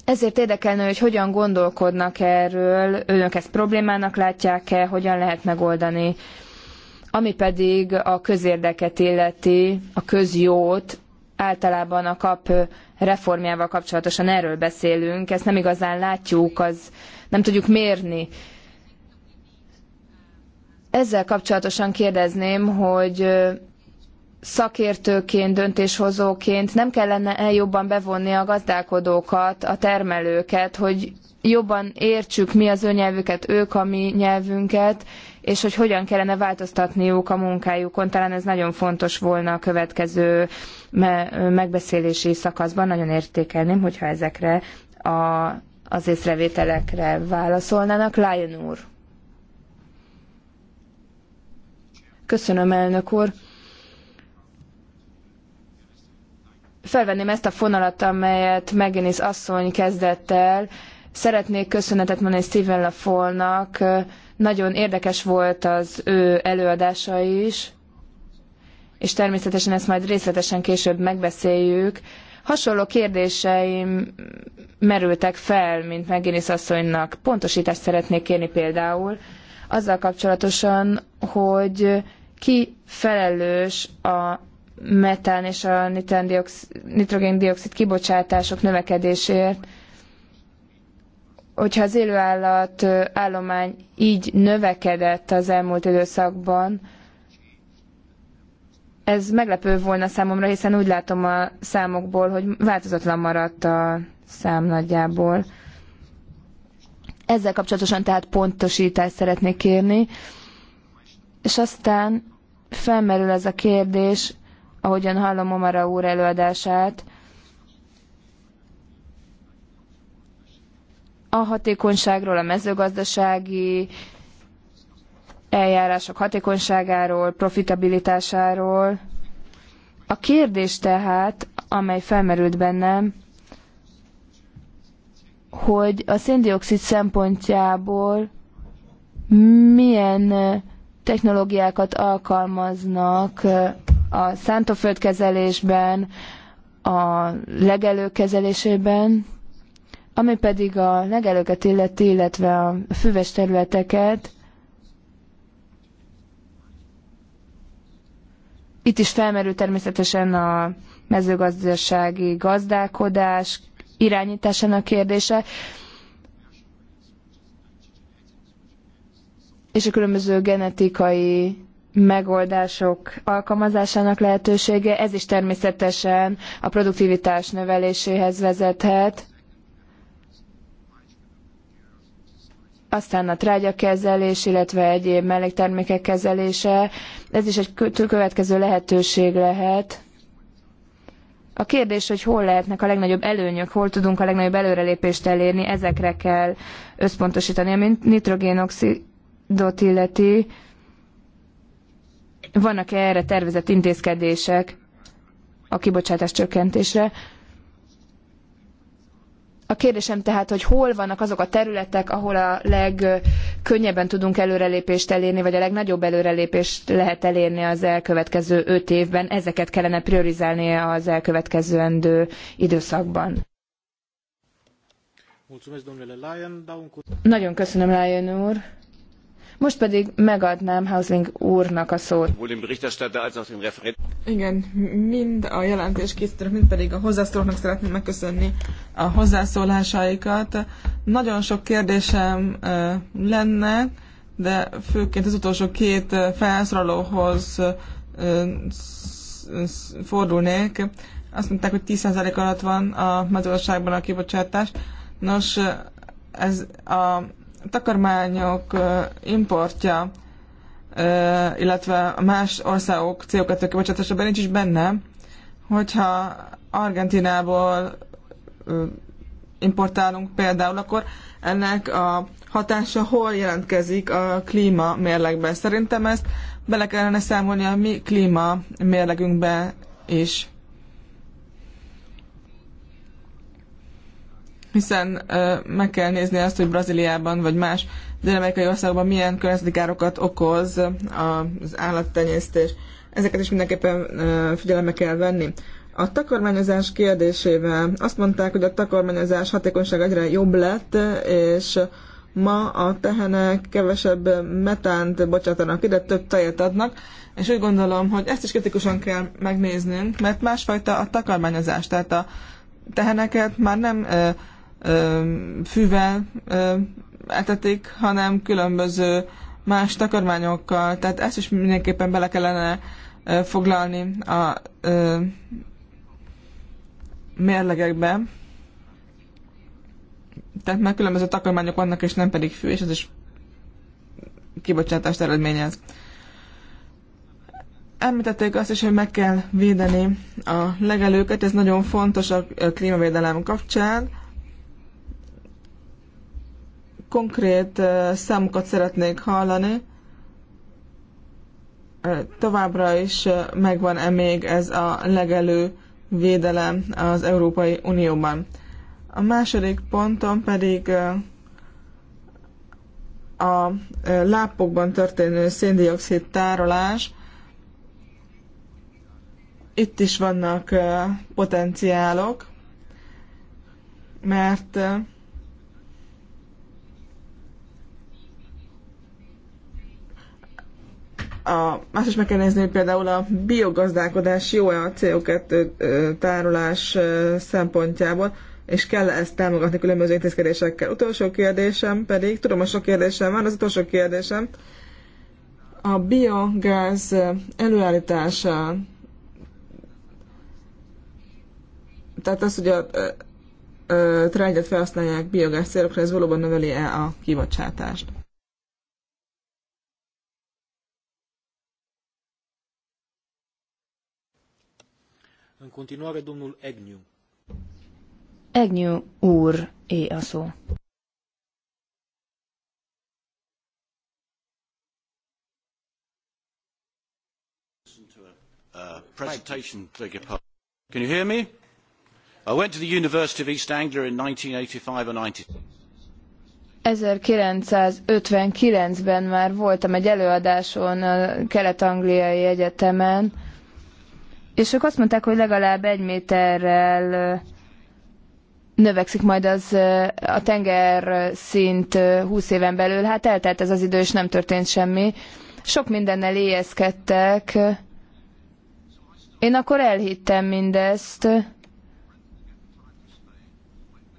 Ezért érdekelne, hogy hogyan gondolkodnak erről, önök ezt problémának látják-e, hogyan lehet megoldani. Ami pedig a közérdeket illeti, a közjót, általában a kap reformjával kapcsolatosan erről beszélünk, ezt nem igazán látjuk, az nem tudjuk mérni. Ezzel kapcsolatosan kérdezném, hogy szakértőként, döntéshozóként nem kellene -e jobban bevonni a gazdálkodókat, a termelőket, hogy jobban értsük mi az ő nyelvüket, ők a mi nyelvünket, és hogy hogyan kellene változtatniuk a munkájukon. Talán ez nagyon fontos volna a következő megbeszélési szakaszban. Nagyon értékelném, hogyha ezekre a, az észrevételekre válaszolnának. Lion úr. Köszönöm, elnök úr. Felvenném ezt a fonalat, amelyet Meginis asszony kezdett el. Szeretnék köszönetet mondani Stephen Lafolnak, nak nagyon érdekes volt az ő előadása is, és természetesen ezt majd részletesen később megbeszéljük. Hasonló kérdéseim merültek fel, mint Meginis asszonynak. Pontosítást szeretnék kérni például azzal kapcsolatosan, hogy ki felelős a metán és a nitrogén nitrogén-dioxid kibocsátások növekedéséért, hogyha az élőállat állomány így növekedett az elmúlt időszakban, ez meglepő volna számomra, hiszen úgy látom a számokból, hogy változatlan maradt a szám nagyjából. Ezzel kapcsolatosan tehát pontosítást szeretnék kérni. És aztán felmerül ez a kérdés, ahogyan hallom Omara úr előadását, a hatékonyságról, a mezőgazdasági eljárások hatékonyságáról, profitabilitásáról. A kérdés tehát, amely felmerült bennem, hogy a széndiokszid szempontjából milyen technológiákat alkalmaznak a szántóföldkezelésben, a legelők kezelésében, ami pedig a legelőket illeti, illetve a füves területeket, itt is felmerül természetesen a mezőgazdasági gazdálkodás irányításának kérdése, és a különböző genetikai megoldások alkalmazásának lehetősége, ez is természetesen a produktivitás növeléséhez vezethet. Aztán a trágyakezelés, illetve egyéb melléktermékek kezelése, ez is egy következő lehetőség lehet. A kérdés, hogy hol lehetnek a legnagyobb előnyök, hol tudunk a legnagyobb előrelépést elérni, ezekre kell összpontosítani. Ami nitrogénoxidot illeti, vannak -e erre tervezett intézkedések a kibocsátás csökkentésre? A kérdésem tehát, hogy hol vannak azok a területek, ahol a legkönnyebben tudunk előrelépést elérni, vagy a legnagyobb előrelépést lehet elérni az elkövetkező öt évben. Ezeket kellene priorizálni az elkövetkezőendő időszakban. Nagyon köszönöm, Lion úr. Most pedig megadnám Hausling úrnak a szót. Igen, mind a jelentés készítők, mind pedig a hozzászólóknak szeretném megköszönni a hozzászólásaikat. Nagyon sok kérdésem lenne, de főként az utolsó két felszólalóhoz fordulnék. Azt mondták, hogy 10% alatt van a mezőgazdaságban a kibocsátás. Nos, ez a takarmányok importja, illetve más országok CO2 kibocsátásában nincs is benne, hogyha Argentinából importálunk például, akkor ennek a hatása hol jelentkezik a klíma mérlegben. Szerintem ezt bele kellene számolni a mi klíma mérlegünkbe is. hiszen meg kell nézni azt, hogy Brazíliában vagy más dél-amerikai országban milyen környezeti károkat okoz az állattenyésztés. Ezeket is mindenképpen figyelembe kell venni. A takarmányozás kérdésével azt mondták, hogy a takarmányozás hatékonyság egyre jobb lett, és ma a tehenek kevesebb metánt bocsátanak ide, több tejet adnak, és úgy gondolom, hogy ezt is kritikusan kell megnéznünk, mert másfajta a takarmányozás, tehát a teheneket már nem fűvel etetik, hanem különböző más takarmányokkal, tehát ezt is mindenképpen bele kellene foglalni a mérlegekbe. Tehát már különböző takarmányok vannak, és nem pedig fű, és ez is kibocsátást eredményez. Említették azt is, hogy meg kell védeni a legelőket, ez nagyon fontos a klímavédelem kapcsán konkrét számokat szeretnék hallani. Továbbra is megvan-e még ez a legelő védelem az Európai Unióban. A második ponton pedig a lápokban történő széndiokszid tárolás. Itt is vannak potenciálok, mert A, azt is meg kell nézni, hogy például a biogazdálkodás jó-e a CO2 tárolás szempontjából, és kell -e ezt támogatni különböző intézkedésekkel. Utolsó kérdésem pedig, tudom, hogy sok kérdésem van, az utolsó kérdésem, a biogáz előállítása, tehát az, hogy a trágyat felhasználják biogáz célokra, ez valóban növeli-e a kibocsátást? continuare domnul Egnyú. Egnyú úr, é a szó. Uh, presentation, beg your pardon. Can you hear me? I went to the University of East Anglia in 1985 and 96. 1959-ben már voltam egy előadáson a Kelet-Angliai Egyetemen, és ők azt mondták, hogy legalább egy méterrel növekszik majd az a tenger szint 20 éven belül. Hát eltelt ez az idő, és nem történt semmi. Sok mindennel éjeszkedtek. Én akkor elhittem mindezt.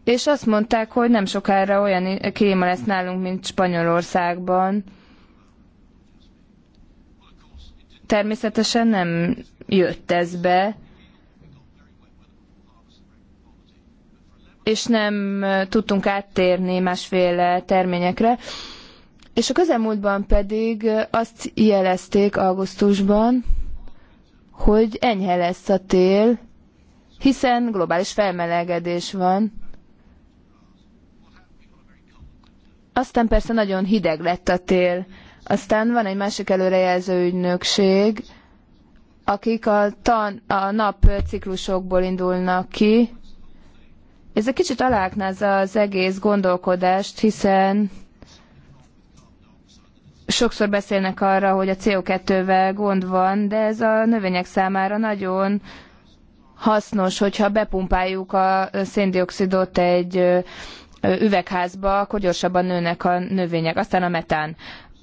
És azt mondták, hogy nem sokára olyan kéma lesz nálunk, mint Spanyolországban természetesen nem jött ez be, és nem tudtunk áttérni másféle terményekre. És a közelmúltban pedig azt jelezték augusztusban, hogy enyhe lesz a tél, hiszen globális felmelegedés van. Aztán persze nagyon hideg lett a tél. Aztán van egy másik előrejelző ügynökség, akik a, tan, a nap ciklusokból indulnak ki. Ez egy kicsit aláknázza az egész gondolkodást, hiszen sokszor beszélnek arra, hogy a CO2-vel gond van, de ez a növények számára nagyon hasznos, hogyha bepumpáljuk a széndiokszidot egy üvegházba, akkor gyorsabban nőnek a növények. Aztán a metán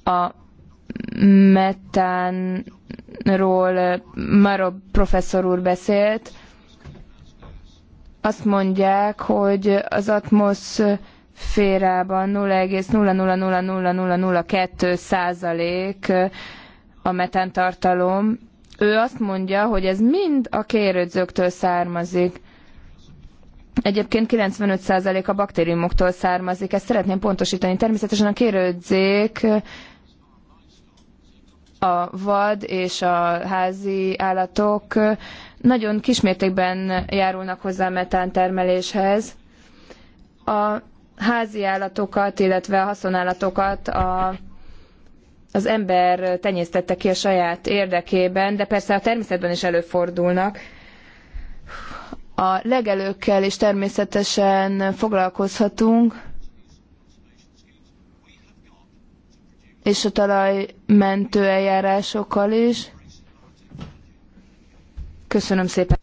a metánról már a professzor úr beszélt, azt mondják, hogy az atmoszférában 0,0000002 százalék a metántartalom. Ő azt mondja, hogy ez mind a kérődzőktől származik. Egyébként 95% a baktériumoktól származik, ezt szeretném pontosítani. Természetesen a kérődzék a vad és a házi állatok nagyon kismértékben járulnak hozzá a metántermeléshez. A házi állatokat, illetve a haszonállatokat a, az ember tenyésztette ki a saját érdekében, de persze a természetben is előfordulnak. A legelőkkel is természetesen foglalkozhatunk, és a talajmentő eljárásokkal is. Köszönöm szépen.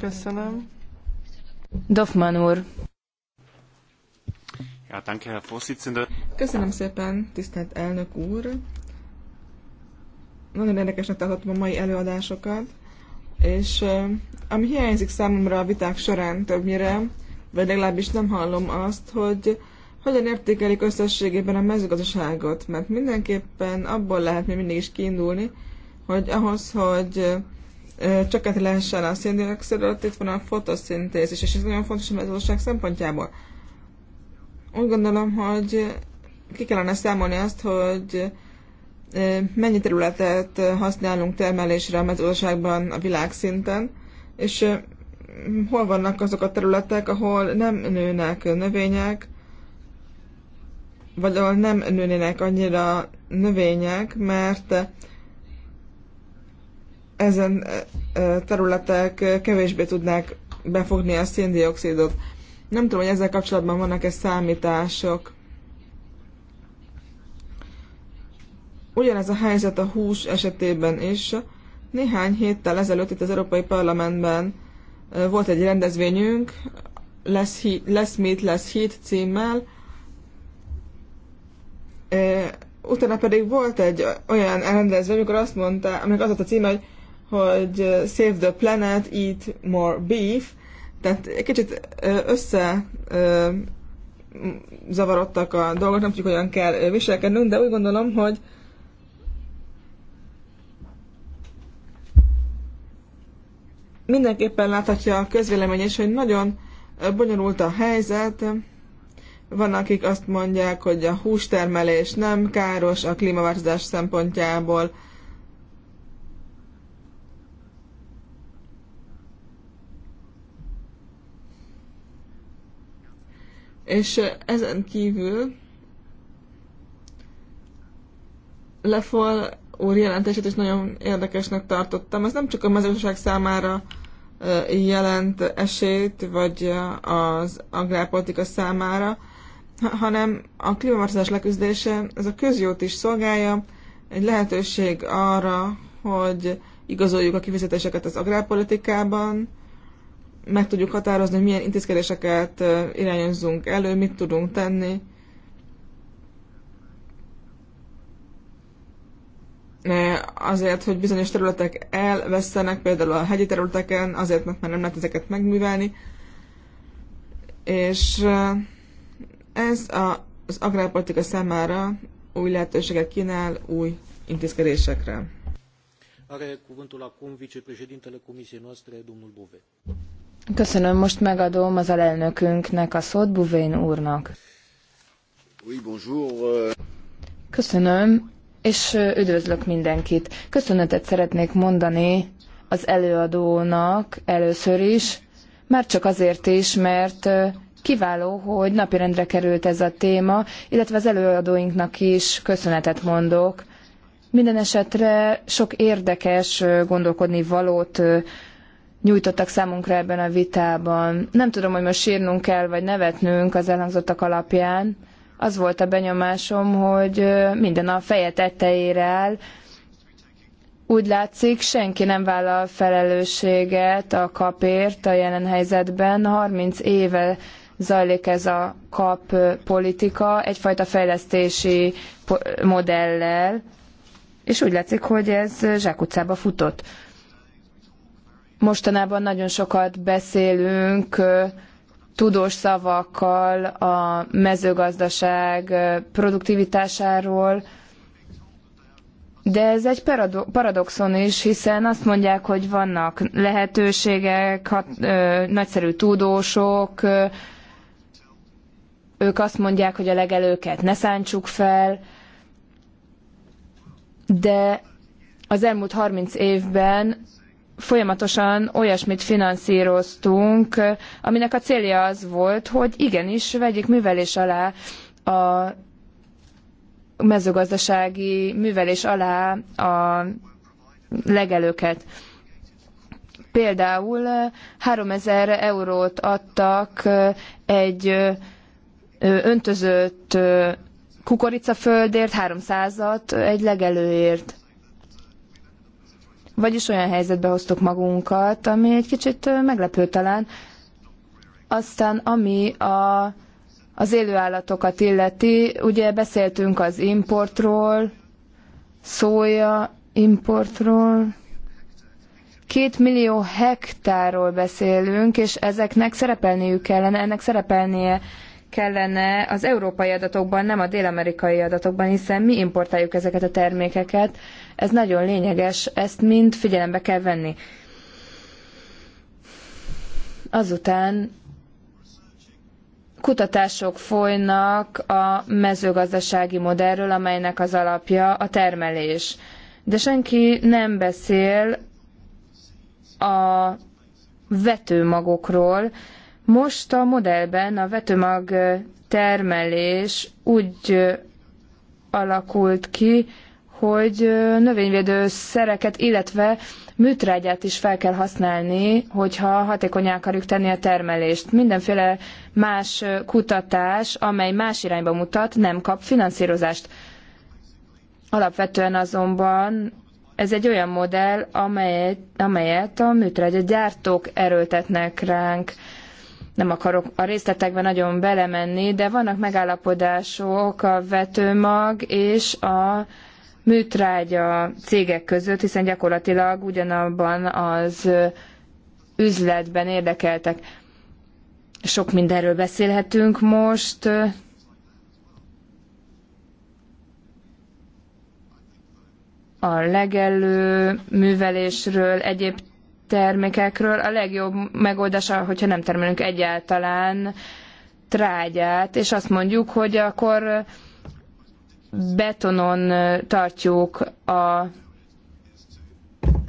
Köszönöm. Dofman úr. Ja, Köszönöm szépen, tisztelt elnök úr. Nagyon érdekesnek tartottam a mai előadásokat, és ami hiányzik számomra a viták során többnyire, vagy legalábbis nem hallom azt, hogy hogyan értékelik összességében a mezőgazdaságot, mert mindenképpen abból lehet még mindig is kiindulni, hogy ahhoz, hogy csökkentni lehessen a széndiokszidot, itt van a fotoszintézis, és ez nagyon fontos a mezőgazdaság szempontjából. Úgy gondolom, hogy ki kellene számolni azt, hogy mennyi területet használunk termelésre a mezőgazdaságban a világszinten, és hol vannak azok a területek, ahol nem nőnek növények, vagy ahol nem nőnének annyira növények, mert ezen e, e, területek kevésbé tudnák befogni a széndiokszidot. Nem tudom, hogy ezzel kapcsolatban vannak-e számítások. Ugyanez a helyzet a hús esetében is. Néhány héttel ezelőtt itt az Európai Parlamentben volt egy rendezvényünk, lesz, hi, lesz mit, lesz hit címmel. Utána pedig volt egy olyan rendezvény, amikor azt mondta, amikor az volt a címe, hogy, hogy Save the Planet, Eat More Beef, tehát egy kicsit össze zavarodtak a dolgok, nem tudjuk, hogyan kell viselkednünk, de úgy gondolom, hogy mindenképpen láthatja a közvélemény is, hogy nagyon bonyolult a helyzet. Van, akik azt mondják, hogy a hústermelés nem káros a klímaváltozás szempontjából. És ezen kívül Lefol úr jelentését is nagyon érdekesnek tartottam. Ez nem csak a mezőgazdaság számára jelent esélyt, vagy az agrárpolitika számára, hanem a klímaváltozás leküzdése, ez a közjót is szolgálja, egy lehetőség arra, hogy igazoljuk a kifizetéseket az agrárpolitikában, meg tudjuk határozni, hogy milyen intézkedéseket irányozzunk elő, mit tudunk tenni, azért, hogy bizonyos területek elvesztenek, például a hegyi területeken, azért, mert már nem lehet ezeket megművelni. És ez a, az agrárpolitika számára új lehetőséget kínál új intézkedésekre. Are cuvântul acum vicepreședintele comisiei noastre, domnul Köszönöm, most megadom az alelnökünknek a szót Buvén úrnak. Oui, bonjour. Euh. Köszönöm és üdvözlök mindenkit. Köszönetet szeretnék mondani az előadónak először is, már csak azért is, mert kiváló, hogy napirendre került ez a téma, illetve az előadóinknak is köszönetet mondok. Minden esetre sok érdekes gondolkodni valót nyújtottak számunkra ebben a vitában. Nem tudom, hogy most sírnunk kell, vagy nevetnünk az elhangzottak alapján, az volt a benyomásom, hogy minden a feje tetejére áll. Úgy látszik, senki nem vállal felelősséget a kapért a jelen helyzetben. 30 éve zajlik ez a kap politika egyfajta fejlesztési modellel, és úgy látszik, hogy ez zsákutcába futott. Mostanában nagyon sokat beszélünk tudós szavakkal a mezőgazdaság produktivitásáról, de ez egy paradoxon is, hiszen azt mondják, hogy vannak lehetőségek, hat, ö, nagyszerű tudósok, ö, ők azt mondják, hogy a legelőket ne szántsuk fel, de az elmúlt 30 évben folyamatosan olyasmit finanszíroztunk, aminek a célja az volt, hogy igenis vegyék művelés alá a mezőgazdasági művelés alá a legelőket. Például 3000 eurót adtak egy öntözött kukoricaföldért, 300-at egy legelőért. Vagyis olyan helyzetbe hoztuk magunkat, ami egy kicsit meglepő talán. Aztán ami a, az élőállatokat illeti, ugye beszéltünk az importról, szója importról, két millió hektárról beszélünk, és ezeknek szerepelniük kellene, ennek szerepelnie kellene az európai adatokban, nem a dél-amerikai adatokban, hiszen mi importáljuk ezeket a termékeket. Ez nagyon lényeges, ezt mind figyelembe kell venni. Azután kutatások folynak a mezőgazdasági modellről, amelynek az alapja a termelés. De senki nem beszél a vetőmagokról, most a modellben a vetőmag termelés úgy alakult ki, hogy növényvédő szereket, illetve műtrágyát is fel kell használni, hogyha hatékonyá akarjuk tenni a termelést. Mindenféle más kutatás, amely más irányba mutat, nem kap finanszírozást. Alapvetően azonban ez egy olyan modell, amelyet, amelyet a műtrágya gyártók erőltetnek ránk nem akarok a részletekbe nagyon belemenni, de vannak megállapodások a vetőmag és a műtrágya cégek között, hiszen gyakorlatilag ugyanabban az üzletben érdekeltek. Sok mindenről beszélhetünk most. A legelő művelésről, egyéb termékekről. A legjobb megoldás, hogyha nem termelünk egyáltalán trágyát, és azt mondjuk, hogy akkor betonon tartjuk a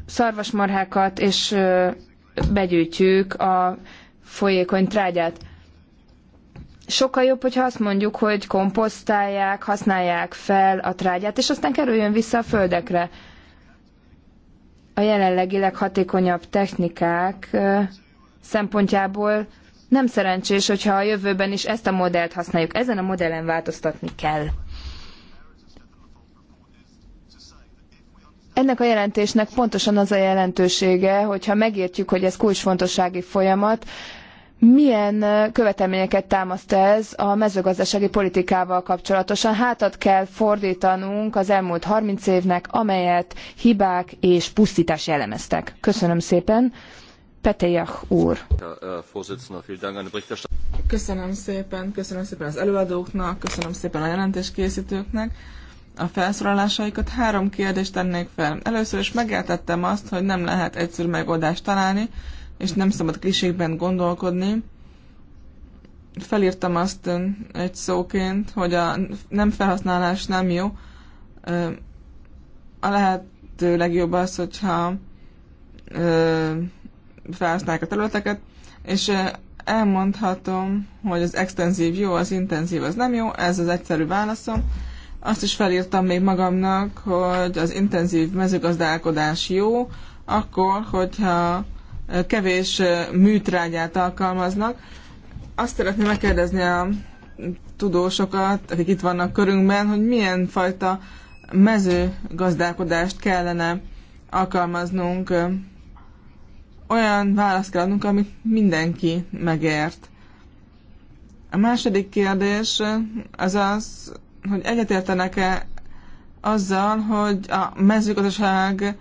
szarvasmarhákat, és begyűjtjük a folyékony trágyát. Sokkal jobb, hogyha azt mondjuk, hogy komposztálják, használják fel a trágyát, és aztán kerüljön vissza a földekre a jelenlegi leghatékonyabb technikák szempontjából nem szerencsés, hogyha a jövőben is ezt a modellt használjuk. Ezen a modellen változtatni kell. Ennek a jelentésnek pontosan az a jelentősége, hogyha megértjük, hogy ez kulcsfontossági folyamat, milyen követelményeket támaszt ez a mezőgazdasági politikával kapcsolatosan? Hátat kell fordítanunk az elmúlt 30 évnek, amelyet hibák és pusztítás jellemeztek. Köszönöm szépen. Petejach úr. Köszönöm szépen, köszönöm szépen az előadóknak, köszönöm szépen a jelentéskészítőknek a felszólalásaikat. Három kérdést tennék fel. Először is megértettem azt, hogy nem lehet egyszerű megoldást találni, és nem szabad klisékben gondolkodni. Felírtam azt egy szóként, hogy a nem felhasználás nem jó. A lehető legjobb az, hogyha felhasználják a területeket, és elmondhatom, hogy az extenzív jó, az intenzív az nem jó, ez az egyszerű válaszom. Azt is felírtam még magamnak, hogy az intenzív mezőgazdálkodás jó, akkor, hogyha kevés műtrágyát alkalmaznak. Azt szeretném megkérdezni a tudósokat, akik itt vannak körünkben, hogy milyen fajta mezőgazdálkodást kellene alkalmaznunk, olyan választ kell adnunk, amit mindenki megért. A második kérdés az az, hogy egyetértenek-e azzal, hogy a mezőgazdaság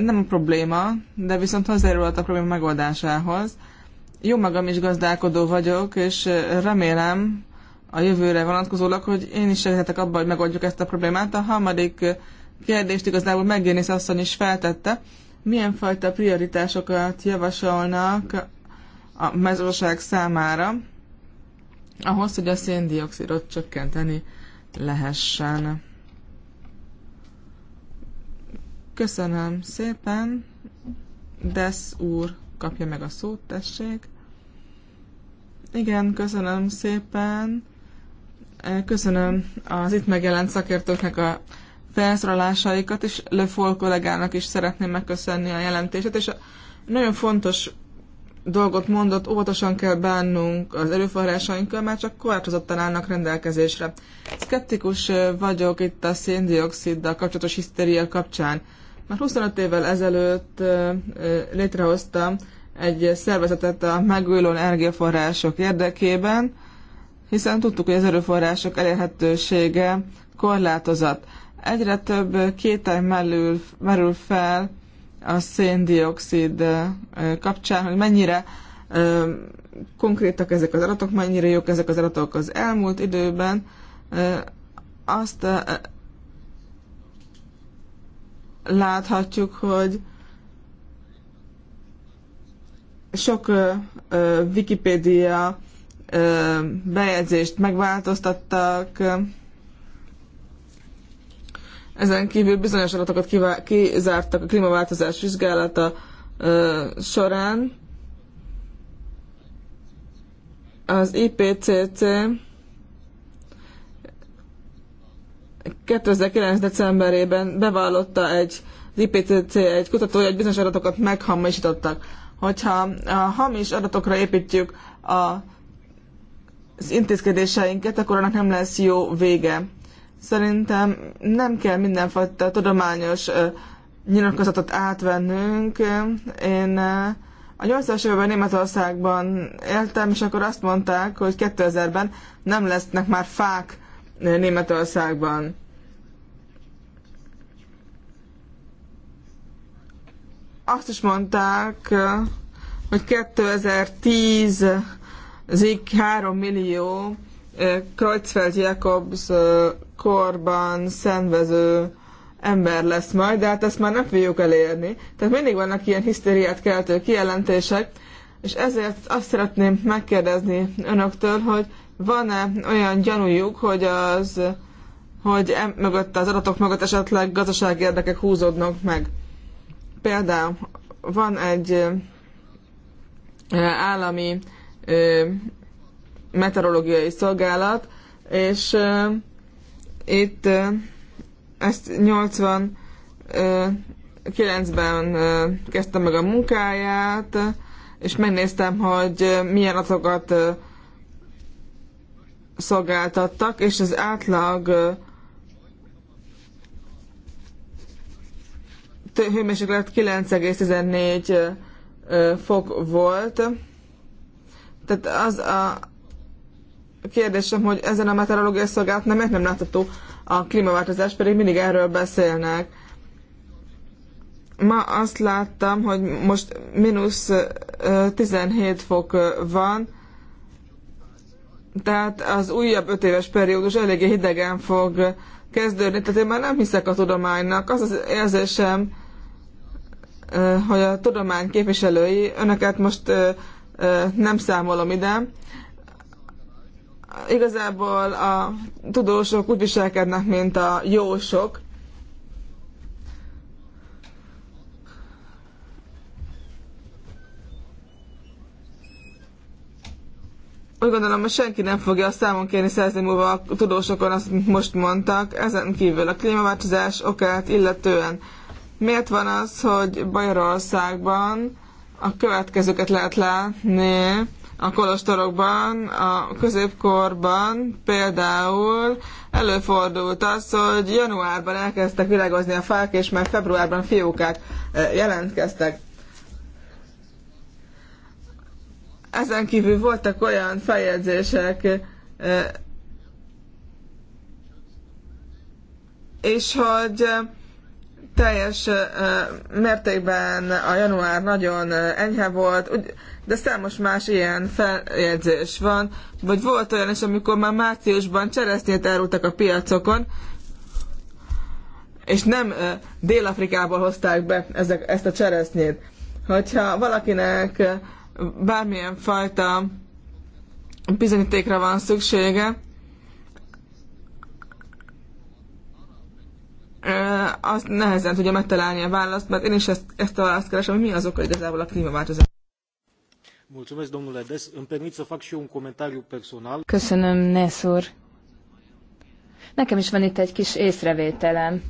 nem a probléma, de viszont hozzájárulhat a probléma megoldásához. Jó magam is gazdálkodó vagyok, és remélem a jövőre vonatkozólag, hogy én is segíthetek abban, hogy megoldjuk ezt a problémát. A harmadik kérdést igazából Megjénész asszony is feltette, milyen fajta prioritásokat javasolnak a mezőság számára, ahhoz, hogy a széndiokszidot csökkenteni lehessen. Köszönöm szépen. Desz úr kapja meg a szót, tessék. Igen, köszönöm szépen. Eh, köszönöm az itt megjelent szakértőknek a felszorolásaikat, és Le Foll kollégának is szeretném megköszönni a jelentését, és a nagyon fontos dolgot mondott, óvatosan kell bánnunk az erőforrásainkkal, mert csak korlátozottan állnak rendelkezésre. Szkeptikus eh, vagyok itt a széndioksziddal kapcsolatos hisztéria kapcsán. Már 25 évvel ezelőtt létrehoztam egy szervezetet a megújuló energiaforrások érdekében, hiszen tudtuk, hogy az erőforrások elérhetősége korlátozott. Egyre több kétel merül, merül fel a széndiokszid kapcsán, hogy mennyire konkrétak ezek az adatok, mennyire jók ezek az adatok az elmúlt időben. Azt láthatjuk, hogy sok uh, Wikipédia uh, bejegyzést megváltoztattak, ezen kívül bizonyos adatokat kizártak a klímaváltozás vizsgálata uh, során. Az IPCC 2009. decemberében bevallotta egy az IPCC egy kutatója, hogy bizonyos adatokat meghamisítottak. Hogyha a hamis adatokra építjük a, az intézkedéseinket, akkor annak nem lesz jó vége. Szerintem nem kell mindenfajta tudományos nyilatkozatot átvennünk. Én a 80-as években Németországban éltem, és akkor azt mondták, hogy 2000-ben nem lesznek már fák Németországban. Azt is mondták, hogy 2010-ig 3 millió Kreuzfeld Jakobs korban szenvező ember lesz majd, de hát ezt már nem fogjuk elérni. Tehát mindig vannak ilyen hisztériát keltő kijelentések, és ezért azt szeretném megkérdezni önöktől, hogy van-e olyan gyanújuk, hogy az hogy e mögött, az adatok mögött esetleg gazdasági érdekek húzódnak meg? Például van egy állami meteorológiai szolgálat, és itt ezt 89-ben kezdtem meg a munkáját, és megnéztem, hogy milyen adatokat szolgáltattak, és az átlag hőmérséklet 9,14 fok volt. Tehát az a kérdésem, hogy ezen a meteorológiai szolgálatnál nem, nem látható a klímaváltozás, pedig mindig erről beszélnek. Ma azt láttam, hogy most mínusz 17 fok van, tehát az újabb öt éves periódus eléggé hidegen fog kezdődni, tehát én már nem hiszek a tudománynak. Az az érzésem, hogy a tudomány képviselői, önöket most nem számolom ide, igazából a tudósok úgy viselkednek, mint a jósok, úgy gondolom, hogy senki nem fogja a számon kérni száz év múlva a tudósokon azt, amit most mondtak, ezen kívül a klímaváltozás okát illetően. Miért van az, hogy Bajorországban a következőket lehet látni a kolostorokban, a középkorban például előfordult az, hogy januárban elkezdtek világozni a fák, és már februárban fiókák eh, jelentkeztek. Ezen kívül voltak olyan feljegyzések, és hogy teljes mértékben a január nagyon enyhe volt, de számos más ilyen feljegyzés van, vagy volt olyan is, amikor már márciusban cseresznyét árultak a piacokon, és nem Dél-Afrikából hozták be ezek, ezt a cseresznyét. Hogyha valakinek bármilyen fajta bizonyítékra van szüksége, azt nehezen tudja megtalálni a választ, mert én is ezt, ezt a választ keresem, hogy mi az oka igazából a klímaváltozás. personal. Köszönöm, Nesz úr. Nekem is van itt egy kis észrevételem.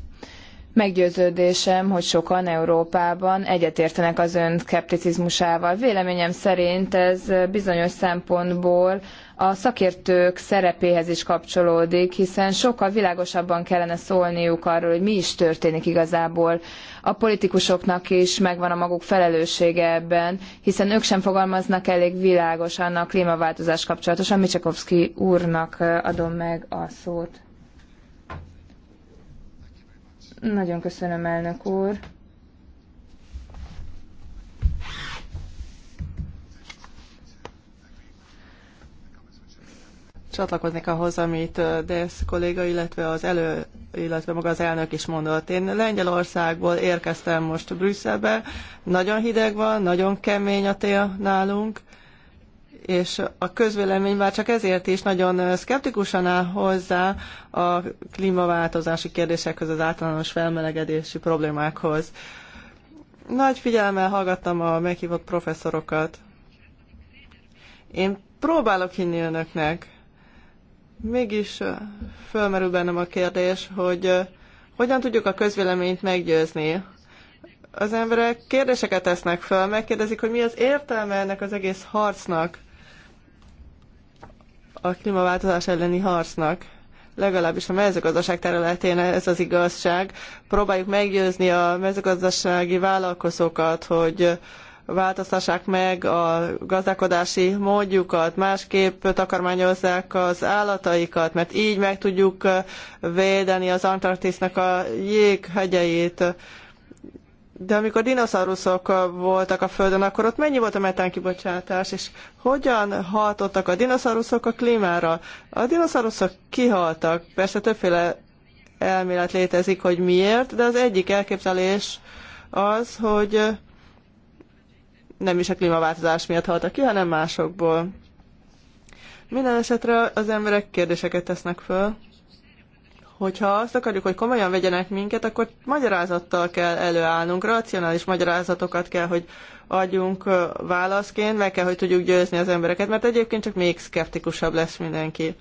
Meggyőződésem, hogy sokan Európában egyetértenek az ön szkepticizmusával. Véleményem szerint ez bizonyos szempontból a szakértők szerepéhez is kapcsolódik, hiszen sokkal világosabban kellene szólniuk arról, hogy mi is történik igazából. A politikusoknak is megvan a maguk felelőssége ebben, hiszen ők sem fogalmaznak elég világosan a klímaváltozás kapcsolatosan. Micsekovszki úrnak adom meg a szót. Nagyon köszönöm, elnök úr. csatlakoznék ahhoz, amit Desz kolléga, illetve az elő, illetve maga az elnök is mondott. Én Lengyelországból érkeztem most Brüsszelbe, nagyon hideg van, nagyon kemény a tél nálunk, és a közvélemény már csak ezért is nagyon szkeptikusan áll hozzá a klímaváltozási kérdésekhez, az általános felmelegedési problémákhoz. Nagy figyelemmel hallgattam a meghívott professzorokat. Én próbálok hinni önöknek. Mégis fölmerül bennem a kérdés, hogy hogyan tudjuk a közvéleményt meggyőzni az emberek kérdéseket tesznek föl, megkérdezik, hogy mi az értelme ennek az egész harcnak a klímaváltozás elleni harcnak. Legalábbis a mezőgazdaság területén ez az igazság. Próbáljuk meggyőzni a mezőgazdasági vállalkozókat, hogy változtassák meg a gazdálkodási módjukat, másképp takarmányozzák az állataikat, mert így meg tudjuk védeni az Antarktisznak a jéghegyeit, de amikor dinoszauruszok voltak a Földön, akkor ott mennyi volt a metánkibocsátás, és hogyan hatottak a dinoszauruszok a klímára? A dinoszauruszok kihaltak, persze többféle elmélet létezik, hogy miért, de az egyik elképzelés az, hogy nem is a klímaváltozás miatt haltak ki, hanem másokból. Minden esetre az emberek kérdéseket tesznek föl hogyha azt akarjuk, hogy komolyan vegyenek minket, akkor magyarázattal kell előállnunk, racionális magyarázatokat kell, hogy adjunk válaszként, meg kell, hogy tudjuk győzni az embereket, mert egyébként csak még szkeptikusabb lesz mindenki.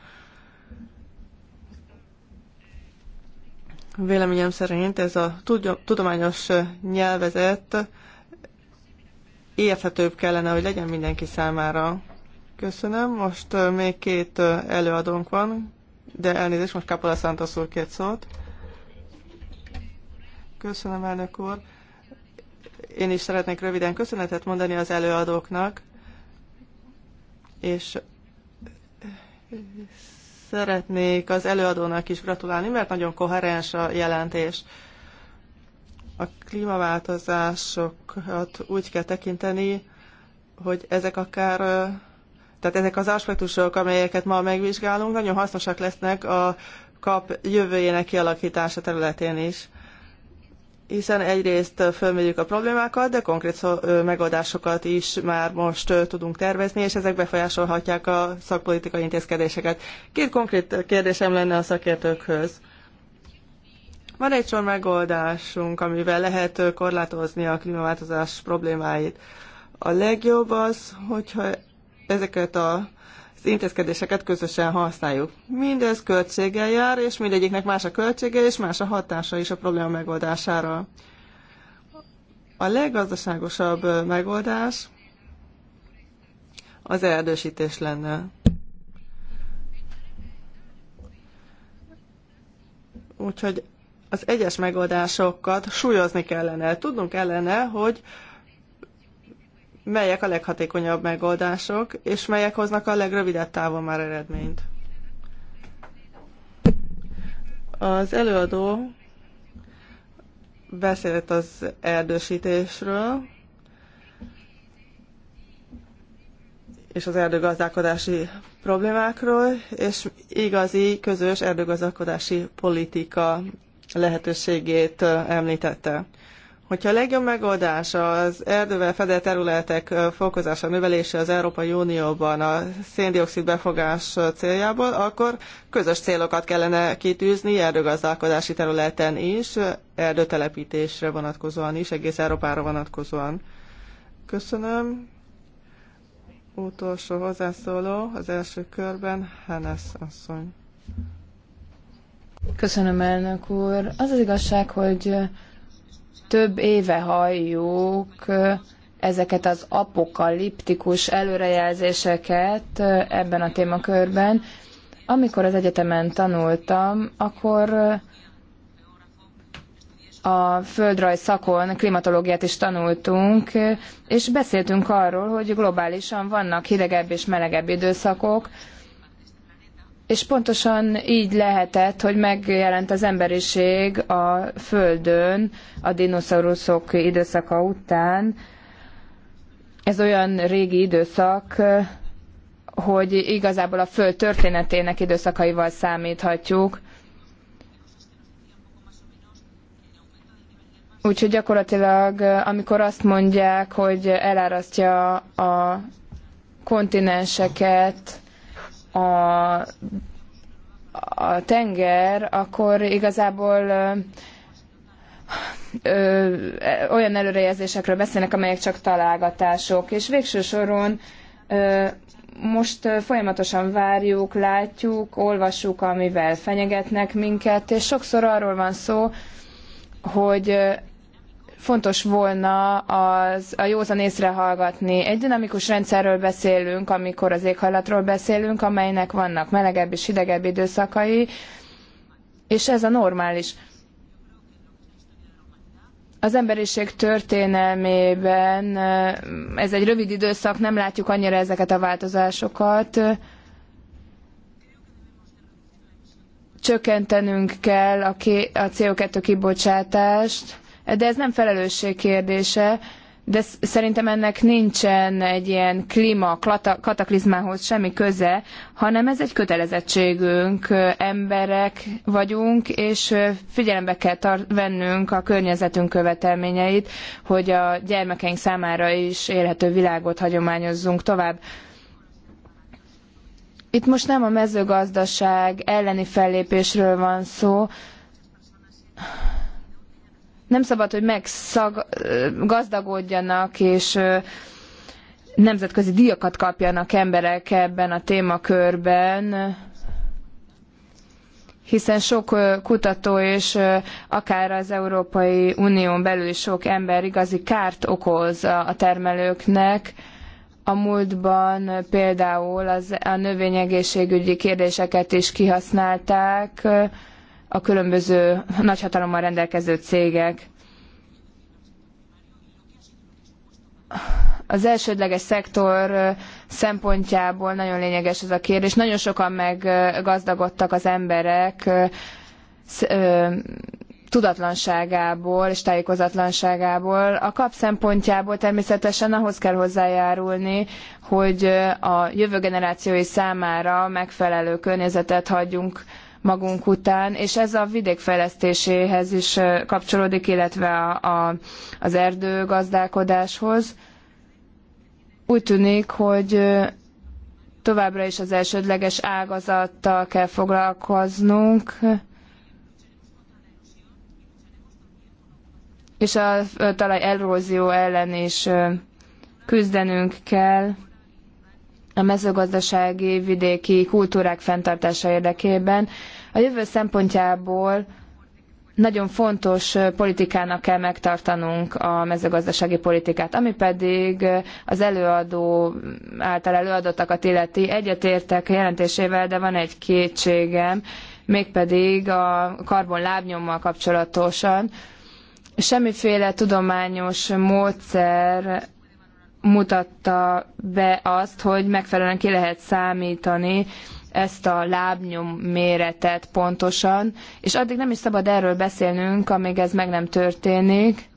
Véleményem szerint ez a tudományos nyelvezet érthetőbb kellene, hogy legyen mindenki számára. Köszönöm. Most még két előadónk van. De elnézést, most Kapola Santos úr két szót. Köszönöm, elnök úr. Én is szeretnék röviden köszönetet mondani az előadóknak, és szeretnék az előadónak is gratulálni, mert nagyon koherens a jelentés. A klímaváltozásokat úgy kell tekinteni, hogy ezek akár tehát ezek az aspektusok, amelyeket ma megvizsgálunk, nagyon hasznosak lesznek a kap jövőjének kialakítása területén is hiszen egyrészt fölmérjük a problémákat, de konkrét megoldásokat is már most tudunk tervezni, és ezek befolyásolhatják a szakpolitikai intézkedéseket. Két konkrét kérdésem lenne a szakértőkhöz. Van egy sor megoldásunk, amivel lehet korlátozni a klímaváltozás problémáit. A legjobb az, hogyha ezeket a az intézkedéseket közösen használjuk. Mindez költséggel jár, és mindegyiknek más a költsége, és más a hatása is a probléma megoldására. A leggazdaságosabb megoldás az erdősítés lenne. Úgyhogy az egyes megoldásokat súlyozni kellene. Tudnunk kellene, hogy melyek a leghatékonyabb megoldások, és melyek hoznak a legrövidebb távon már eredményt. Az előadó beszélt az erdősítésről, és az erdőgazdálkodási problémákról, és igazi közös erdőgazdálkodási politika lehetőségét említette. Hogyha a legjobb megoldás az erdővel fedett területek fokozása, növelése az Európai Unióban a széndiokszid befogás céljából, akkor közös célokat kellene kitűzni erdőgazdálkodási területen is, erdőtelepítésre vonatkozóan is, egész Európára vonatkozóan. Köszönöm. Utolsó hozzászóló az első körben, Hennes asszony. Köszönöm, elnök úr. Az az igazság, hogy több éve halljuk eh, ezeket az apokaliptikus előrejelzéseket eh, ebben a témakörben. Amikor az egyetemen tanultam, akkor eh, a földrajz szakon klimatológiát is tanultunk, és beszéltünk arról, hogy globálisan vannak hidegebb és melegebb időszakok, és pontosan így lehetett, hogy megjelent az emberiség a Földön a dinoszauruszok időszaka után. Ez olyan régi időszak, hogy igazából a Föld történetének időszakaival számíthatjuk. Úgyhogy gyakorlatilag, amikor azt mondják, hogy elárasztja a kontinenseket, a, a tenger, akkor igazából ö, ö, olyan előrejelzésekről beszélnek, amelyek csak találgatások, és végső soron ö, most folyamatosan várjuk, látjuk, olvassuk, amivel fenyegetnek minket, és sokszor arról van szó, hogy fontos volna az, a józan észre hallgatni. Egy dinamikus rendszerről beszélünk, amikor az éghajlatról beszélünk, amelynek vannak melegebb és hidegebb időszakai, és ez a normális. Az emberiség történelmében eh, ez egy rövid időszak, nem látjuk annyira ezeket a változásokat. Csökkentenünk kell a CO2 kibocsátást, de ez nem felelősség kérdése, de szerintem ennek nincsen egy ilyen klíma kataklizmához semmi köze, hanem ez egy kötelezettségünk, emberek vagyunk, és figyelembe kell tar- vennünk a környezetünk követelményeit, hogy a gyermekeink számára is élhető világot hagyományozzunk tovább. Itt most nem a mezőgazdaság elleni fellépésről van szó, nem szabad, hogy meggazdagodjanak és nemzetközi díjakat kapjanak emberek ebben a témakörben, hiszen sok kutató és akár az Európai Unión belül sok ember igazi kárt okoz a termelőknek. A múltban például az, a növényegészségügyi kérdéseket is kihasználták, a különböző nagyhatalommal rendelkező cégek. Az elsődleges szektor szempontjából nagyon lényeges ez a kérdés. Nagyon sokan meggazdagodtak az emberek tudatlanságából és tájékozatlanságából. A kap szempontjából természetesen ahhoz kell hozzájárulni, hogy a jövő generációi számára megfelelő környezetet hagyjunk magunk után, és ez a vidékfejlesztéséhez is kapcsolódik, illetve a, a, az erdőgazdálkodáshoz. Úgy tűnik, hogy továbbra is az elsődleges ágazattal kell foglalkoznunk, és a talaj erózió ellen is küzdenünk kell a mezőgazdasági, vidéki kultúrák fenntartása érdekében. A jövő szempontjából nagyon fontos politikának kell megtartanunk a mezőgazdasági politikát, ami pedig az előadó által előadottakat illeti. Egyetértek jelentésével, de van egy kétségem, mégpedig a karbon lábnyommal kapcsolatosan. Semmiféle tudományos módszer mutatta be azt, hogy megfelelően ki lehet számítani ezt a lábnyom méretet pontosan, és addig nem is szabad erről beszélnünk, amíg ez meg nem történik,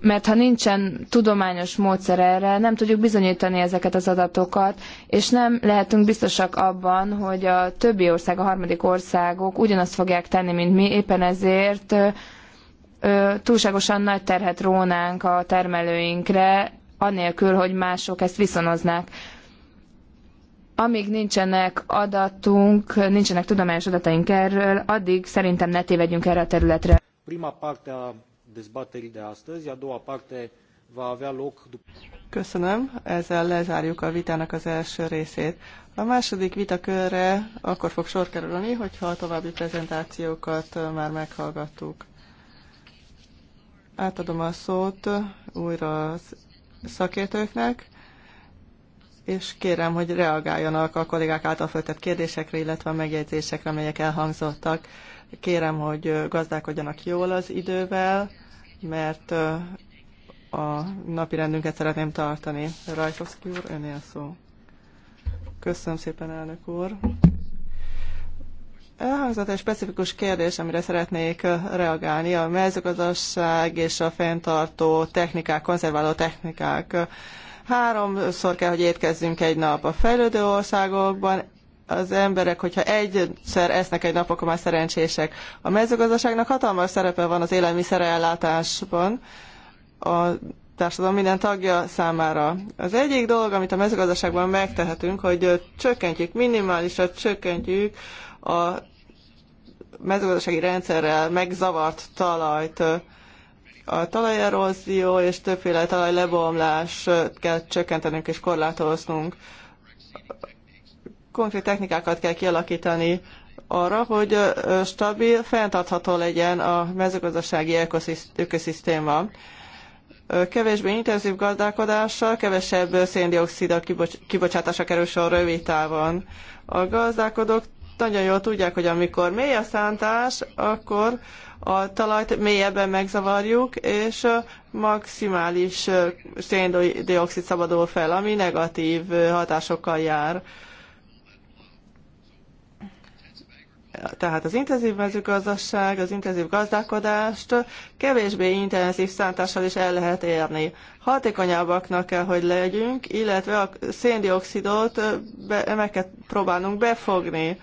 mert ha nincsen tudományos módszer erre, nem tudjuk bizonyítani ezeket az adatokat, és nem lehetünk biztosak abban, hogy a többi ország, a harmadik országok ugyanazt fogják tenni, mint mi, éppen ezért túlságosan nagy terhet rónánk a termelőinkre, anélkül, hogy mások ezt viszonoznák. Amíg nincsenek adatunk, nincsenek tudományos adataink erről, addig szerintem ne tévedjünk erre a területre. Prima parte a dezbaterii de astăzi, a doua parte va avea loc... Köszönöm, ezzel lezárjuk a vitának az első részét. A második vitakörre akkor fog sor kerülni, hogyha a további prezentációkat már meghallgattuk. Átadom a szót újra a szakértőknek, és kérem, hogy reagáljanak a kollégák által föltett kérdésekre, illetve a megjegyzésekre, amelyek elhangzottak. Kérem, hogy gazdálkodjanak jól az idővel, mert a napi rendünket szeretném tartani. Rajkowski úr, önél szó. Köszönöm szépen, elnök úr. Elhangzott egy specifikus kérdés, amire szeretnék reagálni, a mezőgazdaság és a fenntartó technikák, konzerváló technikák. Háromszor kell, hogy étkezzünk egy nap a fejlődő országokban, az emberek, hogyha egyszer esznek egy nap, akkor már szerencsések. A mezőgazdaságnak hatalmas szerepe van az élelmiszerellátásban, a társadalom minden tagja számára. Az egyik dolog, amit a mezőgazdaságban megtehetünk, hogy csökkentjük, minimálisra csökkentjük a mezőgazdasági rendszerrel megzavart talajt, a talajerózió és többféle talajlebomlás kell csökkentenünk és korlátoznunk. Konkrét technikákat kell kialakítani arra, hogy stabil, fenntartható legyen a mezőgazdasági ökoszisztéma. Kevésbé intenzív gazdálkodással, kevesebb széndiokszid kibocsátása kerül sor rövid távon. A gazdálkodók nagyon jól tudják, hogy amikor mély a szántás, akkor a talajt mélyebben megzavarjuk, és maximális széndioxid szabadul fel, ami negatív hatásokkal jár. Tehát az intenzív mezőgazdaság, az intenzív gazdálkodást kevésbé intenzív szántással is el lehet érni. Hatékonyabbaknak kell, hogy legyünk, illetve a széndiokszidot be, meg kell próbálnunk befogni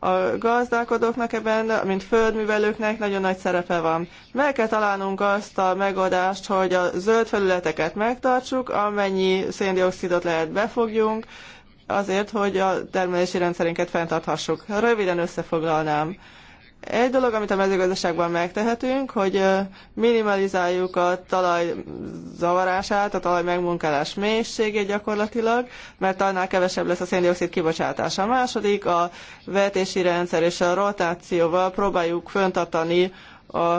a gazdálkodóknak ebben, mint földművelőknek nagyon nagy szerepe van. Meg kell találnunk azt a megoldást, hogy a zöld felületeket megtartsuk, amennyi széndiokszidot lehet befogjunk, azért, hogy a termelési rendszerünket fenntarthassuk. Röviden összefoglalnám. Egy dolog, amit a mezőgazdaságban megtehetünk, hogy minimalizáljuk a talaj zavarását, a talaj megmunkálás mélységét gyakorlatilag, mert annál kevesebb lesz a széndiokszid kibocsátása. A második, a vetési rendszer és a rotációval próbáljuk föntartani a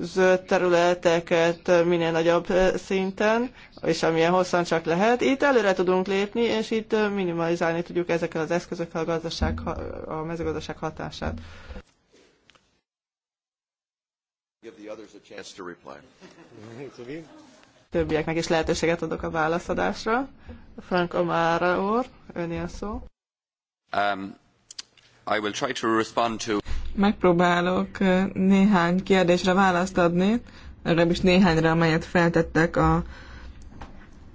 zöld területeket minél nagyobb szinten, és amilyen hosszan csak lehet. Itt előre tudunk lépni, és itt minimalizálni tudjuk ezekkel az eszközökkel a, gazdaság, a mezőgazdaság hatását. Give the others a chance to reply. (laughs) Többieknek is lehetőséget adok a válaszadásra. Frank Amara úr, öné a szó. Um, I will try to respond to... Megpróbálok uh, néhány kérdésre választ adni, legalábbis néhányra, amelyet feltettek a,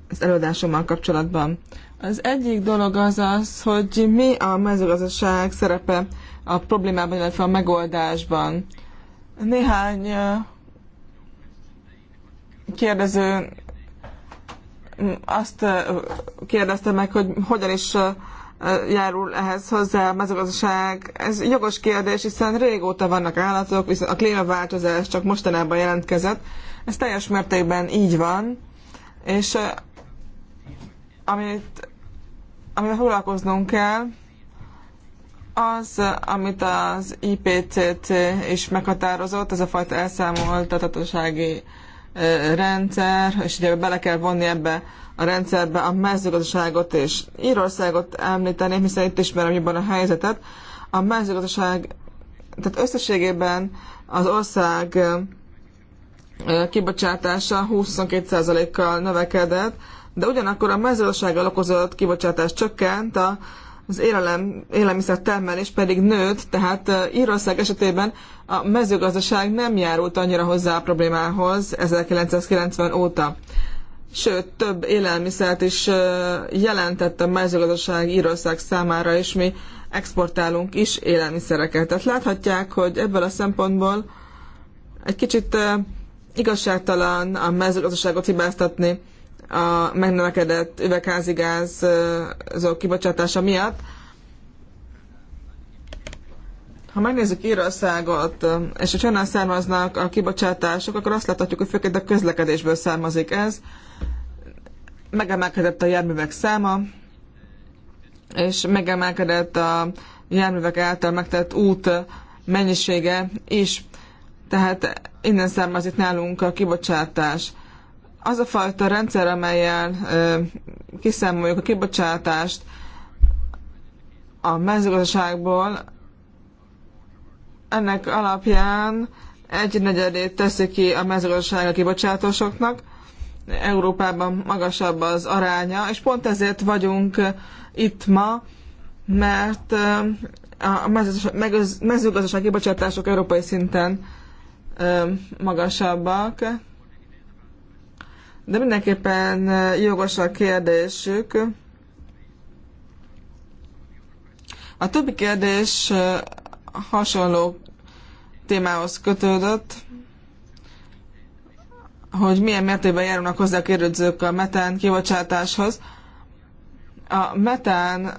az előadásommal kapcsolatban. Az egyik dolog az az, hogy mi a mezőgazdaság szerepe a problémában, illetve a megoldásban. Néhány kérdező azt kérdezte meg, hogy hogyan is járul ehhez hozzá a mezőgazdaság. Ez jogos kérdés, hiszen régóta vannak állatok, viszont a klímaváltozás csak mostanában jelentkezett. Ez teljes mértékben így van, és amit, amivel foglalkoznunk kell, az, amit az IPCC is meghatározott, ez a fajta elszámoltatatosági rendszer, és ugye bele kell vonni ebbe a rendszerbe a mezőgazdaságot és Írországot említeném, hiszen itt ismerem jobban a helyzetet. A mezőgazdaság, tehát összességében az ország kibocsátása 22%-kal növekedett, de ugyanakkor a mezőgazdasággal okozott kibocsátás csökkent, a az élelem, élelmiszer termelés pedig nőtt, tehát Írország esetében a mezőgazdaság nem járult annyira hozzá a problémához 1990 óta. Sőt, több élelmiszert is jelentett a mezőgazdaság Írország számára, és mi exportálunk is élelmiszereket. Tehát láthatják, hogy ebből a szempontból egy kicsit igazságtalan a mezőgazdaságot hibáztatni a megnövekedett üvegházigázok kibocsátása miatt. Ha megnézzük Írországot, és hogy honnan származnak a kibocsátások, akkor azt láthatjuk, hogy főként a közlekedésből származik ez. Megemelkedett a járművek száma, és megemelkedett a járművek által megtett út mennyisége is. Tehát innen származik nálunk a kibocsátás az a fajta rendszer, amelyel kiszámoljuk a kibocsátást a mezőgazdaságból, ennek alapján egy negyedét teszi ki a mezőgazdaság a kibocsátósoknak. Európában magasabb az aránya, és pont ezért vagyunk itt ma, mert a mezőgazdaság kibocsátások európai szinten magasabbak, de mindenképpen eh, jogos a kérdésük. A többi kérdés eh, hasonló témához kötődött, hogy milyen mértékben járulnak hozzá a kérdőzők a metán kibocsátáshoz. A metán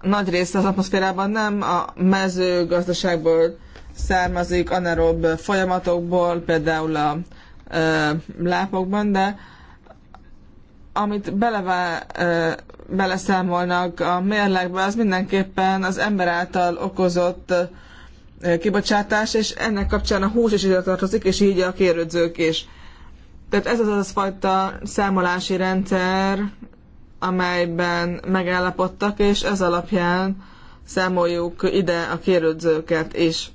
nagy része az atmoszférában nem a mezőgazdaságból származik, anaerob folyamatokból, például a lápokban, de amit belevá, beleszámolnak a mérlekbe, az mindenképpen az ember által okozott kibocsátás, és ennek kapcsán a hús is ide tartozik, és így a kérődzők is. Tehát ez az az fajta számolási rendszer, amelyben megállapodtak, és ez alapján számoljuk ide a kérődzőket is.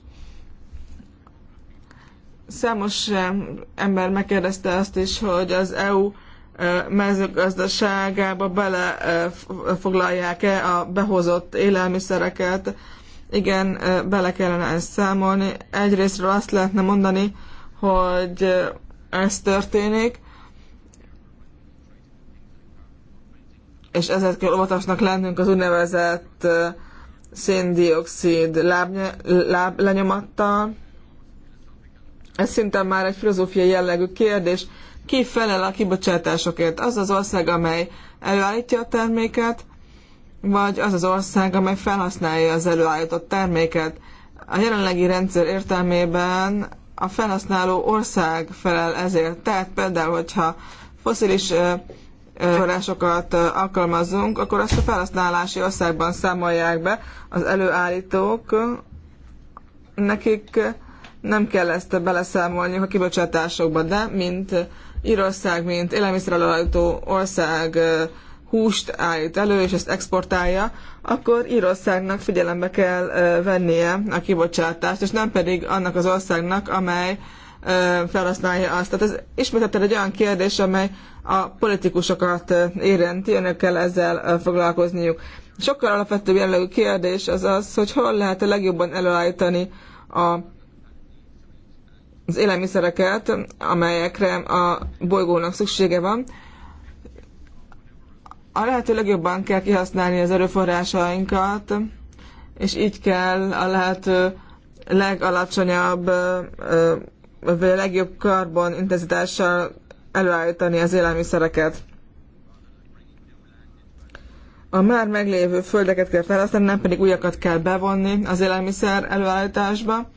Számos eh, ember megkérdezte azt is, hogy az EU eh, mezőgazdaságába belefoglalják-e eh, a behozott élelmiszereket. Igen, bele kellene ezt számolni. Egyrésztről azt lehetne mondani, hogy ez történik, és ezért kell óvatosnak lennünk az úgynevezett széndiokszid láb, láb, lenyomattal ez szinte már egy filozófiai jellegű kérdés, ki felel a kibocsátásokért? Az az ország, amely előállítja a terméket, vagy az az ország, amely felhasználja az előállított terméket? A jelenlegi rendszer értelmében a felhasználó ország felel ezért. Tehát például, hogyha foszilis forrásokat alkalmazunk, akkor azt a felhasználási országban számolják be az előállítók, nekik nem kell ezt beleszámolni a kibocsátásokba, de mint Írország, mint élelmiszerelőállító ország húst állít elő, és ezt exportálja, akkor Írországnak figyelembe kell vennie a kibocsátást, és nem pedig annak az országnak, amely felhasználja azt. Tehát ez ismételten egy olyan kérdés, amely a politikusokat érinti, önök kell ezzel foglalkozniuk. Sokkal alapvetőbb jellegű kérdés az az, hogy hol lehet a legjobban előállítani a az élelmiszereket, amelyekre a bolygónak szüksége van. A lehető legjobban kell kihasználni az erőforrásainkat, és így kell a lehető legalacsonyabb, vagy a legjobb karbon intenzitással előállítani az élelmiszereket. A már meglévő földeket kell felhasználni, nem pedig újakat kell bevonni az élelmiszer előállításba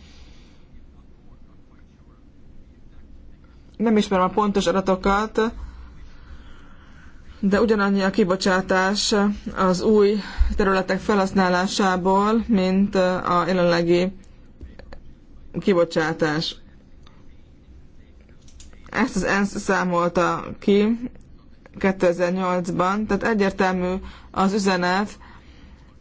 nem ismerem a pontos adatokat, de ugyanannyi a kibocsátás az új területek felhasználásából, mint a jelenlegi kibocsátás. Ezt az ENSZ számolta ki 2008-ban, tehát egyértelmű az üzenet,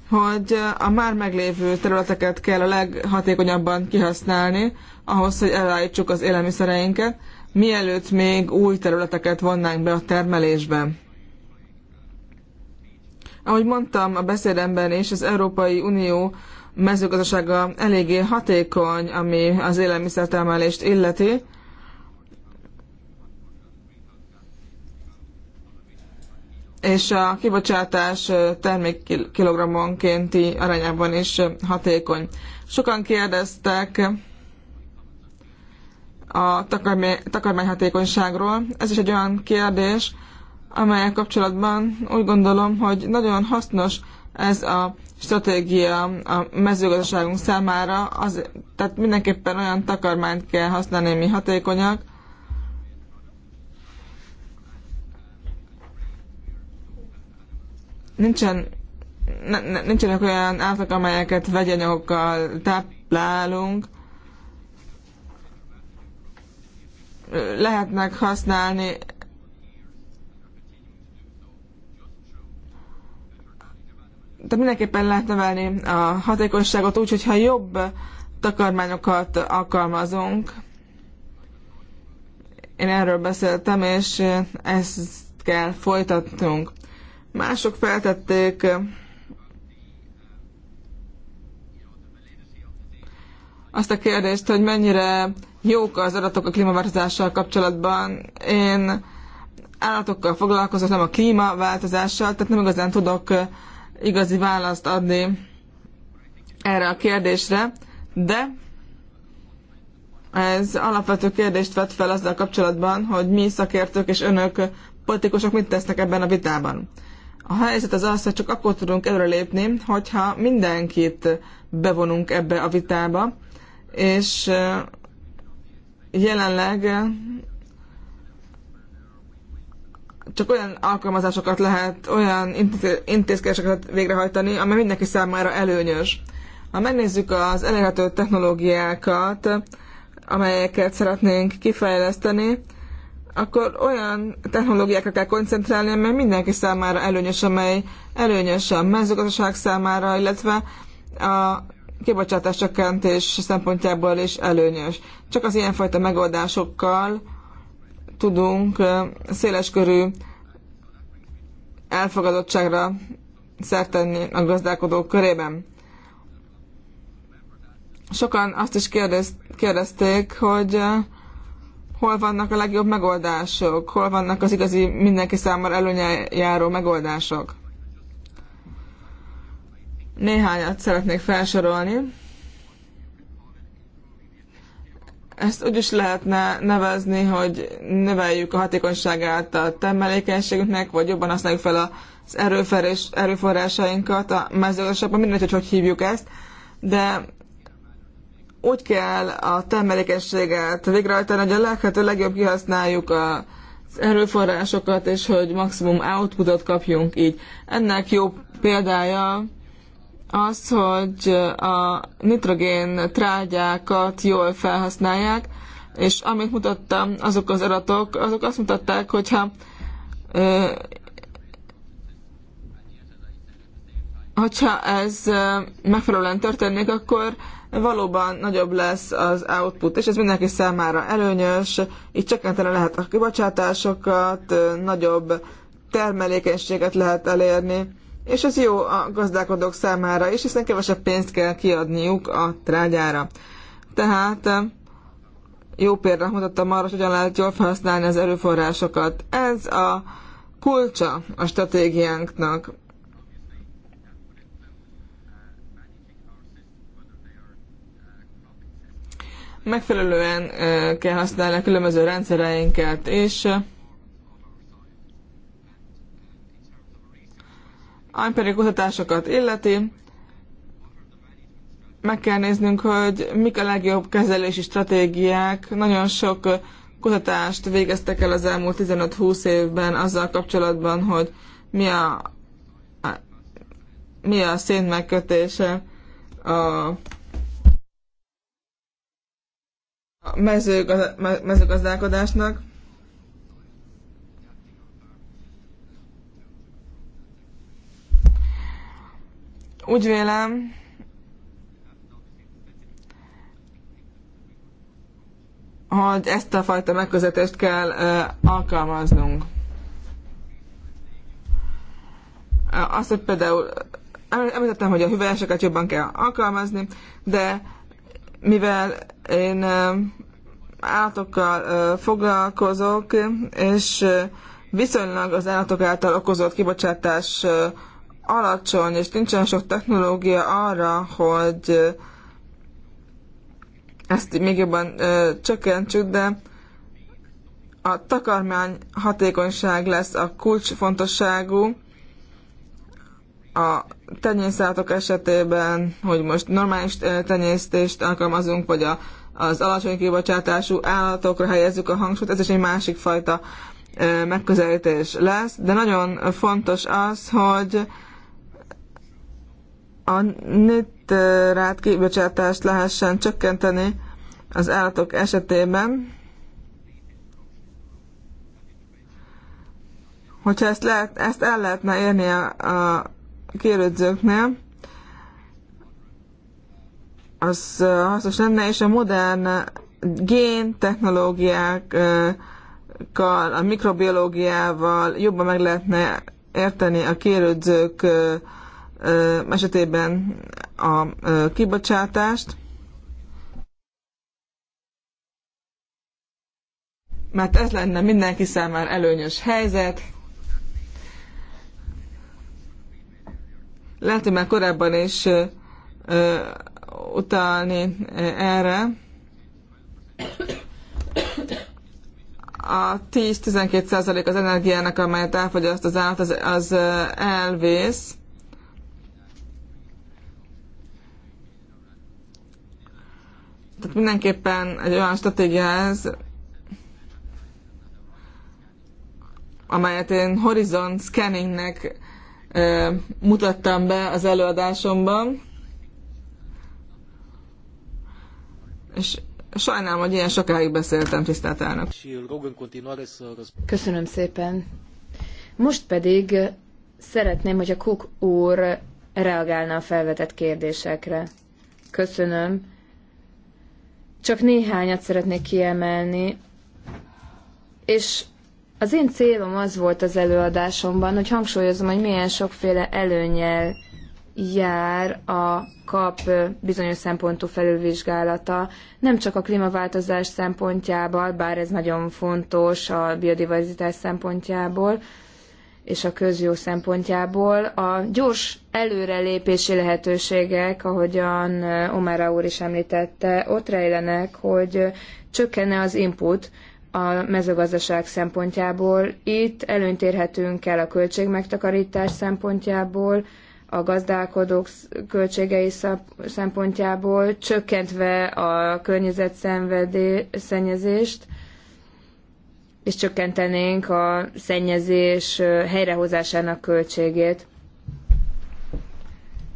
hogy a már meglévő területeket kell a leghatékonyabban kihasználni, ahhoz, hogy elállítsuk az élelmiszereinket, mielőtt még új területeket vonnánk be a termelésbe. Ahogy mondtam a beszédemben és az Európai Unió mezőgazdasága eléggé hatékony, ami az élelmiszertermelést illeti. És a kibocsátás termékkilogramonkénti arányában is hatékony. Sokan kérdeztek, a takarmányhatékonyságról. Ez is egy olyan kérdés, amelyek kapcsolatban úgy gondolom, hogy nagyon hasznos ez a stratégia a mezőgazdaságunk számára, az, tehát mindenképpen olyan takarmányt kell használni, mi hatékonyak. Nincsen, nincsenek olyan állatok, amelyeket vegyanyagokkal táplálunk, lehetnek használni de mindenképpen lehet növelni a hatékonyságot úgy, hogyha jobb takarmányokat alkalmazunk. Én erről beszéltem, és ezt kell folytatnunk. Mások feltették azt a kérdést, hogy mennyire jók az adatok a klímaváltozással kapcsolatban. Én állatokkal foglalkozok, nem a klímaváltozással, tehát nem igazán tudok eh, igazi választ adni erre a kérdésre, de ez alapvető kérdést vett fel azzal kapcsolatban, hogy mi szakértők és önök politikusok mit tesznek ebben a vitában. A helyzet az az, hogy csak akkor tudunk előrelépni, hogyha mindenkit bevonunk ebbe a vitába, és jelenleg csak olyan alkalmazásokat lehet, olyan intézkedéseket végrehajtani, amely mindenki számára előnyös. Ha megnézzük az elérhető technológiákat, amelyeket szeretnénk kifejleszteni, akkor olyan technológiákra kell koncentrálni, amely mindenki számára előnyös, amely előnyös a mezőgazdaság számára, illetve a kibocsátás csökkentés szempontjából is előnyös. Csak az ilyenfajta megoldásokkal tudunk széleskörű elfogadottságra szert tenni a gazdálkodók körében. Sokan azt is kérdezt, kérdezték, hogy hol vannak a legjobb megoldások, hol vannak az igazi mindenki számára előnyel járó megoldások. Néhányat szeretnék felsorolni. Ezt úgy is lehetne nevezni, hogy növeljük a hatékonyságát a termelékenységünknek, vagy jobban használjuk fel az erőferés, erőforrásainkat a mezőgazdaságban, mindegy, hogy hogy hívjuk ezt, de úgy kell a termelékenységet végrehajtani, hogy a lehető legjobb kihasználjuk a, erőforrásokat, és hogy maximum outputot kapjunk így. Ennek jó példája az, hogy a nitrogén trágyákat jól felhasználják, és amit mutattam, azok az adatok, azok azt mutatták, hogyha hogyha ez megfelelően történik, akkor valóban nagyobb lesz az output, és ez mindenki számára előnyös, így csökkenteni lehet a kibocsátásokat, nagyobb termelékenységet lehet elérni, és ez jó a gazdálkodók számára is, hiszen kevesebb pénzt kell kiadniuk a trágyára. Tehát eh, jó példát mutattam arra, hogy hogyan lehet jól felhasználni az erőforrásokat. Ez a kulcsa a stratégiánknak. Megfelelően eh, kell használni a különböző rendszereinket, és eh, Ampéri kutatásokat illeti, meg kell néznünk, hogy mik a legjobb kezelési stratégiák. Nagyon sok kutatást végeztek el az elmúlt 15-20 évben azzal kapcsolatban, hogy mi a, a mi a szén megkötése a mezőgazdálkodásnak. Úgy vélem, hogy ezt a fajta megközelítést kell alkalmaznunk. Azt, hogy például említettem, hogy a hüvelyeseket jobban kell alkalmazni, de mivel én állatokkal foglalkozok, és viszonylag az állatok által okozott kibocsátás alacsony, és nincsen sok technológia arra, hogy ezt még jobban ö, csökkentsük, de a takarmány hatékonyság lesz a kulcsfontosságú. A tenyészállatok esetében, hogy most normális tenyésztést alkalmazunk, vagy a, az alacsony kibocsátású állatokra helyezzük a hangsúlyt, ez is egy másik fajta megközelítés lesz, de nagyon fontos az, hogy a nitrát kibocsátást lehessen csökkenteni az állatok esetében, hogyha ezt, lehet, ezt el lehetne érni a, a kérődzőknél, az hasznos lenne, és a modern gén technológiákkal, a mikrobiológiával jobban meg lehetne érteni a kérődzők esetében a kibocsátást, mert ez lenne mindenki számára előnyös helyzet. Lehet, hogy már korábban is ö, utalni erre. A 10-12 százalék az energiának, amelyet elfogyaszt az állat, az, az elvész. Tehát mindenképpen egy olyan stratégia ez, amelyet én Horizon Scanningnek e, mutattam be az előadásomban. És sajnálom, hogy ilyen sokáig beszéltem, tisztelt elnök. Köszönöm szépen. Most pedig szeretném, hogy a Cook úr reagálna a felvetett kérdésekre. Köszönöm. Csak néhányat szeretnék kiemelni, és az én célom az volt az előadásomban, hogy hangsúlyozom, hogy milyen sokféle előnyel jár a kap bizonyos szempontú felülvizsgálata, nem csak a klímaváltozás szempontjából, bár ez nagyon fontos a biodiverzitás szempontjából, és a közjó szempontjából. A gyors előrelépési lehetőségek, ahogyan Omara úr is említette, ott rejlenek, hogy csökkenne az input a mezőgazdaság szempontjából. Itt előnyt érhetünk el a költségmegtakarítás szempontjából, a gazdálkodók költségei szempontjából, csökkentve a környezetszennyezést, és csökkentenénk a szennyezés helyrehozásának költségét.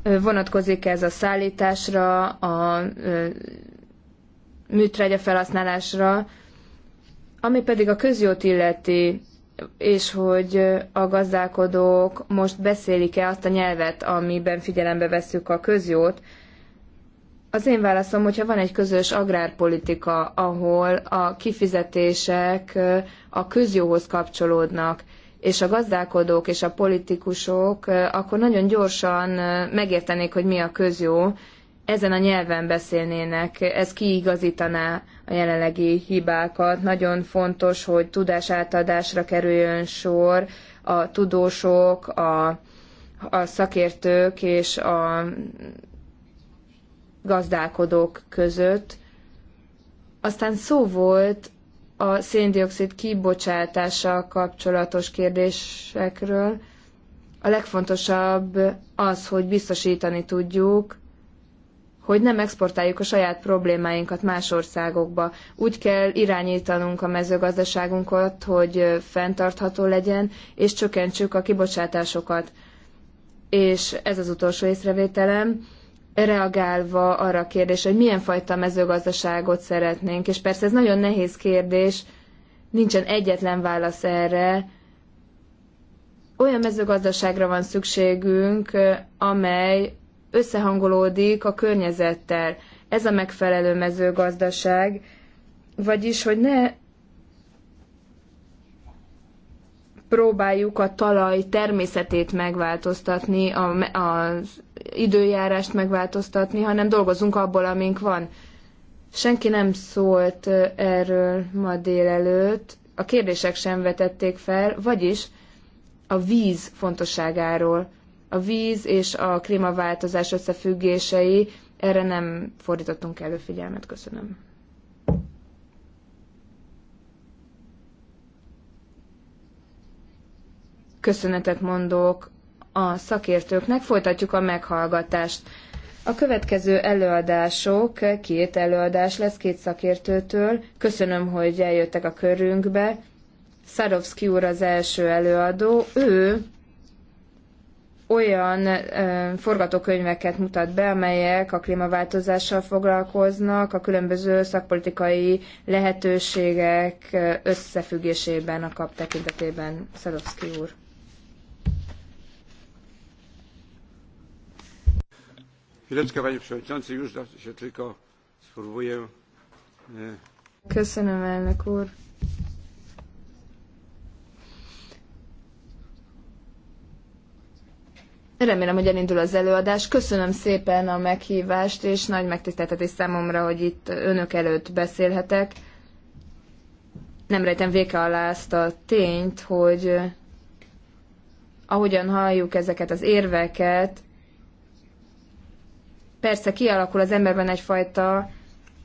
Vonatkozik ez a szállításra, a műtrágya felhasználásra, ami pedig a közjót illeti, és hogy a gazdálkodók most beszélik-e azt a nyelvet, amiben figyelembe vesszük a közjót, az én válaszom, hogyha van egy közös agrárpolitika, ahol a kifizetések a közjóhoz kapcsolódnak, és a gazdálkodók és a politikusok, akkor nagyon gyorsan megértenék, hogy mi a közjó, ezen a nyelven beszélnének, ez kiigazítaná a jelenlegi hibákat. Nagyon fontos, hogy tudásátadásra kerüljön sor, a tudósok, a, a szakértők és a gazdálkodók között. Aztán szó volt a széndiokszid kibocsátással kapcsolatos kérdésekről. A legfontosabb az, hogy biztosítani tudjuk, hogy nem exportáljuk a saját problémáinkat más országokba. Úgy kell irányítanunk a mezőgazdaságunkat, hogy fenntartható legyen, és csökkentsük a kibocsátásokat. És ez az utolsó észrevételem reagálva arra a kérdésre, hogy milyen fajta mezőgazdaságot szeretnénk, és persze ez nagyon nehéz kérdés, nincsen egyetlen válasz erre, olyan mezőgazdaságra van szükségünk, amely összehangolódik a környezettel. Ez a megfelelő mezőgazdaság, vagyis, hogy ne próbáljuk a talaj természetét megváltoztatni, a, az időjárást megváltoztatni, hanem dolgozunk abból, amink van. Senki nem szólt erről ma délelőtt, a kérdések sem vetették fel, vagyis a víz fontosságáról. A víz és a klímaváltozás összefüggései, erre nem fordítottunk elő figyelmet. Köszönöm. köszönetet mondok a szakértőknek, folytatjuk a meghallgatást. A következő előadások, két előadás lesz két szakértőtől. Köszönöm, hogy eljöttek a körünkbe. Szarovszki úr az első előadó. Ő olyan ö, forgatókönyveket mutat be, amelyek a klímaváltozással foglalkoznak, a különböző szakpolitikai lehetőségek összefüggésében a kap tekintetében. Szarovszki úr. Chwileczkę, panie przewodniczący, już się tylko spróbuję. E, Köszönöm, elnök úr. Remélem, hogy elindul az előadás. Köszönöm szépen a meghívást, és nagy megtiszteltetés számomra, hogy itt önök előtt beszélhetek. Nem rejtem véke alá azt a tényt, hogy eh, ahogyan halljuk ezeket az érveket, persze kialakul az emberben egyfajta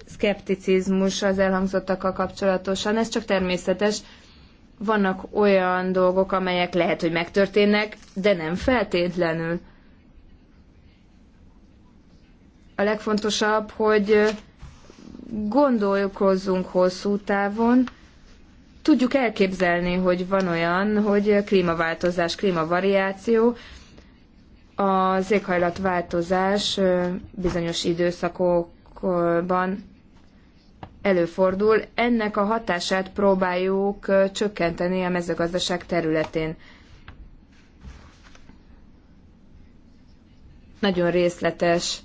szkepticizmus az elhangzottakkal kapcsolatosan, ez csak természetes. Vannak olyan dolgok, amelyek lehet, hogy megtörténnek, de nem feltétlenül. A legfontosabb, hogy gondolkozzunk hosszú távon, tudjuk elképzelni, hogy van olyan, hogy klímaváltozás, klímavariáció, az éghajlatváltozás bizonyos időszakokban előfordul. Ennek a hatását próbáljuk csökkenteni a mezőgazdaság területén. Nagyon részletes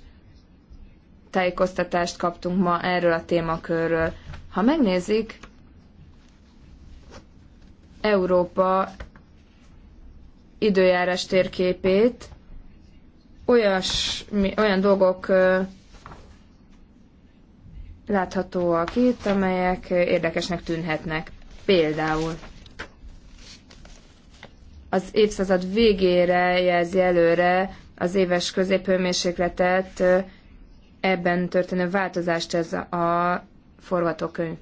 tájékoztatást kaptunk ma erről a témakörről. Ha megnézik, Európa időjárás térképét, olyas, olyan dolgok láthatóak itt, amelyek érdekesnek tűnhetnek. Például az évszázad végére jelzi előre az éves középhőmérsékletet, ebben történő változást ez a forgatókönyv.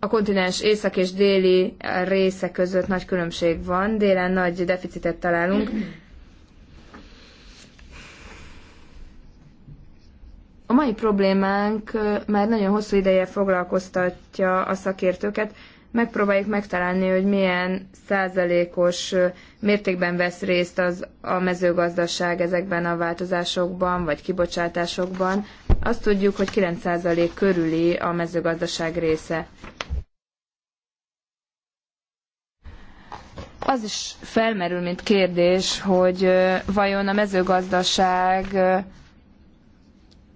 a kontinens észak és déli része között nagy különbség van, délen nagy deficitet találunk. A mai problémánk már nagyon hosszú ideje foglalkoztatja a szakértőket, megpróbáljuk megtalálni, hogy milyen százalékos mértékben vesz részt az, a mezőgazdaság ezekben a változásokban, vagy kibocsátásokban. Azt tudjuk, hogy 9 százalék körüli a mezőgazdaság része. Az is felmerül, mint kérdés, hogy vajon a mezőgazdaság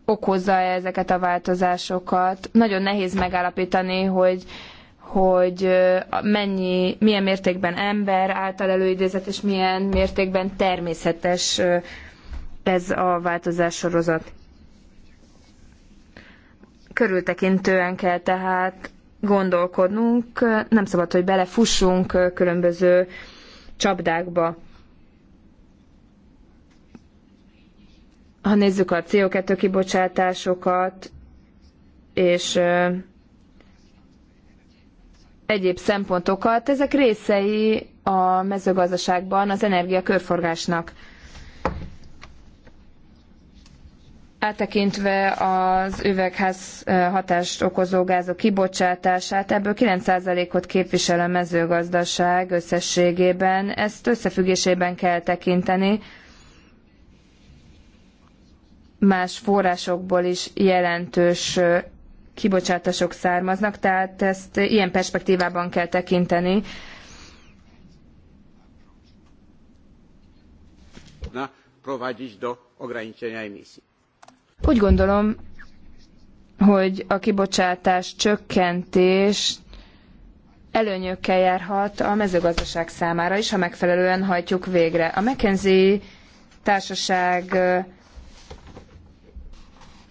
okozza -e ezeket a változásokat. Nagyon nehéz megállapítani, hogy hogy mennyi, milyen mértékben ember által előidézett, és milyen mértékben természetes ez a változás sorozat. Körültekintően kell tehát gondolkodnunk, nem szabad, hogy belefussunk különböző csapdákba. Ha nézzük a CO2 kibocsátásokat, és egyéb szempontokat. Ezek részei a mezőgazdaságban az energiakörforgásnak. Áttekintve az üvegház hatást okozó gázok kibocsátását, ebből 9%-ot képvisel a mezőgazdaság összességében. Ezt összefüggésében kell tekinteni más forrásokból is jelentős kibocsátások származnak, tehát ezt ilyen perspektívában kell tekinteni. Na, prowadzić do ograniczenia emisji. Úgy gondolom, hogy a kibocsátás csökkentés előnyökkel járhat a mezőgazdaság számára is, ha megfelelően hajtjuk végre. A McKenzie társaság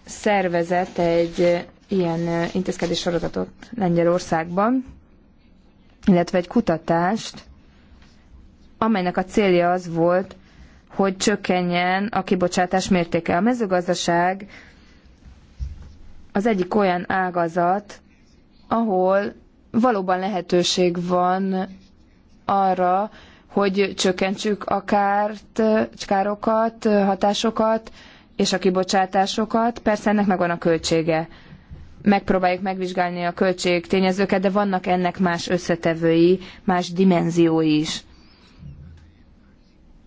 szervezett egy ilyen intézkedés sorozatot Lengyelországban, illetve egy kutatást, amelynek a célja az volt, hogy csökkenjen a kibocsátás mértéke. A mezőgazdaság az egyik olyan ágazat, ahol valóban lehetőség van arra, hogy csökkentsük a kárt, károkat, hatásokat és a kibocsátásokat. Persze ennek megvan a költsége megpróbáljuk megvizsgálni a költségtényezőket, de vannak ennek más összetevői, más dimenziói is.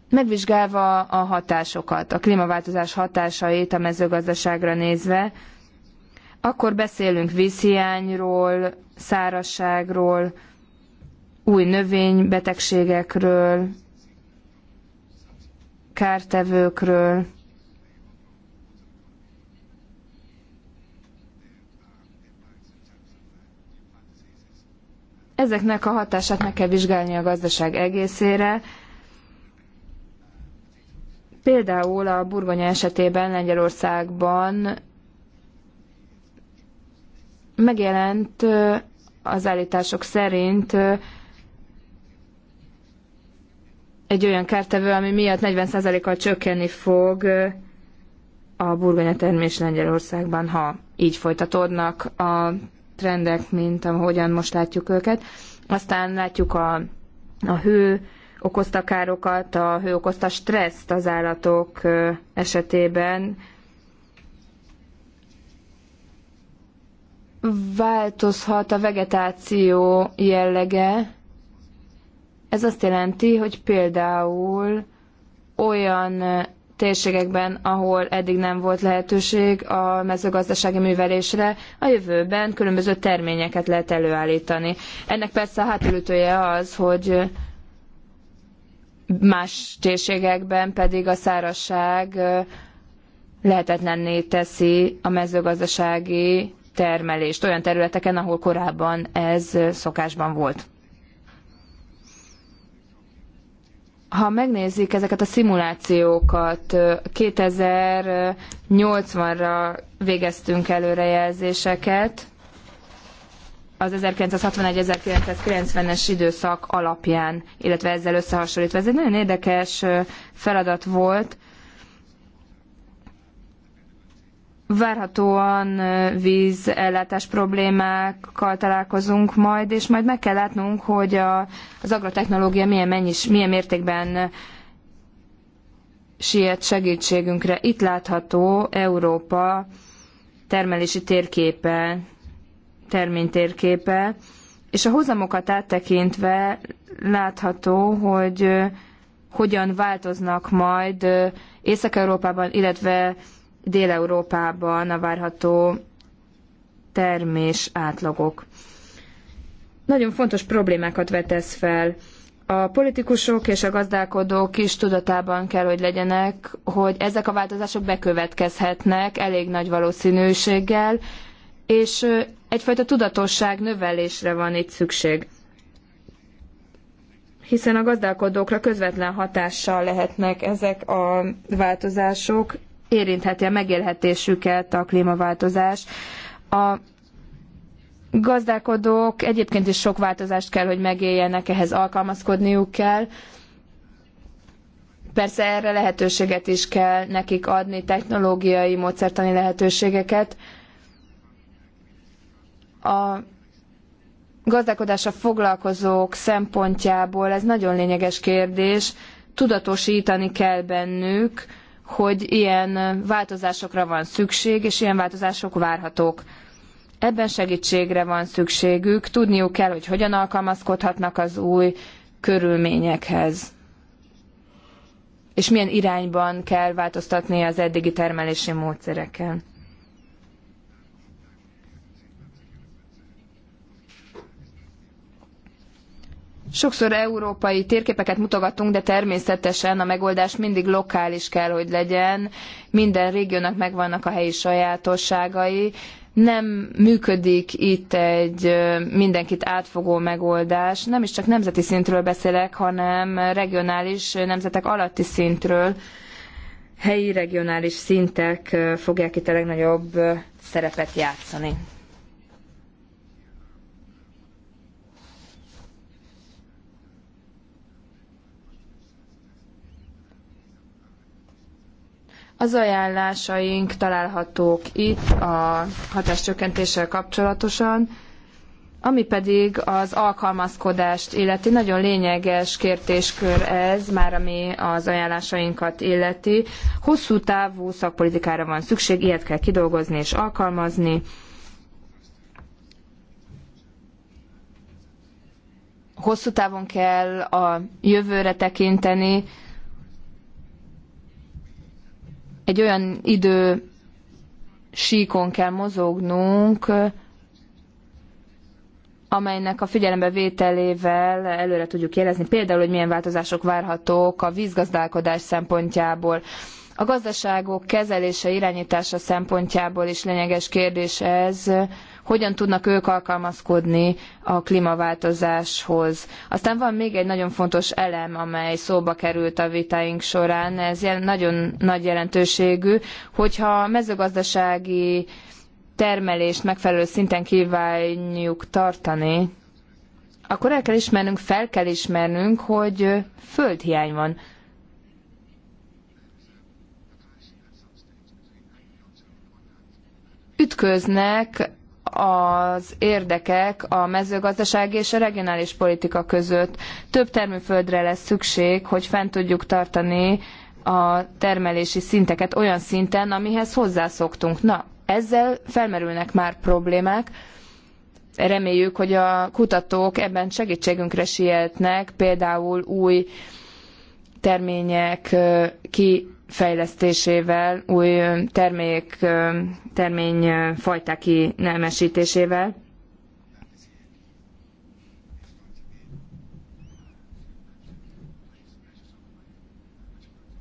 Megvizsgálva a hatásokat, a klímaváltozás hatásait a mezőgazdaságra nézve, akkor beszélünk vízhiányról, szárazságról, új növénybetegségekről, kártevőkről, Ezeknek a hatását meg kell vizsgálni a gazdaság egészére. Például a burgonya esetében Lengyelországban megjelent az állítások szerint egy olyan kártevő, ami miatt 40%-kal csökkenni fog a burgonya termés Lengyelországban, ha így folytatódnak a trendek, mint ahogyan most látjuk őket. Aztán látjuk a, a hő okozta károkat, a hő okozta stresszt az állatok esetében. Változhat a vegetáció jellege. Ez azt jelenti, hogy például olyan térségekben, ahol eddig nem volt lehetőség a mezőgazdasági művelésre, a jövőben különböző terményeket lehet előállítani. Ennek persze a hátulütője az, hogy más térségekben pedig a szárazság lehetetlenné teszi a mezőgazdasági termelést olyan területeken, ahol korábban ez szokásban volt. ha megnézik ezeket a szimulációkat, 2080-ra végeztünk előrejelzéseket, az 1961-1990-es időszak alapján, illetve ezzel összehasonlítva. Ez egy nagyon érdekes feladat volt, várhatóan vízellátás problémákkal találkozunk majd, és majd meg kell látnunk, hogy a, az agrotechnológia milyen, mennyis, milyen mértékben siet segítségünkre. Itt látható Európa termelési térképe, terménytérképe, és a hozamokat áttekintve látható, hogy hogyan változnak majd Észak-Európában, illetve Dél-Európában a várható termés átlagok. Nagyon fontos problémákat vetesz fel. A politikusok és a gazdálkodók is tudatában kell, hogy legyenek, hogy ezek a változások bekövetkezhetnek elég nagy valószínűséggel, és egyfajta tudatosság növelésre van itt szükség. Hiszen a gazdálkodókra közvetlen hatással lehetnek ezek a változások, érintheti a megélhetésüket a klímaváltozás. A gazdálkodók egyébként is sok változást kell, hogy megéljenek, ehhez alkalmazkodniuk kell. Persze erre lehetőséget is kell nekik adni, technológiai, módszertani lehetőségeket. A gazdálkodással foglalkozók szempontjából ez nagyon lényeges kérdés. Tudatosítani kell bennük, hogy ilyen változásokra van szükség, és ilyen változások várhatók. Ebben segítségre van szükségük, tudniuk kell, hogy hogyan alkalmazkodhatnak az új körülményekhez. És milyen irányban kell változtatni az eddigi termelési módszereken. Sokszor európai térképeket mutogatunk, de természetesen a megoldás mindig lokális kell, hogy legyen. Minden régiónak megvannak a helyi sajátosságai. Nem működik itt egy mindenkit átfogó megoldás. Nem is csak nemzeti szintről beszélek, hanem regionális, nemzetek alatti szintről. Helyi regionális szintek fogják itt a legnagyobb szerepet játszani. Az ajánlásaink találhatók itt a hatáscsökkentéssel kapcsolatosan, ami pedig az alkalmazkodást illeti, nagyon lényeges kérdéskör ez, már ami az ajánlásainkat illeti. Hosszú távú szakpolitikára van szükség, ilyet kell kidolgozni és alkalmazni. Hosszú távon kell a jövőre tekinteni, egy olyan idő síkon kell mozognunk, amelynek a vételével előre tudjuk jelezni, például, hogy milyen változások várhatók a vízgazdálkodás szempontjából. A gazdaságok kezelése, irányítása szempontjából is lényeges kérdés ez, hogyan tudnak ők alkalmazkodni a klímaváltozáshoz. Aztán van még egy nagyon fontos elem, amely szóba került a vitáink során, ez nagyon nagy jelentőségű, hogyha a mezőgazdasági termelést megfelelő szinten kívánjuk tartani, akkor el kell ismernünk, fel kell ismernünk, hogy földhiány van. Ütköznek az érdekek a mezőgazdaság és a regionális politika között. Több termőföldre lesz szükség, hogy fent tudjuk tartani a termelési szinteket olyan szinten, amihez hozzászoktunk. Na, ezzel felmerülnek már problémák. Reméljük, hogy a kutatók ebben segítségünkre sietnek, például új termények ki fejlesztésével, új termék, terményfajták kinemesítésével.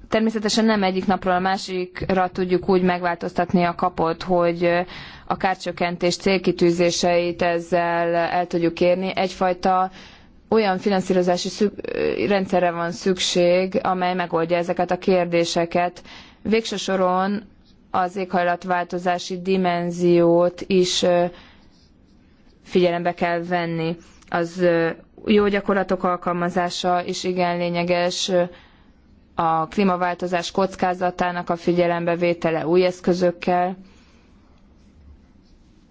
Természetesen nem egyik napról a másikra tudjuk úgy megváltoztatni a kapot, hogy a kárcsökkentés célkitűzéseit ezzel el tudjuk érni. Egyfajta olyan finanszírozási szük, rendszerre van szükség, amely megoldja ezeket a kérdéseket. Végső soron az éghajlatváltozási dimenziót is figyelembe kell venni. Az jó gyakorlatok alkalmazása is igen lényeges, a klímaváltozás kockázatának a figyelembevétele új eszközökkel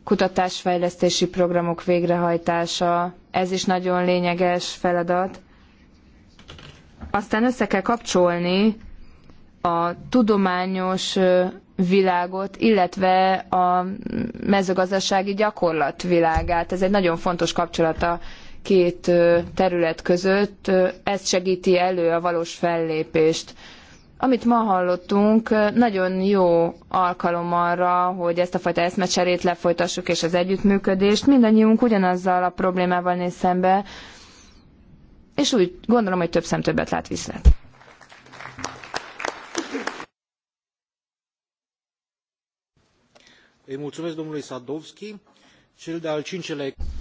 kutatásfejlesztési programok végrehajtása, ez is nagyon lényeges feladat. Aztán össze kell kapcsolni a tudományos világot, illetve a mezőgazdasági gyakorlat világát. Ez egy nagyon fontos kapcsolat a két terület között. Ez segíti elő a valós fellépést. Amit ma hallottunk, nagyon jó alkalom arra, hogy ezt a fajta eszmecserét lefolytassuk, és az együttműködést. Mindannyiunk ugyanazzal a problémával néz szembe, és úgy gondolom, hogy több szem többet lát viszlet.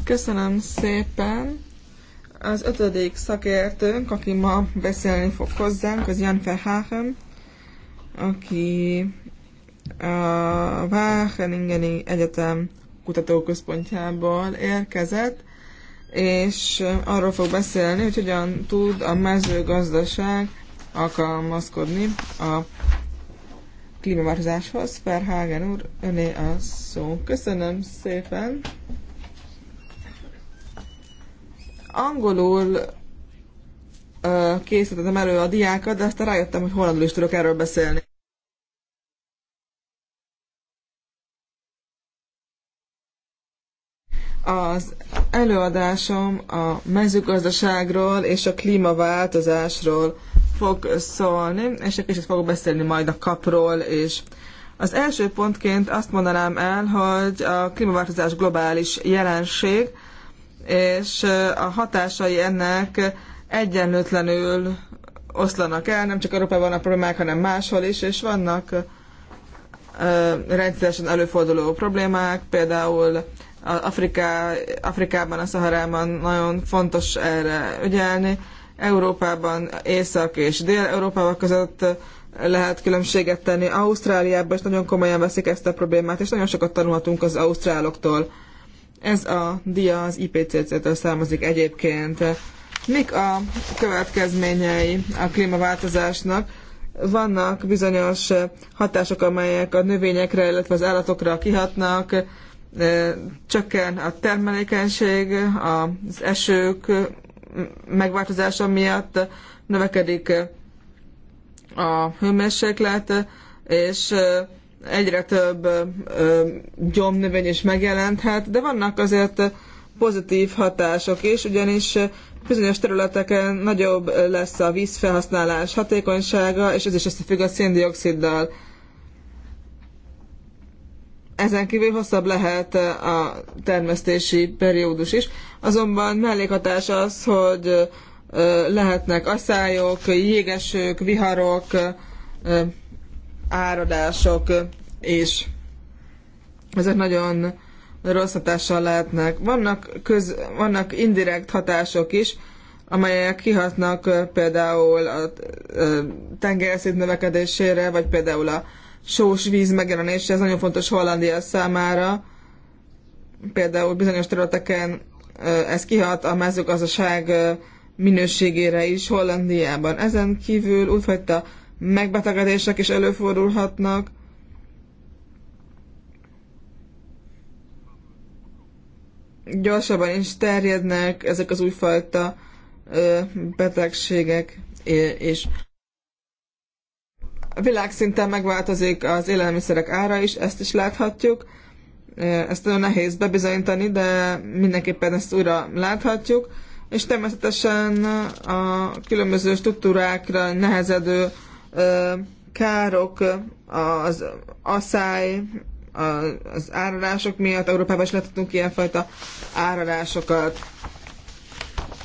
Köszönöm szépen. Az ötödik szakértőnk, aki ma beszélni fog hozzánk, az Jan Verhagen, aki a Wageningeni Egyetem kutatóközpontjából érkezett, és arról fog beszélni, hogy hogyan tud a mezőgazdaság alkalmazkodni a klímaváltozáshoz. Verhagen úr, öné a szó. Köszönöm szépen! angolul uh, készítettem elő a diákat, de aztán rájöttem, hogy hollandul is tudok erről beszélni. Az előadásom a mezőgazdaságról és a klímaváltozásról fog szólni, és egy kicsit fogok beszélni majd a kapról, és az első pontként azt mondanám el, hogy a klímaváltozás globális jelenség, és a hatásai ennek egyenlőtlenül oszlanak el, nem csak Európában vannak problémák, hanem máshol is, és vannak rendszeresen előforduló problémák, például Afriká, Afrikában, a Szaharában nagyon fontos erre ügyelni, Európában, Észak és Dél-Európában között lehet különbséget tenni. Ausztráliában is nagyon komolyan veszik ezt a problémát, és nagyon sokat tanulhatunk az ausztráloktól. Ez a dia az IPCC-től származik egyébként. Mik a következményei a klímaváltozásnak? Vannak bizonyos hatások, amelyek a növényekre, illetve az állatokra kihatnak, csökken a termelékenység, az esők megváltozása miatt növekedik a hőmérséklet, és egyre több gyomnövény is megjelenthet, de vannak azért pozitív hatások is, ugyanis bizonyos területeken nagyobb lesz a vízfelhasználás hatékonysága, és ez is összefügg a széndioksziddal. Ezen kívül hosszabb lehet a termesztési periódus is, azonban mellékhatás az, hogy lehetnek aszályok, jégesők, viharok, áradások és ezek nagyon rossz hatással lehetnek. Vannak, köz, vannak indirekt hatások is, amelyek kihatnak például a tengerszint növekedésére, vagy például a sós víz megjelenésére, ez nagyon fontos Hollandia számára. Például bizonyos területeken ez kihat a mezőgazdaság minőségére is Hollandiában. Ezen kívül úgyfajta megbetegedések is előfordulhatnak. Gyorsabban is terjednek ezek az újfajta betegségek, és világszinten megváltozik az élelmiszerek ára is, ezt is láthatjuk. Ezt nagyon nehéz bebizonyítani, de mindenképpen ezt újra láthatjuk. És természetesen a különböző struktúrákra nehezedő károk az asszály, az áradások miatt Európában is láthatunk ilyenfajta áradásokat.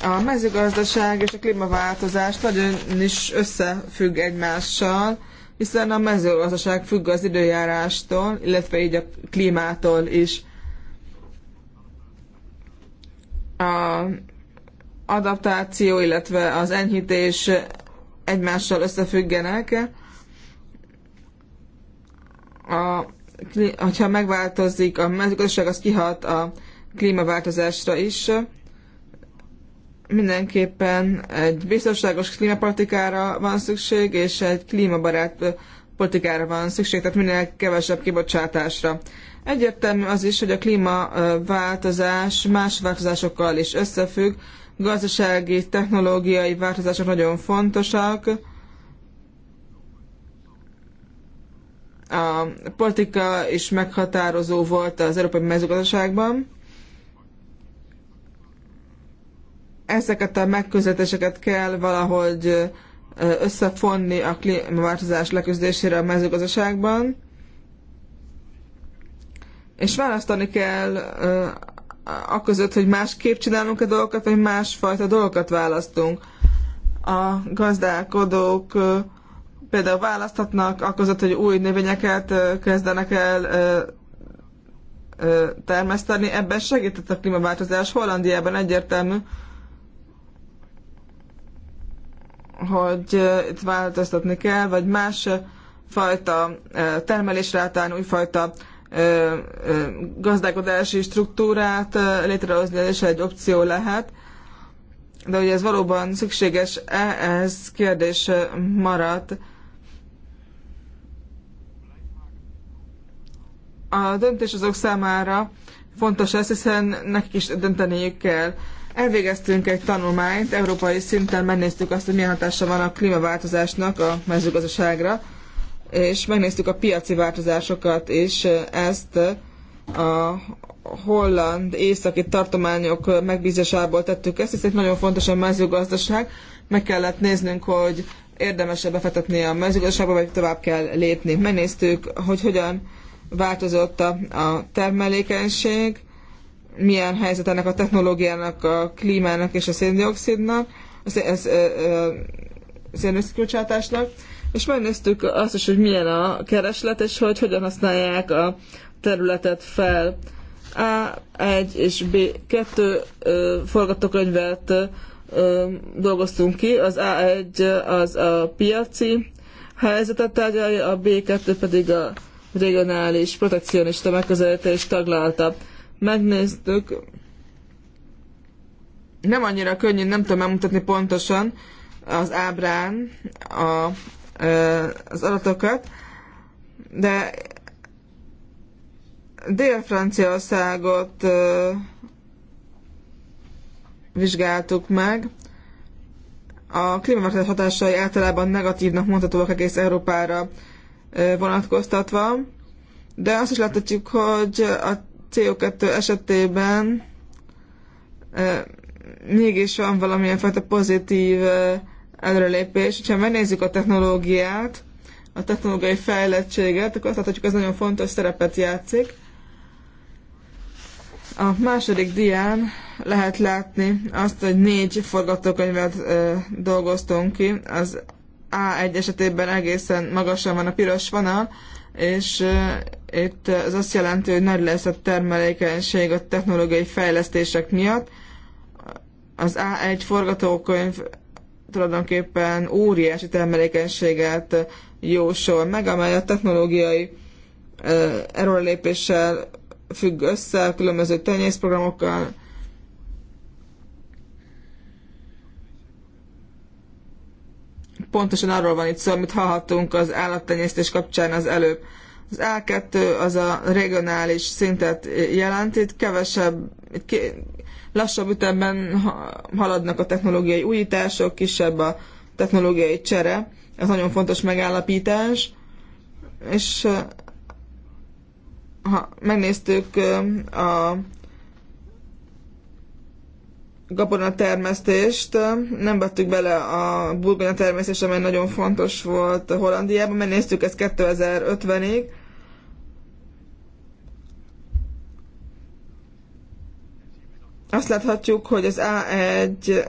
A mezőgazdaság és a klímaváltozás nagyon is összefügg egymással, hiszen a mezőgazdaság függ az időjárástól, illetve így a klímától is. A adaptáció, illetve az enyhítés egymással összefüggenek. A, hogyha megváltozik a mezőgazdaság, az kihat a klímaváltozásra is. Mindenképpen egy biztonságos klímapolitikára van szükség, és egy klímabarát politikára van szükség, tehát minél kevesebb kibocsátásra. Egyértelmű az is, hogy a klímaváltozás más változásokkal is összefügg, gazdasági, technológiai változások nagyon fontosak. A politika is meghatározó volt az európai mezőgazdaságban. Ezeket a megközelítéseket kell valahogy összefonni a klímaváltozás leküzdésére a mezőgazdaságban. És választani kell aközött, hogy másképp csinálunk a dolgokat, vagy másfajta dolgokat választunk. A gazdálkodók például választhatnak, aközött, hogy új növényeket kezdenek el termeszteni. Ebben segített a klímaváltozás. Hollandiában egyértelmű, hogy itt változtatni kell, vagy más fajta termelésre átállni, újfajta gazdálkodási struktúrát létrehozni, ez egy opció lehet. De hogy ez valóban szükséges, e, ez kérdés maradt. A döntés azok számára fontos ez, hiszen nekik is dönteniük kell. Elvégeztünk egy tanulmányt, európai szinten megnéztük azt, hogy milyen hatása van a klímaváltozásnak a mezőgazdaságra és megnéztük a piaci változásokat, és ezt a holland északi tartományok megbízásából tettük ezt, hiszen nagyon fontos a mezőgazdaság, meg kellett néznünk, hogy érdemesebb befektetni a mezőgazdaságba, vagy tovább kell lépni. Megnéztük, hogy hogyan változott a, a termelékenység, milyen helyzet ennek a technológiának, a klímának és a széndiokszidnak, a széndiokszidkibocsátásnak. Szén- és megnéztük azt is, hogy milyen a kereslet, és hogy hogyan használják a területet fel. A1 és B2 forgatókönyvet dolgoztunk ki, az A1 az a piaci helyzetet tárgyalja, a B2 pedig a regionális protekcionista megközelítés taglalta. Megnéztük, nem annyira könnyű, nem tudom megmutatni pontosan az ábrán a az adatokat, de Dél-Franciaországot vizsgáltuk meg. A klímaváltozás hatásai általában negatívnak mondhatóak egész Európára vonatkoztatva, de azt is láthatjuk, hogy a CO2 esetében mégis van valamilyen fajta pozitív előrelépés. Ha megnézzük a technológiát, a technológiai fejlettséget, akkor azt hogy ez nagyon fontos szerepet játszik. A második dián lehet látni azt, hogy négy forgatókönyvet ö, dolgoztunk ki. Az A1 esetében egészen magasan van a piros vonal, és ö, itt ez azt jelenti, hogy nagy lesz a termelékenység a technológiai fejlesztések miatt. Az A1 forgatókönyv tulajdonképpen óriási termelékenységet jósol meg, amely a technológiai erőlépéssel függ össze, különböző tenyészprogramokkal, pontosan arról van itt szó, amit hallhattunk az állattenyésztés kapcsán az előbb. Az A2 az a regionális szintet jelent, itt kevesebb, itt Lassabb ütemben haladnak a technológiai újítások, kisebb a technológiai csere. Ez nagyon fontos megállapítás. És ha megnéztük a termesztést, nem vettük bele a burgonya termesztést, amely nagyon fontos volt Hollandiában, mert néztük ezt 2050-ig, azt láthatjuk, hogy az A1,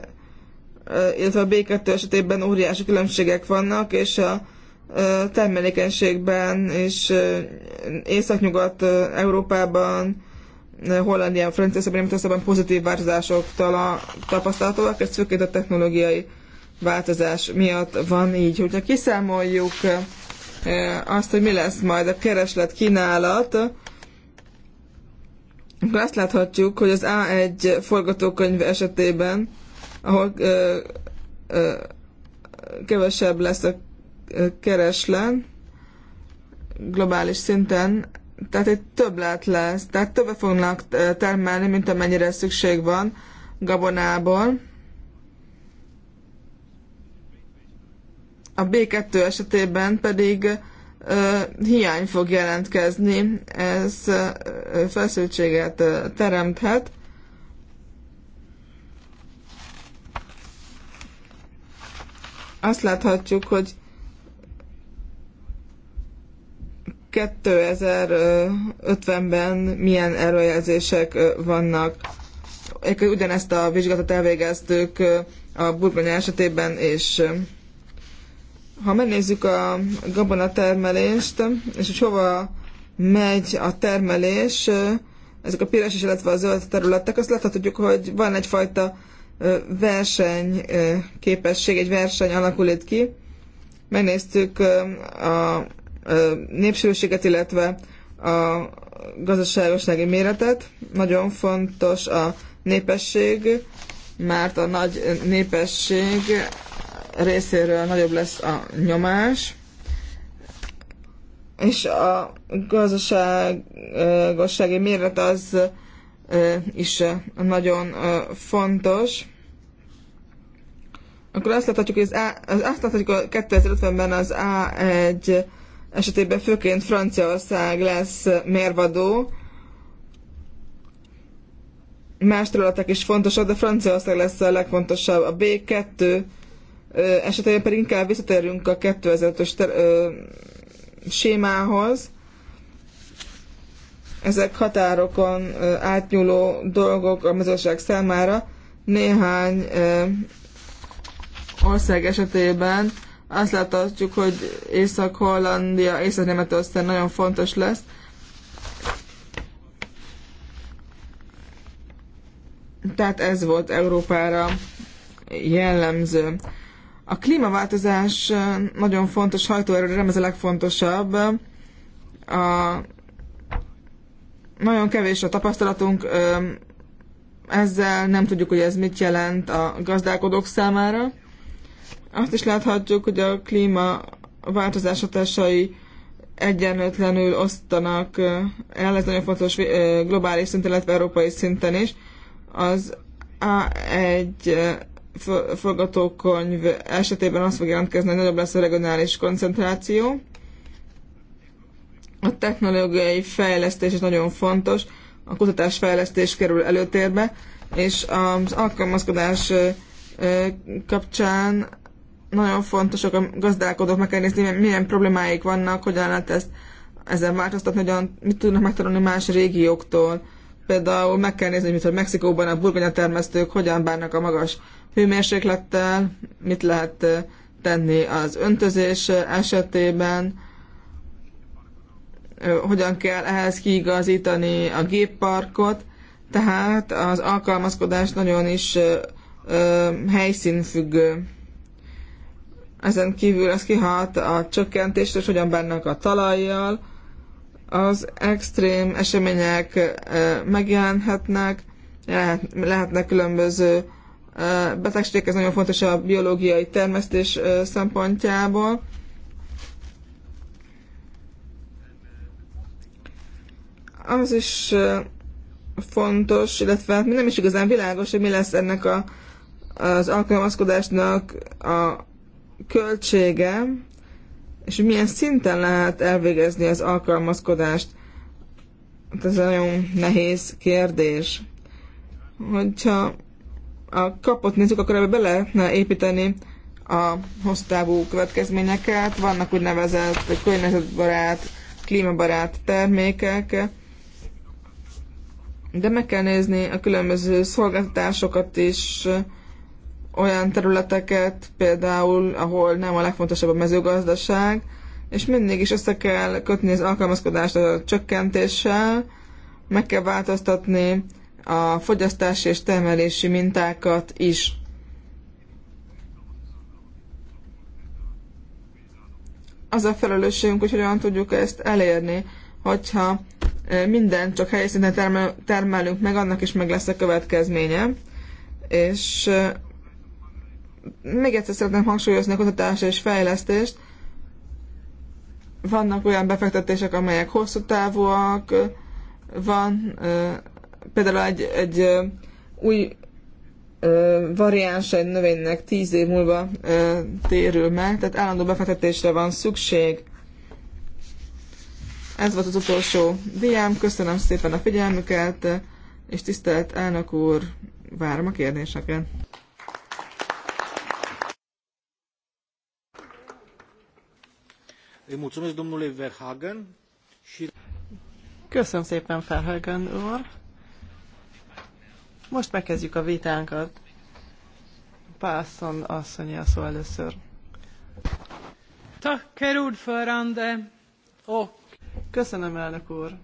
illetve a B2 esetében óriási különbségek vannak, és a termelékenységben és északnyugat Európában, Hollandiában, Franciaországban, Németországban pozitív változások tala, tapasztalhatóak, ez főként a technológiai változás miatt van így. Hogyha kiszámoljuk azt, hogy mi lesz majd a kereslet kínálat, akkor azt láthatjuk, hogy az A1 forgatókönyv esetében, ahol ö, ö, kevesebb lesz a kereslet globális szinten, tehát egy többlet lesz, tehát többet fognak termelni, mint amennyire szükség van gabonából. A B2 esetében pedig hiány fog jelentkezni, ez feszültséget teremthet. Azt láthatjuk, hogy 2050-ben milyen előjelzések vannak. Ugyanezt a vizsgálatot elvégeztük a burgonya esetében, és ha megnézzük a gabonatermelést, és hogy hova megy a termelés, ezek a piros és illetve a zöld területek, azt láthatjuk, hogy van egyfajta versenyképesség, egy verseny alakul itt ki. Megnéztük a népsűrűséget, illetve a gazdaságosági méretet. Nagyon fontos a népesség, mert a nagy népesség részéről nagyobb lesz a nyomás, és a gazdaságossági méret az is nagyon fontos, akkor azt láthatjuk, hogy az A, az, azt láthatjuk, hogy 2050-ben az A1 esetében főként Franciaország lesz mérvadó, más területek is fontosak, de Franciaország lesz a legfontosabb. A B2 esetében pedig inkább visszatérünk a 2005-ös sémához. Ezek határokon átnyúló dolgok a mezőség számára. Néhány ország esetében azt láthatjuk, hogy Észak-Hollandia, Észak-Németország nagyon fontos lesz. Tehát ez volt Európára jellemző. A klímaváltozás nagyon fontos hajtóerő, nem ez a legfontosabb. A, nagyon kevés a tapasztalatunk, ezzel nem tudjuk, hogy ez mit jelent a gazdálkodók számára. Azt is láthatjuk, hogy a klímaváltozás hatásai egyenlőtlenül osztanak el, ez nagyon fontos globális szinten, illetve európai szinten is. Az A1 forgatókönyv esetében az fog jelentkezni, hogy nagyobb lesz a regionális koncentráció. A technológiai fejlesztés is nagyon fontos, a kutatásfejlesztés kerül előtérbe, és az alkalmazkodás kapcsán nagyon fontosak a gazdálkodók, meg kell nézni, milyen problémáik vannak, hogyan lehet ezt ezzel változtatni, hogyan, mit tudnak megtanulni más régióktól. Például meg kell nézni, mint hogy Mexikóban a burgonyatermesztők termesztők hogyan bánnak a magas hőmérséklettel, mit lehet tenni az öntözés esetében, hogyan kell ehhez kiigazítani a gépparkot, tehát az alkalmazkodás nagyon is helyszínfüggő. Ezen kívül ez kihat a csökkentést, és hogyan bánnak a talajjal, az extrém események megjelenhetnek, lehet, lehetnek különböző betegségek, ez nagyon fontos a biológiai termesztés szempontjából. Az is fontos, illetve nem is igazán világos, hogy mi lesz ennek a, az alkalmazkodásnak a költsége és milyen szinten lehet elvégezni az alkalmazkodást. Hát ez egy nagyon nehéz kérdés. Hogyha a kapot nézzük, akkor ebbe be lehetne építeni a hosszú következményeket. Vannak úgynevezett környezetbarát, klímabarát termékek, de meg kell nézni a különböző szolgáltatásokat is, olyan területeket, például, ahol nem a legfontosabb a mezőgazdaság, és mindig is össze kell kötni az alkalmazkodást a csökkentéssel, meg kell változtatni a fogyasztási és termelési mintákat is. Az a felelősségünk, hogy hogyan tudjuk ezt elérni, hogyha e, minden csak helyi szinten termelünk meg, annak is meg lesz a következménye, és e, még egyszer szeretném hangsúlyozni a kutatást és fejlesztést. Vannak olyan befektetések, amelyek hosszú távúak, van például egy, egy új variáns egy növénynek tíz év múlva térül meg, tehát állandó befektetésre van szükség. Ez volt az utolsó diám, köszönöm szépen a figyelmüket, és tisztelt elnök úr, várom a kérdéseket. mulțumesc domnului Verhagen și... Köszönöm szépen, Verhagen úr. Most megkezdjük a vitánkat. Pászon asszony a szó először. Tack, herr ordförande. Oh. Köszönöm, elnök úr.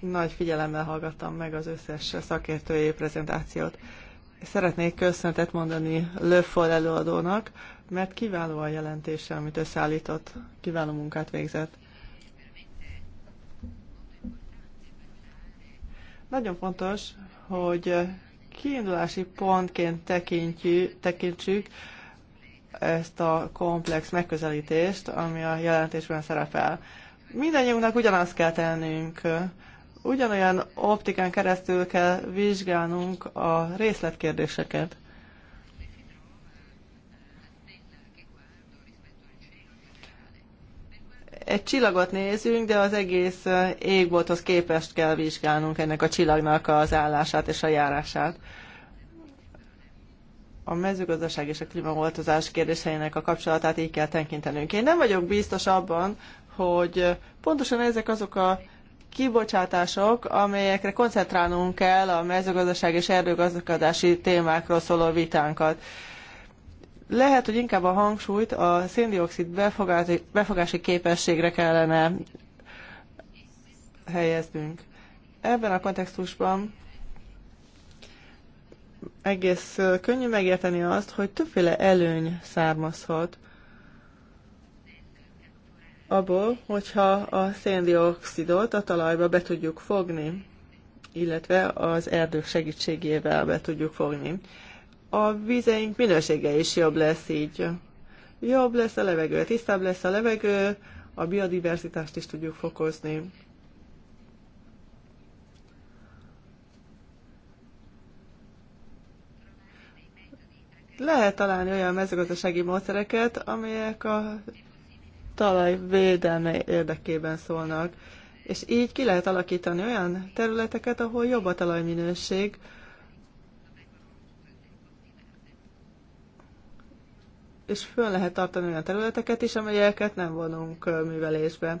Nagy figyelemmel hallgattam meg az összes szakértői prezentációt. Szeretnék köszönetet mondani Löffel előadónak, mert kiváló a jelentése, amit összeállított, kiváló munkát végzett. Nagyon fontos, hogy kiindulási pontként tekintjük, tekintsük ezt a komplex megközelítést, ami a jelentésben szerepel. Mindennyiunknak ugyanazt kell tennünk, ugyanolyan optikán keresztül kell vizsgálnunk a részletkérdéseket. Egy csillagot nézünk, de az egész égbolthoz képest kell vizsgálnunk ennek a csillagnak az állását és a járását a mezőgazdaság és a klímaváltozás kérdéseinek a kapcsolatát így kell tekintenünk. Én nem vagyok biztos abban, hogy pontosan ezek azok a kibocsátások, amelyekre koncentrálnunk kell a mezőgazdaság és erdőgazdálkodási témákról szóló vitánkat. Lehet, hogy inkább a hangsúlyt a széndiokszid befogási, befogási képességre kellene helyeznünk. Ebben a kontextusban egész könnyű megérteni azt, hogy többféle előny származhat abból, hogyha a széndiokszidot a talajba be tudjuk fogni, illetve az erdők segítségével be tudjuk fogni. A vizeink minősége is jobb lesz így. Jobb lesz a levegő, tisztább lesz a levegő, a biodiverzitást is tudjuk fokozni. Lehet találni olyan mezőgazdasági módszereket, amelyek a talaj védelme érdekében szólnak. És így ki lehet alakítani olyan területeket, ahol jobb a talajminőség, és föl lehet tartani olyan területeket is, amelyeket nem vonunk művelésbe.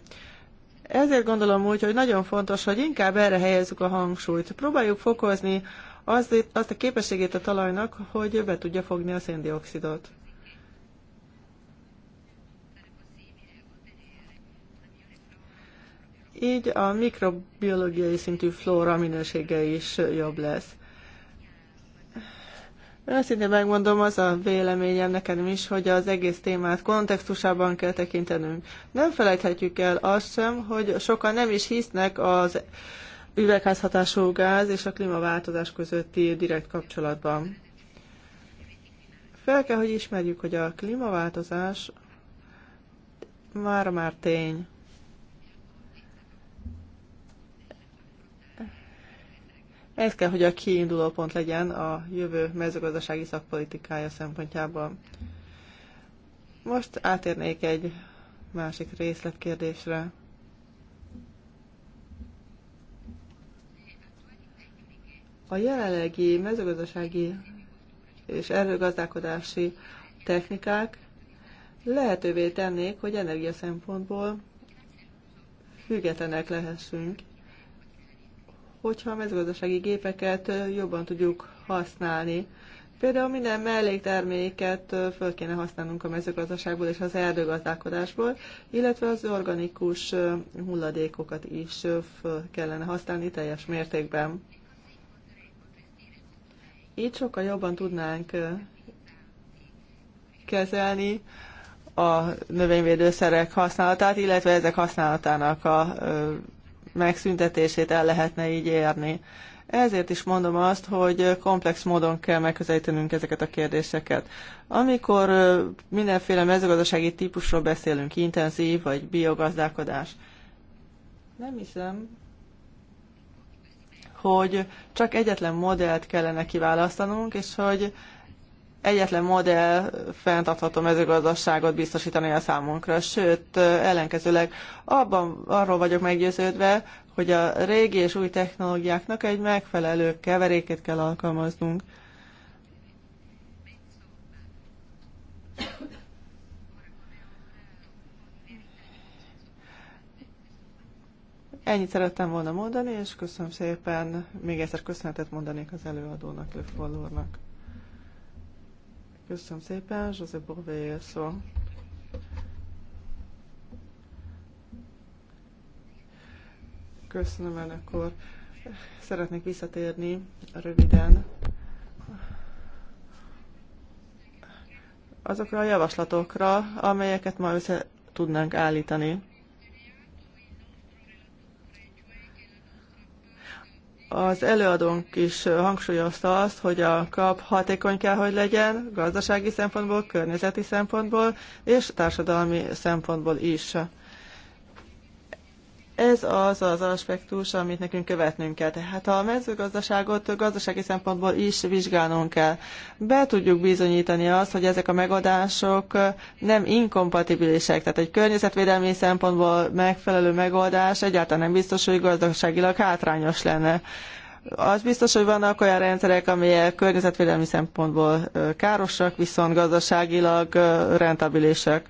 Ezért gondolom úgy, hogy nagyon fontos, hogy inkább erre helyezzük a hangsúlyt. Próbáljuk fokozni azt, a képességét a talajnak, hogy be tudja fogni a széndiokszidot. így a mikrobiológiai szintű flóra minősége is jobb lesz. Őszintén megmondom, az a véleményem nekem is, hogy az egész témát kontextusában kell tekintenünk. Nem felejthetjük el azt sem, hogy sokan nem is hisznek az üvegházhatású gáz és a klímaváltozás közötti direkt kapcsolatban. Fel kell, hogy ismerjük, hogy a klímaváltozás már-már tény. Ez kell, hogy a kiinduló pont legyen a jövő mezőgazdasági szakpolitikája szempontjából. Most átérnék egy másik részletkérdésre. A jelenlegi mezőgazdasági és erőgazdálkodási technikák lehetővé tennék, hogy energia szempontból függetlenek lehessünk, hogyha a mezőgazdasági gépeket jobban tudjuk használni. Például minden mellékterméket föl kéne használnunk a mezőgazdaságból és az erdőgazdálkodásból, illetve az organikus hulladékokat is föl kellene használni teljes mértékben. Így sokkal jobban tudnánk kezelni a növényvédőszerek használatát, illetve ezek használatának a megszüntetését el lehetne így érni. Ezért is mondom azt, hogy komplex módon kell megközelítenünk ezeket a kérdéseket. Amikor mindenféle mezőgazdasági típusról beszélünk, intenzív vagy biogazdálkodás, nem hiszem, hogy csak egyetlen modellt kellene kiválasztanunk, és hogy egyetlen modell fenntartható mezőgazdaságot biztosítani a számunkra. Sőt, ellenkezőleg abban arról vagyok meggyőződve, hogy a régi és új technológiáknak egy megfelelő keverékét kell alkalmaznunk. Ennyit szerettem volna mondani, és köszönöm szépen. Még egyszer köszönetet mondanék az előadónak, Löfval úrnak. Köszönöm szépen, José Borvéje szó. Köszönöm, elnök úr. Szeretnék visszatérni röviden azokra a javaslatokra, amelyeket ma össze tudnánk állítani Az előadónk is hangsúlyozta azt, hogy a kap hatékony kell, hogy legyen gazdasági szempontból, környezeti szempontból és társadalmi szempontból is ez az az aspektus, amit nekünk követnünk kell. Tehát a mezőgazdaságot gazdasági szempontból is vizsgálnunk kell. Be tudjuk bizonyítani azt, hogy ezek a megoldások nem inkompatibilisek, tehát egy környezetvédelmi szempontból megfelelő megoldás egyáltalán nem biztos, hogy gazdaságilag hátrányos lenne. Az biztos, hogy vannak olyan rendszerek, amelyek környezetvédelmi szempontból károsak, viszont gazdaságilag rentabilisek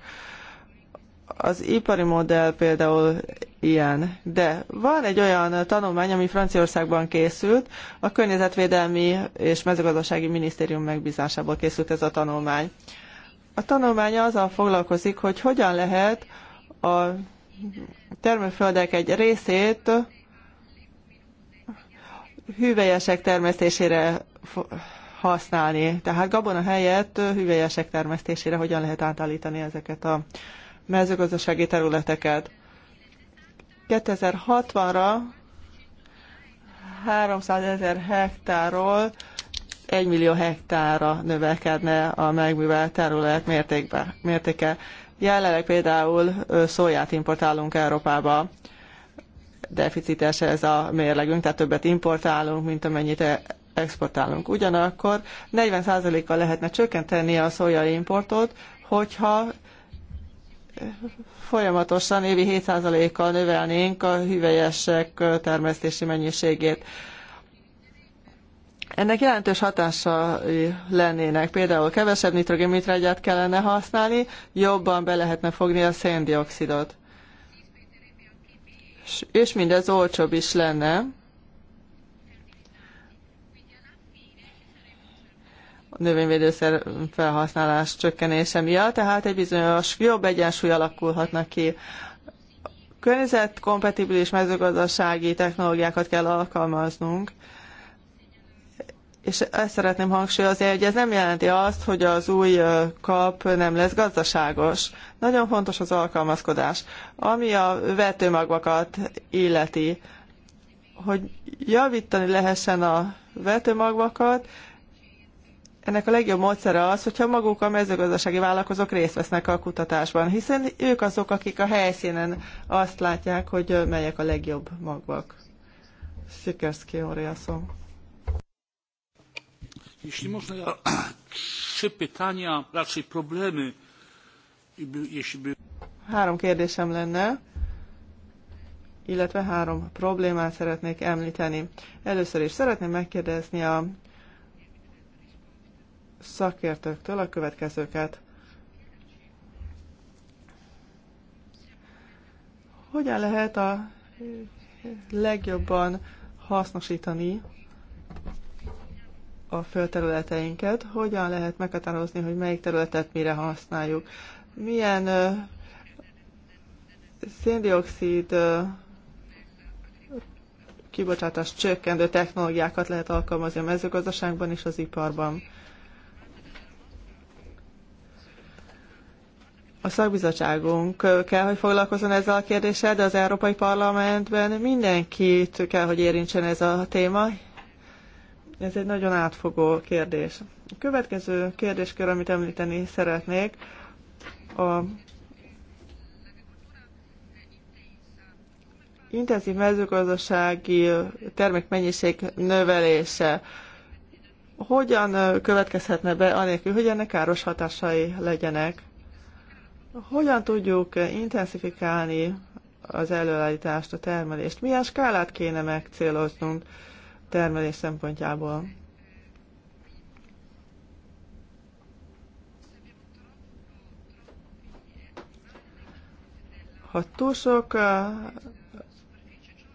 az ipari modell például ilyen. De van egy olyan tanulmány, ami Franciaországban készült, a Környezetvédelmi és Mezőgazdasági Minisztérium megbízásából készült ez a tanulmány. A tanulmány azzal foglalkozik, hogy hogyan lehet a termőföldek egy részét hüvelyesek termesztésére használni. Tehát gabona helyett hüvelyesek termesztésére hogyan lehet átállítani ezeket a mezőgazdasági területeket. 2060-ra 300 ezer hektárról 1 millió hektárra növekedne a megművelt terület mértékbe, mértéke. Jelenleg például szóját importálunk Európába, deficites ez a mérlegünk, tehát többet importálunk, mint amennyit e- exportálunk. Ugyanakkor 40%-kal lehetne csökkenteni a szója importot, hogyha folyamatosan évi 7%-kal növelnénk a hüvelyesek termesztési mennyiségét. Ennek jelentős hatásai lennének, például kevesebb nitrogénmitregyet kellene használni, jobban be lehetne fogni a széndiokszidot. És mindez olcsóbb is lenne, növényvédőszer felhasználás csökkenése miatt, tehát egy bizonyos jobb egyensúly alakulhatnak ki. Környezetkompatibilis mezőgazdasági technológiákat kell alkalmaznunk, és ezt szeretném hangsúlyozni, hogy ez nem jelenti azt, hogy az új kap nem lesz gazdaságos. Nagyon fontos az alkalmazkodás. Ami a vetőmagvakat illeti, hogy javítani lehessen a vetőmagvakat, ennek a legjobb módszere az, hogyha maguk a mezőgazdasági vállalkozók részt vesznek a kutatásban, hiszen ők azok, akik a helyszínen azt látják, hogy melyek a legjobb magvak. Sikerszki Oriaszó. Jeśli można, ja (clears throat) trzy pytania, raczej problemy, jeśli by... Három kérdésem lenne, illetve három problémát szeretnék említeni. Először is szeretném megkérdezni a szakértőktől a következőket. Hogyan lehet a legjobban hasznosítani a földterületeinket, hogyan lehet meghatározni, hogy melyik területet mire használjuk, milyen uh, széndiokszid uh, kibocsátás csökkentő technológiákat lehet alkalmazni a mezőgazdaságban és az iparban. A szakbizottságunk kell, hogy foglalkozzon ezzel a kérdéssel, de az Európai Parlamentben mindenkit kell, hogy érintsen ez a téma. Ez egy nagyon átfogó kérdés. A következő kérdéskör, amit említeni szeretnék, a intenzív mezőgazdasági termékmennyiség növelése hogyan következhetne be anélkül, hogy ennek káros hatásai legyenek? Hogyan tudjuk intenzifikálni az előállítást, a termelést? Milyen skálát kéne megcéloznunk termelés szempontjából? Ha túl sok uh,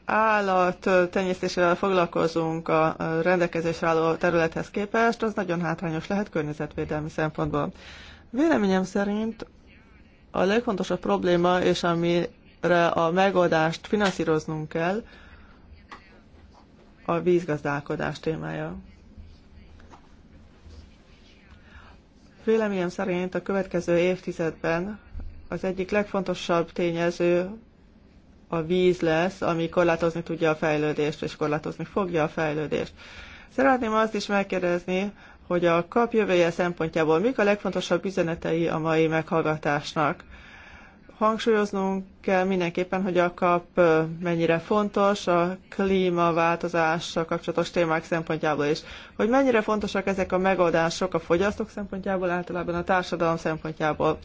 állat uh, tenyésztésével foglalkozunk a rendelkezésre álló területhez képest, az nagyon hátrányos lehet környezetvédelmi szempontból. Véleményem szerint a legfontosabb probléma, és amire a megoldást finanszíroznunk kell, a vízgazdálkodás témája. Véleményem szerint a következő évtizedben az egyik legfontosabb tényező a víz lesz, ami korlátozni tudja a fejlődést, és korlátozni fogja a fejlődést. Szeretném azt is megkérdezni, hogy a kap jövője szempontjából mik a legfontosabb üzenetei a mai meghallgatásnak. Hangsúlyoznunk kell mindenképpen, hogy a kap mennyire fontos a klímaváltozással kapcsolatos témák szempontjából is. Hogy mennyire fontosak ezek a megoldások a fogyasztók szempontjából, általában a társadalom szempontjából.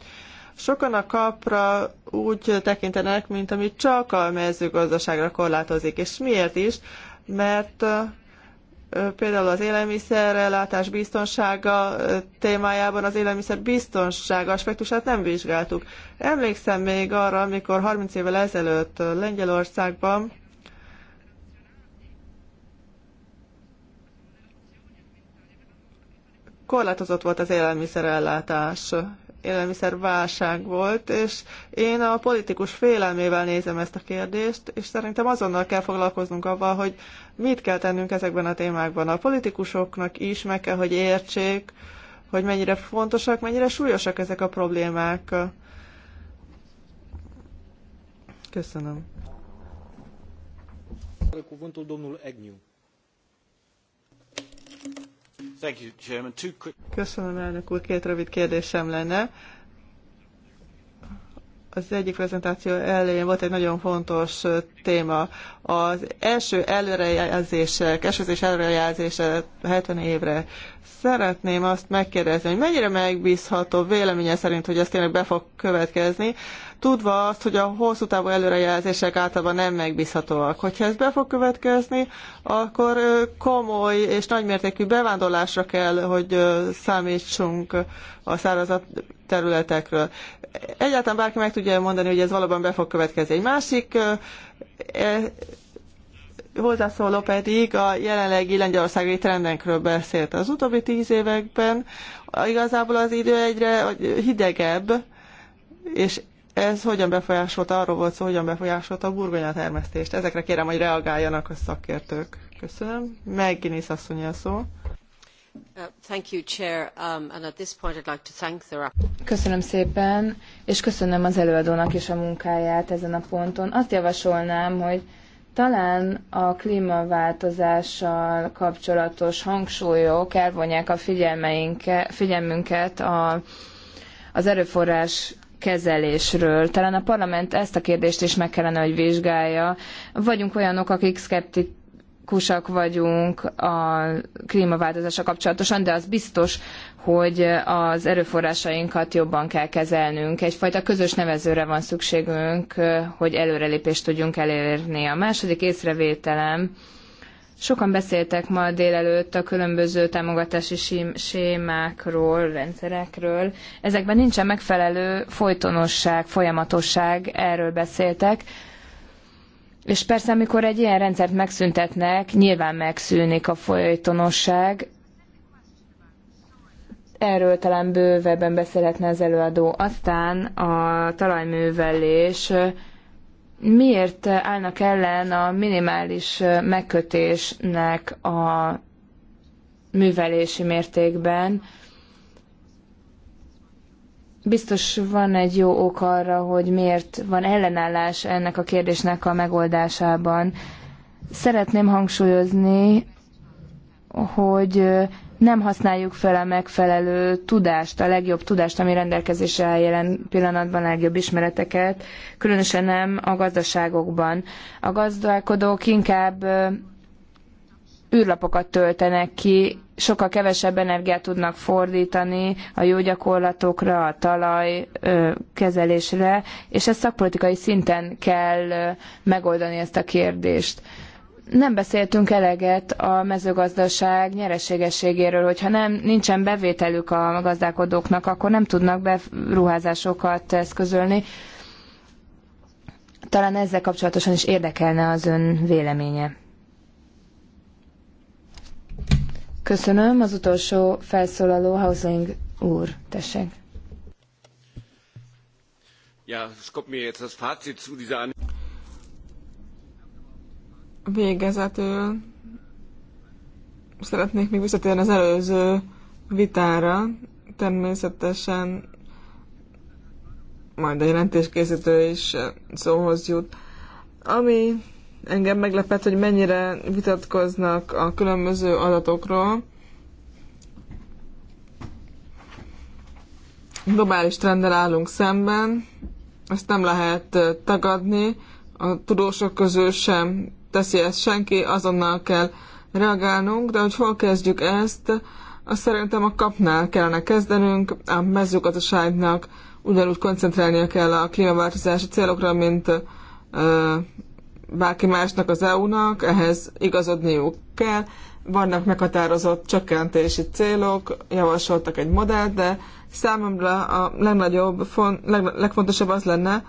Sokan a kapra úgy tekintenek, mint ami csak a mezőgazdaságra korlátozik. És miért is? Mert például az élelmiszerellátás biztonsága témájában az élelmiszer biztonsága aspektusát nem vizsgáltuk. Emlékszem még arra, amikor 30 évvel ezelőtt Lengyelországban korlátozott volt az élelmiszerellátás, élelmiszerválság volt, és én a politikus félelmével nézem ezt a kérdést, és szerintem azonnal kell foglalkoznunk avval, hogy mit kell tennünk ezekben a témákban. A politikusoknak is meg kell, hogy értsék, hogy mennyire fontosak, mennyire súlyosak ezek a problémák. Köszönöm. Köszönöm. Köszönöm, elnök úr. Két rövid kérdésem lenne. Az egyik prezentáció elején volt egy nagyon fontos téma. Az első előrejelzések, esőzés előrejelzése 70 évre. Szeretném azt megkérdezni, hogy mennyire megbízható véleménye szerint, hogy ez tényleg be fog következni, tudva azt, hogy a hosszú távú előrejelzések általában nem megbízhatóak. Hogyha ez be fog következni, akkor komoly és nagymértékű bevándorlásra kell, hogy számítsunk a szárazat területekről. Egyáltalán bárki meg tudja mondani, hogy ez valóban be fog következni. Egy másik e, hozzászóló pedig a jelenlegi lengyelországi trendekről beszélt. Az utóbbi tíz években igazából az idő egyre hidegebb, és ez hogyan befolyásolta, arról volt szó, hogyan befolyásolta a burgonya termesztést. Ezekre kérem, hogy reagáljanak a szakértők. Köszönöm. Megginis asszony a szó. Uh, um, köszönöm szépen, és köszönöm az előadónak is a munkáját ezen a ponton. Azt javasolnám, hogy talán a klímaváltozással kapcsolatos hangsúlyok elvonják a figyelmünket a, az erőforrás kezelésről. Talán a parlament ezt a kérdést is meg kellene, hogy vizsgálja. Vagyunk olyanok, akik szkeptik, kusak vagyunk a klímaváltozása kapcsolatosan, de az biztos, hogy az erőforrásainkat jobban kell kezelnünk. Egyfajta közös nevezőre van szükségünk, hogy előrelépést tudjunk elérni. A második észrevételem Sokan beszéltek ma délelőtt a különböző támogatási sémákról, rendszerekről. Ezekben nincsen megfelelő folytonosság, folyamatosság, erről beszéltek. És persze, amikor egy ilyen rendszert megszüntetnek, nyilván megszűnik a folytonosság. Erről talán bővebben beszélhetne az előadó. Aztán a talajművelés miért állnak ellen a minimális megkötésnek a művelési mértékben? Biztos van egy jó ok arra, hogy miért van ellenállás ennek a kérdésnek a megoldásában. Szeretném hangsúlyozni, hogy nem használjuk fel a megfelelő tudást, a legjobb tudást, ami rendelkezésre áll jelen pillanatban, a legjobb ismereteket, különösen nem a gazdaságokban. A gazdálkodók inkább űrlapokat töltenek ki, sokkal kevesebb energiát tudnak fordítani a jó gyakorlatokra, a talaj kezelésre, és ezt szakpolitikai szinten kell megoldani ezt a kérdést nem beszéltünk eleget a mezőgazdaság nyereségességéről, hogyha nem, nincsen bevételük a gazdálkodóknak, akkor nem tudnak beruházásokat eszközölni. Talán ezzel kapcsolatosan is érdekelne az ön véleménye. Köszönöm. Az utolsó felszólaló Housing úr. Tessék. Ja, es kommt mir jetzt das Fazit zu dieser Végezetül szeretnék még visszatérni az előző vitára. Természetesen majd a jelentéskészítő is szóhoz jut. Ami engem meglepett, hogy mennyire vitatkoznak a különböző adatokról. Globális trendel állunk szemben, ezt nem lehet tagadni, a tudósok közül sem teszi ezt senki, azonnal kell reagálnunk, de hogy hol kezdjük ezt, azt szerintem a kapnál kellene kezdenünk, a mezőgazdaságnak ugyanúgy koncentrálnia kell a klímaváltozási célokra, mint ö, bárki másnak az EU-nak, ehhez igazodniuk kell. Vannak meghatározott csökkentési célok, javasoltak egy modellt, de számomra a legnagyobb, font, leg, legfontosabb az lenne,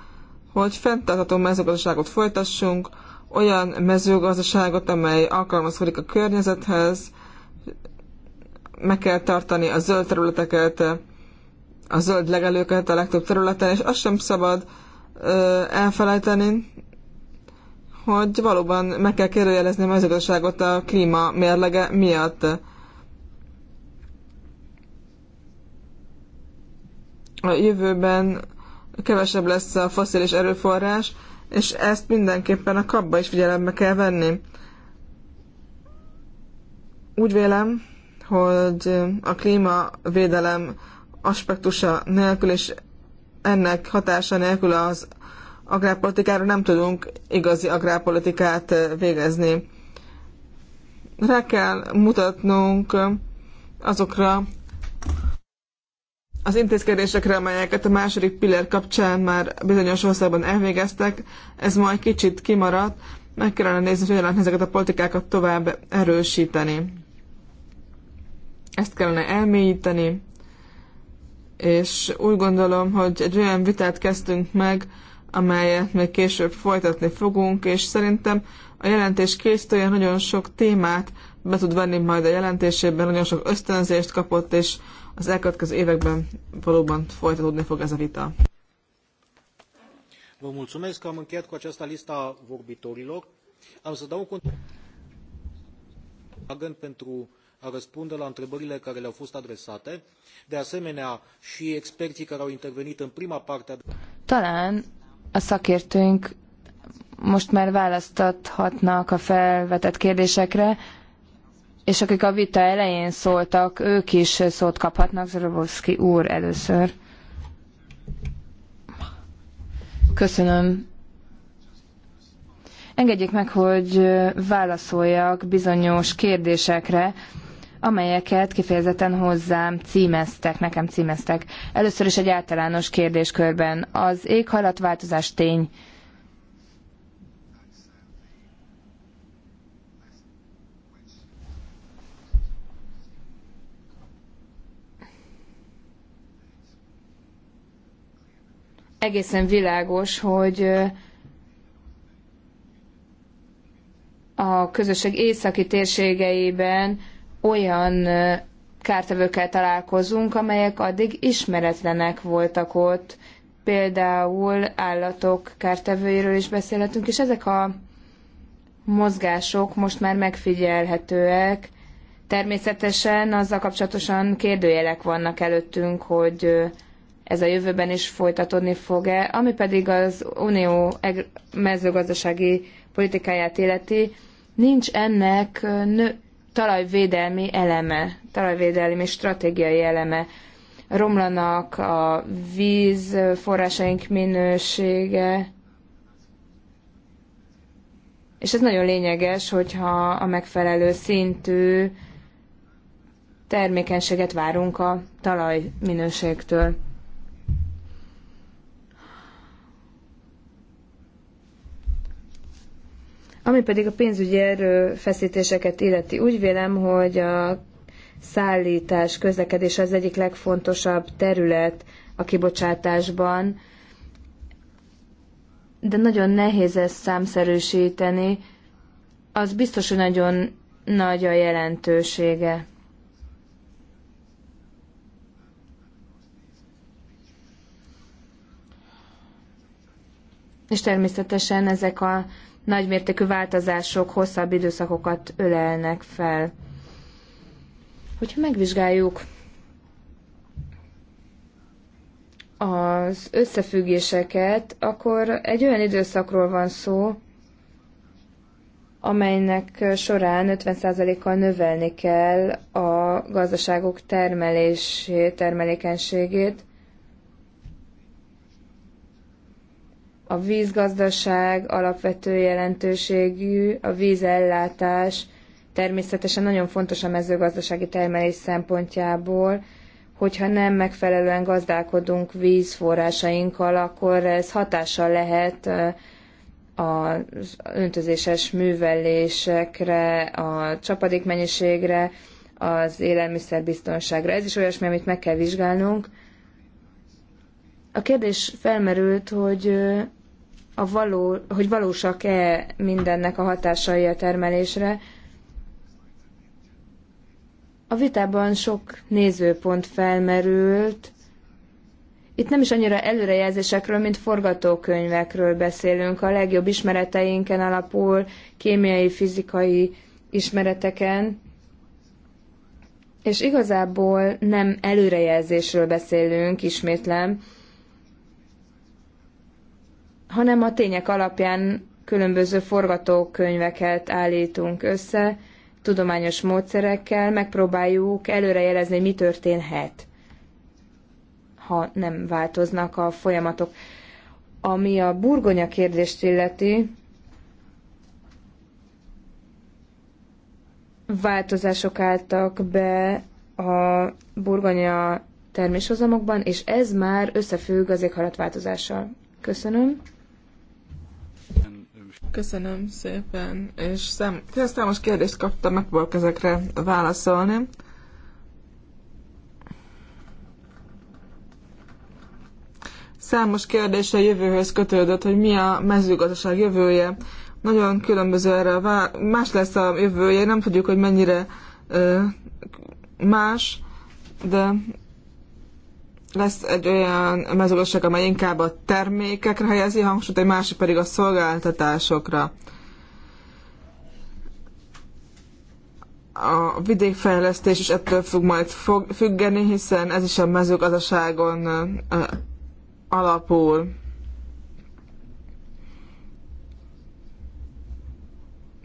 hogy fenntartható mezőgazdaságot folytassunk, olyan mezőgazdaságot, amely alkalmazkodik a környezethez, meg kell tartani a zöld területeket, a zöld legelőket a legtöbb területen, és azt sem szabad ö, elfelejteni, hogy valóban meg kell kérdőjelezni a mezőgazdaságot a klíma mérlege miatt. A jövőben kevesebb lesz a foszilis erőforrás, és ezt mindenképpen a kapba is figyelembe kell venni. Úgy vélem, hogy a klímavédelem aspektusa nélkül és ennek hatása nélkül az agrárpolitikára nem tudunk igazi agrárpolitikát végezni. Rá kell mutatnunk azokra az intézkedésekre, amelyeket a második pillér kapcsán már bizonyos országban elvégeztek, ez majd kicsit kimaradt, meg kellene nézni, hogy lehetne ezeket a politikákat tovább erősíteni. Ezt kellene elmélyíteni, és úgy gondolom, hogy egy olyan vitát kezdtünk meg, amelyet még később folytatni fogunk, és szerintem a jelentés készítője nagyon sok témát be tud venni majd a jelentésében, nagyon sok ösztönzést kapott, és az elkövetkező években valóban folytatódni fog ez a vita. Vă mulțumesc că am încheiat cu aceasta lista vorbitorilor. Am să dau un pentru a răspunde la întrebările care le-au fost adresate, de asemenea și experții care au intervenit în prima parte a... Talán a szakértőink most már választathatnak a felvetett kérdésekre és akik a vita elején szóltak, ők is szót kaphatnak. Zorobowski úr először. Köszönöm. Engedjék meg, hogy válaszoljak bizonyos kérdésekre, amelyeket kifejezetten hozzám címeztek, nekem címeztek. Először is egy általános kérdéskörben. Az éghajlatváltozás tény egészen világos, hogy a közösség északi térségeiben olyan kártevőkkel találkozunk, amelyek addig ismeretlenek voltak ott. Például állatok kártevőiről is beszélhetünk, és ezek a mozgások most már megfigyelhetőek. Természetesen azzal kapcsolatosan kérdőjelek vannak előttünk, hogy ez a jövőben is folytatódni fog-e, ami pedig az unió mezőgazdasági politikáját illeti, nincs ennek nő, talajvédelmi eleme, talajvédelmi stratégiai eleme. Romlanak a víz forrásaink minősége, és ez nagyon lényeges, hogyha a megfelelő szintű termékenységet várunk a talajminőségtől. Ami pedig a pénzügyi erőfeszítéseket illeti, úgy vélem, hogy a szállítás, közlekedés az egyik legfontosabb terület a kibocsátásban, de nagyon nehéz ezt számszerűsíteni. Az biztos, hogy nagyon nagy a jelentősége. és természetesen ezek a nagymértékű változások hosszabb időszakokat ölelnek fel. Hogyha megvizsgáljuk az összefüggéseket, akkor egy olyan időszakról van szó, amelynek során 50%-kal növelni kell a gazdaságok termelését, termelékenységét, A vízgazdaság alapvető jelentőségű, a vízellátás természetesen nagyon fontos a mezőgazdasági termelés szempontjából, hogyha nem megfelelően gazdálkodunk vízforrásainkkal, akkor ez hatással lehet az öntözéses művelésekre, a csapadékmennyiségre, az élelmiszerbiztonságra. Ez is olyasmi, amit meg kell vizsgálnunk. A kérdés felmerült, hogy a való, hogy valósak-e mindennek a hatásai a termelésre. A vitában sok nézőpont felmerült. Itt nem is annyira előrejelzésekről, mint forgatókönyvekről beszélünk. A legjobb ismereteinken alapul, kémiai, fizikai ismereteken, és igazából nem előrejelzésről beszélünk, ismétlem, hanem a tények alapján különböző forgatókönyveket állítunk össze, tudományos módszerekkel megpróbáljuk előrejelezni, mi történhet, ha nem változnak a folyamatok. Ami a burgonya kérdést illeti, változások álltak be a burgonya terméshozamokban, és ez már összefügg az éghajlatváltozással. Köszönöm. Köszönöm szépen, és szám, számos kérdést kaptam, meg fogok ezekre válaszolni. Számos kérdés a jövőhöz kötődött, hogy mi a mezőgazdaság jövője. Nagyon különböző erre, más lesz a jövője, nem tudjuk, hogy mennyire más, de lesz egy olyan mezőgazdaság, amely inkább a termékekre helyezi hangsúlyt, egy másik pedig a szolgáltatásokra. A vidékfejlesztés is ettől fog majd fog, függeni, hiszen ez is a mezőgazdaságon alapul.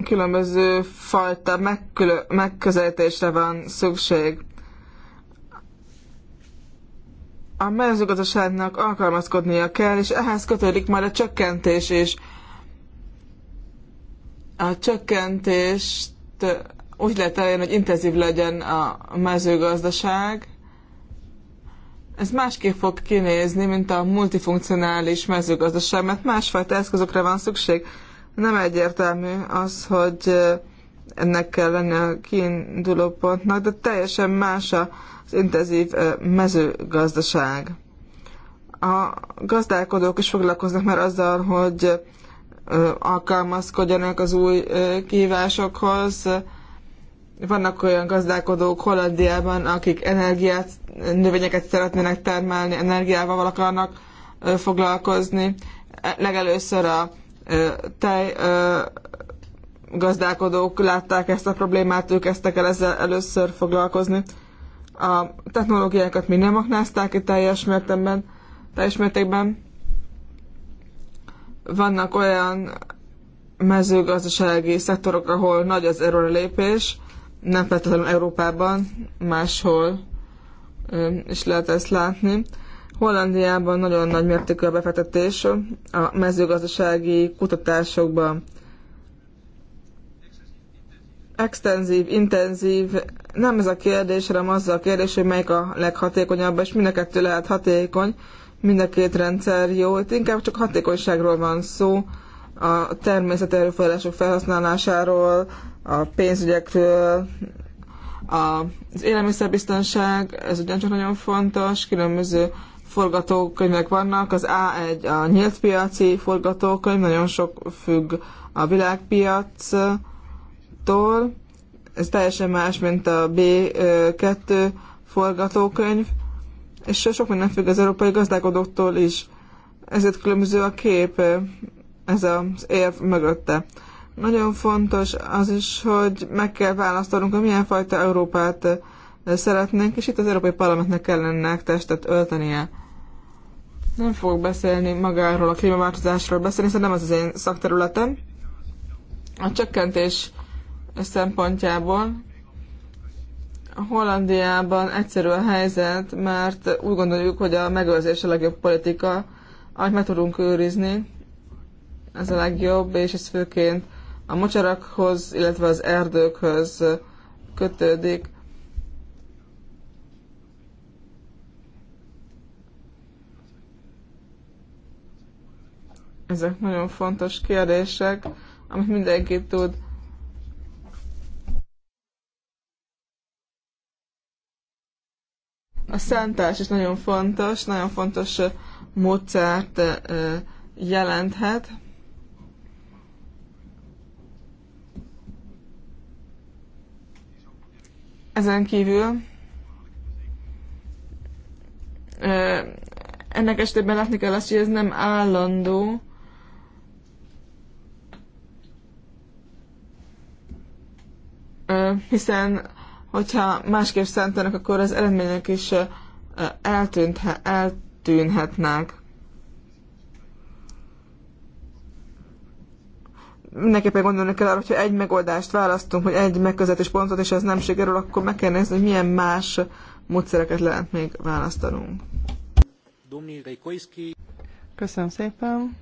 Különböző fajta megkülö- megközelítésre van szükség a mezőgazdaságnak alkalmazkodnia kell, és ehhez kötődik majd a csökkentés is. A csökkentést úgy lehet elérni, hogy intenzív legyen a mezőgazdaság. Ez másképp fog kinézni, mint a multifunkcionális mezőgazdaság, mert másfajta eszközökre van szükség. Nem egyértelmű az, hogy ennek kell lenni a kiinduló pontnak, de teljesen más a intenzív mezőgazdaság. A gazdálkodók is foglalkoznak már azzal, hogy alkalmazkodjanak az új kívásokhoz. Vannak olyan gazdálkodók Hollandiában, akik energiát, növényeket szeretnének termelni, energiával akarnak foglalkozni. Legelőször a tej gazdálkodók látták ezt a problémát, ők kezdtek el ezzel először foglalkozni. A technológiákat még nem aknázták ki teljes mértékben, teljes mértékben. Vannak olyan mezőgazdasági szektorok, ahol nagy az erőlépés, nem feltétlenül Európában, máshol is lehet ezt látni. Hollandiában nagyon nagy mértékű a befektetés a mezőgazdasági kutatásokba. Extenzív, intenzív nem ez a kérdés, hanem az a kérdés, hogy melyik a leghatékonyabb, és mind a kettő lehet hatékony, mind a két rendszer jó. Itt inkább csak hatékonyságról van szó, a természet erőforrások felhasználásáról, a pénzügyekről, az élelmiszerbiztonság, ez ugyancsak nagyon fontos, különböző forgatókönyvek vannak, az A1 a nyílt piaci forgatókönyv, nagyon sok függ a világpiactól, ez teljesen más, mint a B2 forgatókönyv, és sok minden függ az európai gazdálkodóktól is. Ezért különböző a kép, ez az év mögötte. Nagyon fontos az is, hogy meg kell választanunk, hogy milyen fajta Európát szeretnénk, és itt az Európai Parlamentnek kellene testet öltenie. Nem fogok beszélni magáról a klímaváltozásról beszélni, hiszen nem az az én szakterületem. A csökkentés szempontjából. Hollandiában egyszerű a helyzet, mert úgy gondoljuk, hogy a megőrzés a legjobb politika, amit meg tudunk őrizni, ez a legjobb, és ez főként a mocsarakhoz, illetve az erdőkhöz kötődik. Ezek nagyon fontos kérdések, amit mindenki tud A szántás is nagyon fontos, nagyon fontos módszert jelenthet. Ezen kívül ennek esetében látni kell azt, hogy ez nem állandó, hiszen hogyha másképp szentelnek, akkor az eredmények is eltűnthe, eltűnhetnek. Mindenképpen gondolni kell arra, hogyha egy megoldást választunk, hogy egy megközelítés pontot, és ez nem sikerül, akkor meg kell nézni, hogy milyen más módszereket lehet még választanunk. Köszönöm szépen.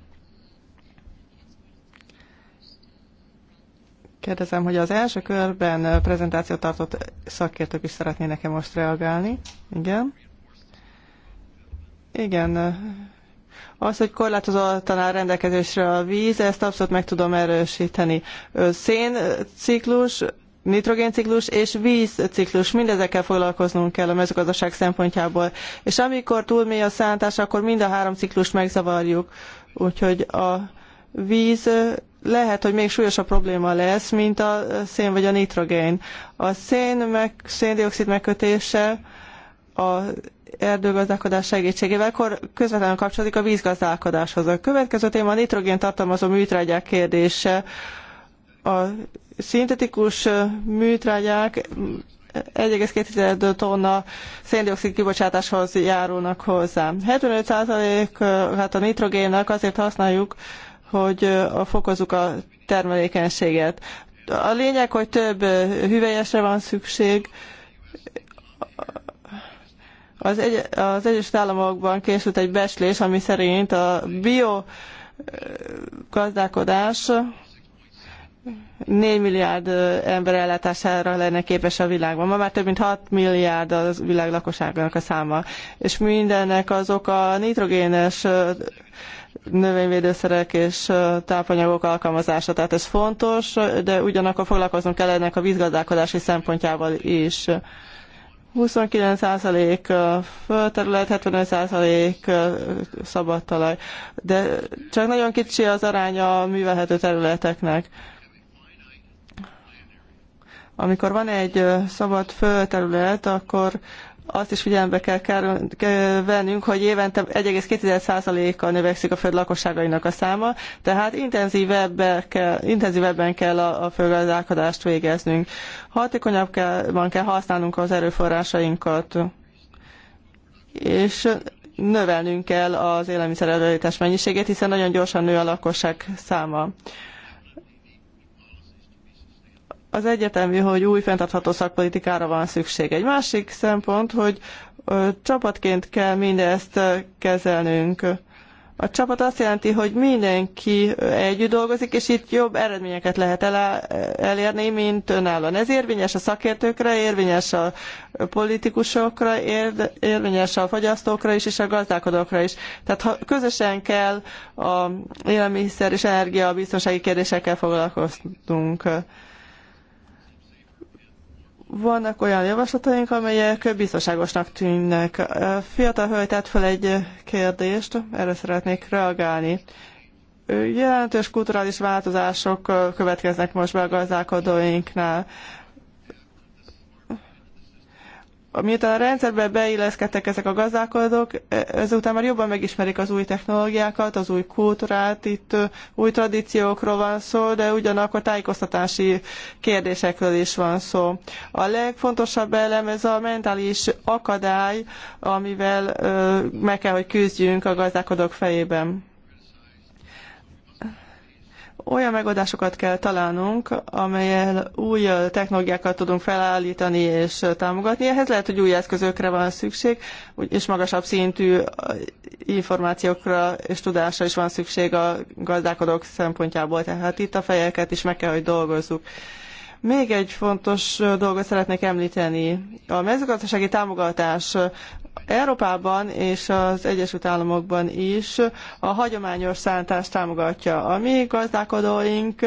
Kérdezem, hogy az első körben prezentációt tartott szakértők is szeretnének-e most reagálni? Igen. Igen. Az, hogy a tanár rendelkezésre a víz, ezt abszolút meg tudom erősíteni. Szénciklus, nitrogénciklus és vízciklus, mindezekkel foglalkoznunk kell a mezőgazdaság szempontjából. És amikor túl mély a szántás, akkor mind a három ciklust megzavarjuk. Úgyhogy a víz lehet, hogy még súlyosabb probléma lesz, mint a szén vagy a nitrogén. A szén meg, széndiokszid megkötése a erdőgazdálkodás segítségével, akkor közvetlenül kapcsolódik a vízgazdálkodáshoz. A következő téma a nitrogén tartalmazó műtrágyák kérdése. A szintetikus műtrágyák 1,2 tonna széndiokszid kibocsátáshoz járulnak hozzá. 75%-át a nitrogénnek azért használjuk, hogy fokozzuk a termelékenységet. A lényeg, hogy több hüvelyesre van szükség. Az, egy, az Egyesült Államokban készült egy beslés, ami szerint a bio gazdálkodás 4 milliárd ember ellátására lenne képes a világban. Ma már több mint 6 milliárd a világ lakosságának a száma. És mindennek az oka a nitrogénes növényvédőszerek és tápanyagok alkalmazása. Tehát ez fontos, de ugyanakkor foglalkoznunk kell ennek a vízgazdálkodási szempontjával is. 29% földterület, 75% szabad talaj. De csak nagyon kicsi az aránya a művelhető területeknek. Amikor van egy szabad földterület, akkor azt is figyelembe kell, kell, kell vennünk, hogy évente 1,2%-kal növekszik a föld lakosságainak a száma, tehát intenzívebben kell, intenzívebben kell a, a földgazdálkodást végeznünk. Hatékonyabban kell, kell használnunk az erőforrásainkat, és növelnünk kell az élelmiszer előállítás mennyiségét, hiszen nagyon gyorsan nő a lakosság száma az egyetemi, hogy új fenntartható szakpolitikára van szükség. Egy másik szempont, hogy csapatként kell mindezt kezelnünk. A csapat azt jelenti, hogy mindenki együtt dolgozik, és itt jobb eredményeket lehet elérni, mint önállóan. Ez érvényes a szakértőkre, érvényes a politikusokra, érvényes a fogyasztókra is, és a gazdálkodókra is. Tehát ha közösen kell a élelmiszer és energiabiztonsági kérdésekkel foglalkoznunk. Vannak olyan javaslataink, amelyek biztonságosnak tűnnek. A fiatal hölgy tett fel egy kérdést, erre szeretnék reagálni. Jelentős kulturális változások következnek most be a gazdálkodóinknál miután a rendszerbe beilleszkedtek ezek a gazdálkodók, e, ezután már jobban megismerik az új technológiákat, az új kultúrát, itt új tradíciókról van szó, de ugyanakkor tájékoztatási kérdésekről is van szó. A legfontosabb elem ez a mentális akadály, amivel meg kell, hogy küzdjünk a gazdálkodók fejében. Olyan megoldásokat kell találnunk, amelyel új technológiákat tudunk felállítani és támogatni. Ehhez lehet, hogy új eszközökre van szükség, és magasabb szintű információkra és tudásra is van szükség a gazdálkodók szempontjából. Tehát itt a fejeket is meg kell, hogy dolgozzuk. Még egy fontos dolgot szeretnék említeni. A mezőgazdasági támogatás Európában és az Egyesült Államokban is a hagyományos szántást támogatja. A mi gazdálkodóink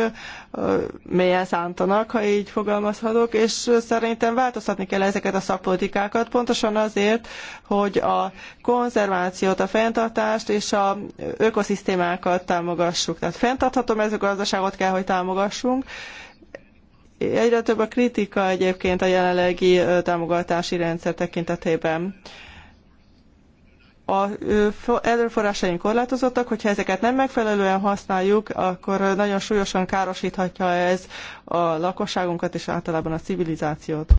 mélyen szántanak, ha így fogalmazhatok, és szerintem változtatni kell ezeket a szakpolitikákat pontosan azért, hogy a konzervációt, a fenntartást és a ökoszisztémákat támogassuk. Tehát fenntartható mezőgazdaságot kell, hogy támogassunk, egyre több a kritika egyébként a jelenlegi támogatási rendszer tekintetében a erőforrásaink korlátozottak, hogyha ezeket nem megfelelően használjuk, akkor nagyon súlyosan károsíthatja ez a lakosságunkat és általában a civilizációt.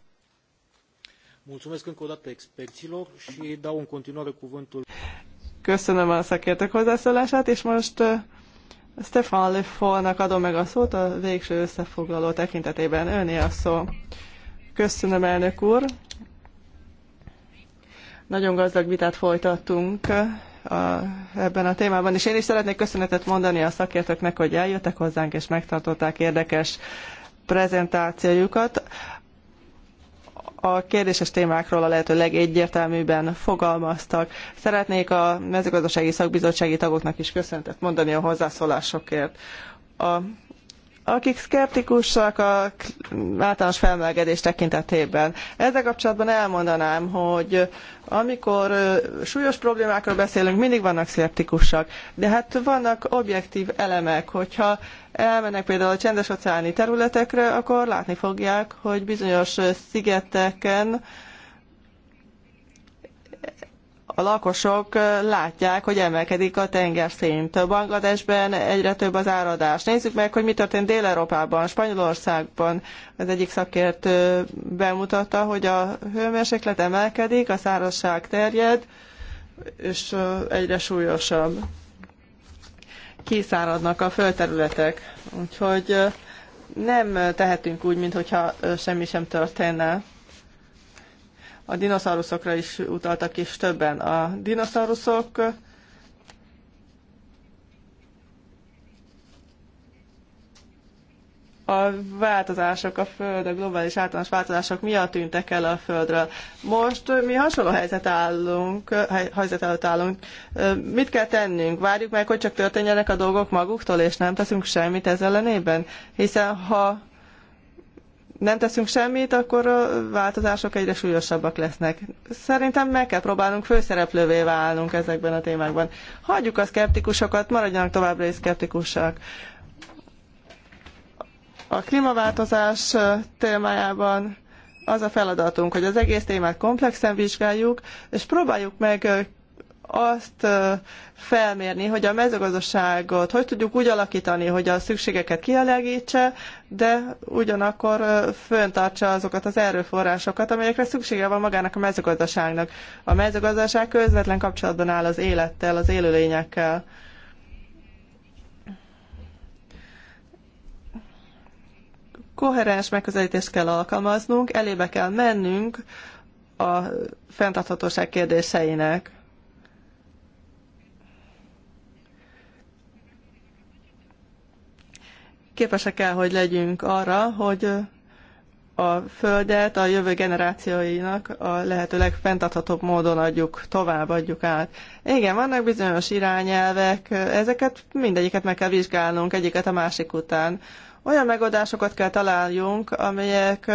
Mulțumesc încă o dată experților și dau în continuare cuvântul. Köszönöm a szakértők hozzászólását, és most Stefan Lefolnak adom meg a szót a végső összefoglaló tekintetében. Öné a szó. Köszönöm, elnök úr. Nagyon gazdag vitát folytattunk a, ebben a témában, és én is szeretnék köszönetet mondani a szakértőknek, hogy eljöttek hozzánk, és megtartották érdekes prezentációjukat. A kérdéses témákról a lehető legegyértelműbben fogalmaztak. Szeretnék a mezőgazdasági szakbizottsági tagoknak is köszönetet mondani a hozzászólásokért. A akik szkeptikusak a általános felmelegedés tekintetében. Ezzel kapcsolatban elmondanám, hogy amikor súlyos problémákról beszélünk, mindig vannak szkeptikusak, de hát vannak objektív elemek, hogyha elmennek például a csendes óceáni területekre, akkor látni fogják, hogy bizonyos szigeteken a lakosok látják, hogy emelkedik a tengerszint. Bangladesben egyre több az áradás. Nézzük meg, hogy mi történt Dél-Európában, Spanyolországban. Az egyik szakértő bemutatta, hogy a hőmérséklet emelkedik, a szárazság terjed, és egyre súlyosabb. Kiszáradnak a földterületek. Úgyhogy nem tehetünk úgy, mintha semmi sem történne a dinoszauruszokra is utaltak is többen. A dinoszauruszok a változások a Föld, a globális általános változások miatt tűntek el a Földről. Most mi hasonló helyzet, állunk, helyzet előtt állunk. Mit kell tennünk? Várjuk meg, hogy csak történjenek a dolgok maguktól, és nem teszünk semmit ez ellenében? Hiszen ha nem teszünk semmit, akkor a változások egyre súlyosabbak lesznek. Szerintem meg kell próbálnunk főszereplővé válnunk ezekben a témákban. Hagyjuk a szkeptikusokat, maradjanak továbbra is szkeptikusak. A klímaváltozás témájában az a feladatunk, hogy az egész témát komplexen vizsgáljuk, és próbáljuk meg azt felmérni, hogy a mezőgazdaságot hogy tudjuk úgy alakítani, hogy a szükségeket kielégítse, de ugyanakkor föntartsa azokat az erőforrásokat, amelyekre szüksége van magának a mezőgazdaságnak. A mezőgazdaság közvetlen kapcsolatban áll az élettel, az élőlényekkel. Koherens megközelítést kell alkalmaznunk, elébe kell mennünk a fenntarthatóság kérdéseinek képesek kell, hogy legyünk arra, hogy a Földet a jövő generációinak a lehető legfenntarthatóbb módon adjuk, tovább adjuk át. Igen, vannak bizonyos irányelvek, ezeket mindegyiket meg kell vizsgálnunk egyiket a másik után. Olyan megoldásokat kell találjunk, amelyek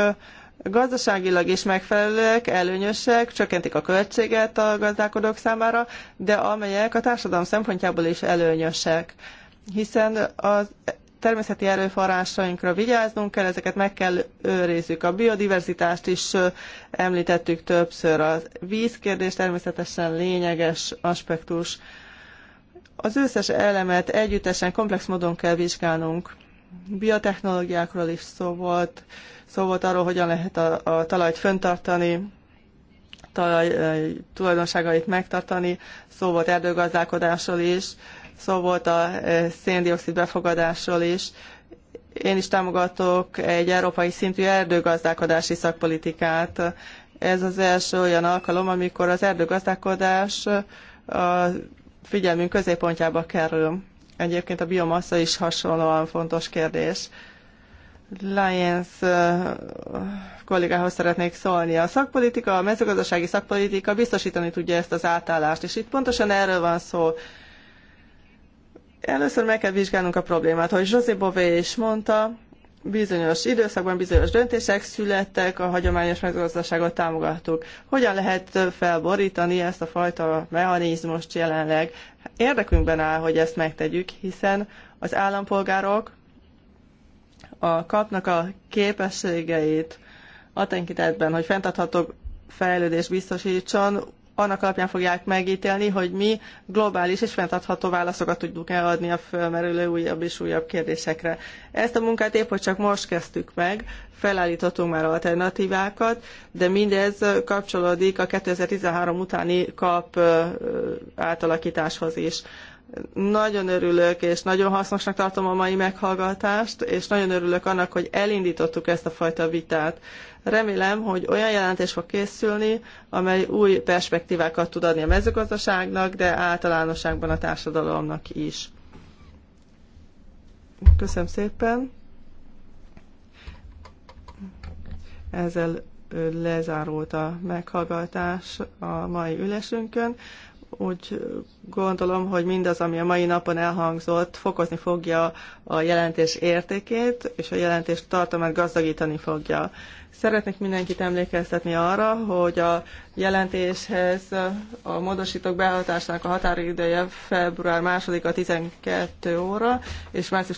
gazdaságilag is megfelelőek, előnyösek, csökkentik a költséget a gazdálkodók számára, de amelyek a társadalom szempontjából is előnyösek hiszen az természeti erőforrásainkra vigyáznunk kell, ezeket meg kell őrizzük. A biodiverzitást is említettük többször. A vízkérdés természetesen lényeges aspektus. Az összes elemet együttesen, komplex módon kell vizsgálnunk. Biotechnológiákról is szó volt, szó volt arról, hogyan lehet a, a talajt föntartani, talaj tulajdonságait megtartani, szó volt erdőgazdálkodásról is, Szó volt a e, széndiokszid befogadásról is. Én is támogatok egy európai szintű erdőgazdálkodási szakpolitikát. Ez az első olyan alkalom, amikor az erdőgazdálkodás a figyelmünk középpontjába kerül. Egyébként a biomassa is hasonlóan fontos kérdés. Lyons e, kollégához szeretnék szólni. A szakpolitika, a mezőgazdasági szakpolitika biztosítani tudja ezt az átállást, és itt pontosan erről van szó. Először meg kell vizsgálnunk a problémát. Ahogy José Bové is mondta, bizonyos időszakban bizonyos döntések születtek, a hagyományos mezőgazdaságot támogattuk. Hogyan lehet felborítani ezt a fajta mechanizmust jelenleg? Érdekünkben áll, hogy ezt megtegyük, hiszen az állampolgárok a kapnak a képességeit a tekintetben, hogy fenntartható fejlődés biztosítson, annak alapján fogják megítélni, hogy mi globális és fenntartható válaszokat tudjuk eladni a fölmerülő újabb és újabb kérdésekre. Ezt a munkát épp, hogy csak most kezdtük meg, felállítottunk már alternatívákat, de mindez kapcsolódik a 2013 utáni kap átalakításhoz is. Nagyon örülök, és nagyon hasznosnak tartom a mai meghallgatást, és nagyon örülök annak, hogy elindítottuk ezt a fajta vitát. Remélem, hogy olyan jelentés fog készülni, amely új perspektívákat tud adni a mezőgazdaságnak, de általánosságban a társadalomnak is. Köszönöm szépen. Ezzel lezárult a meghallgatás a mai ülésünkön úgy gondolom, hogy mindaz, ami a mai napon elhangzott, fokozni fogja a jelentés értékét, és a jelentés tartalmát gazdagítani fogja. Szeretnék mindenkit emlékeztetni arra, hogy a jelentéshez a módosítók behatásának a határidője február 2-a 12 óra, és március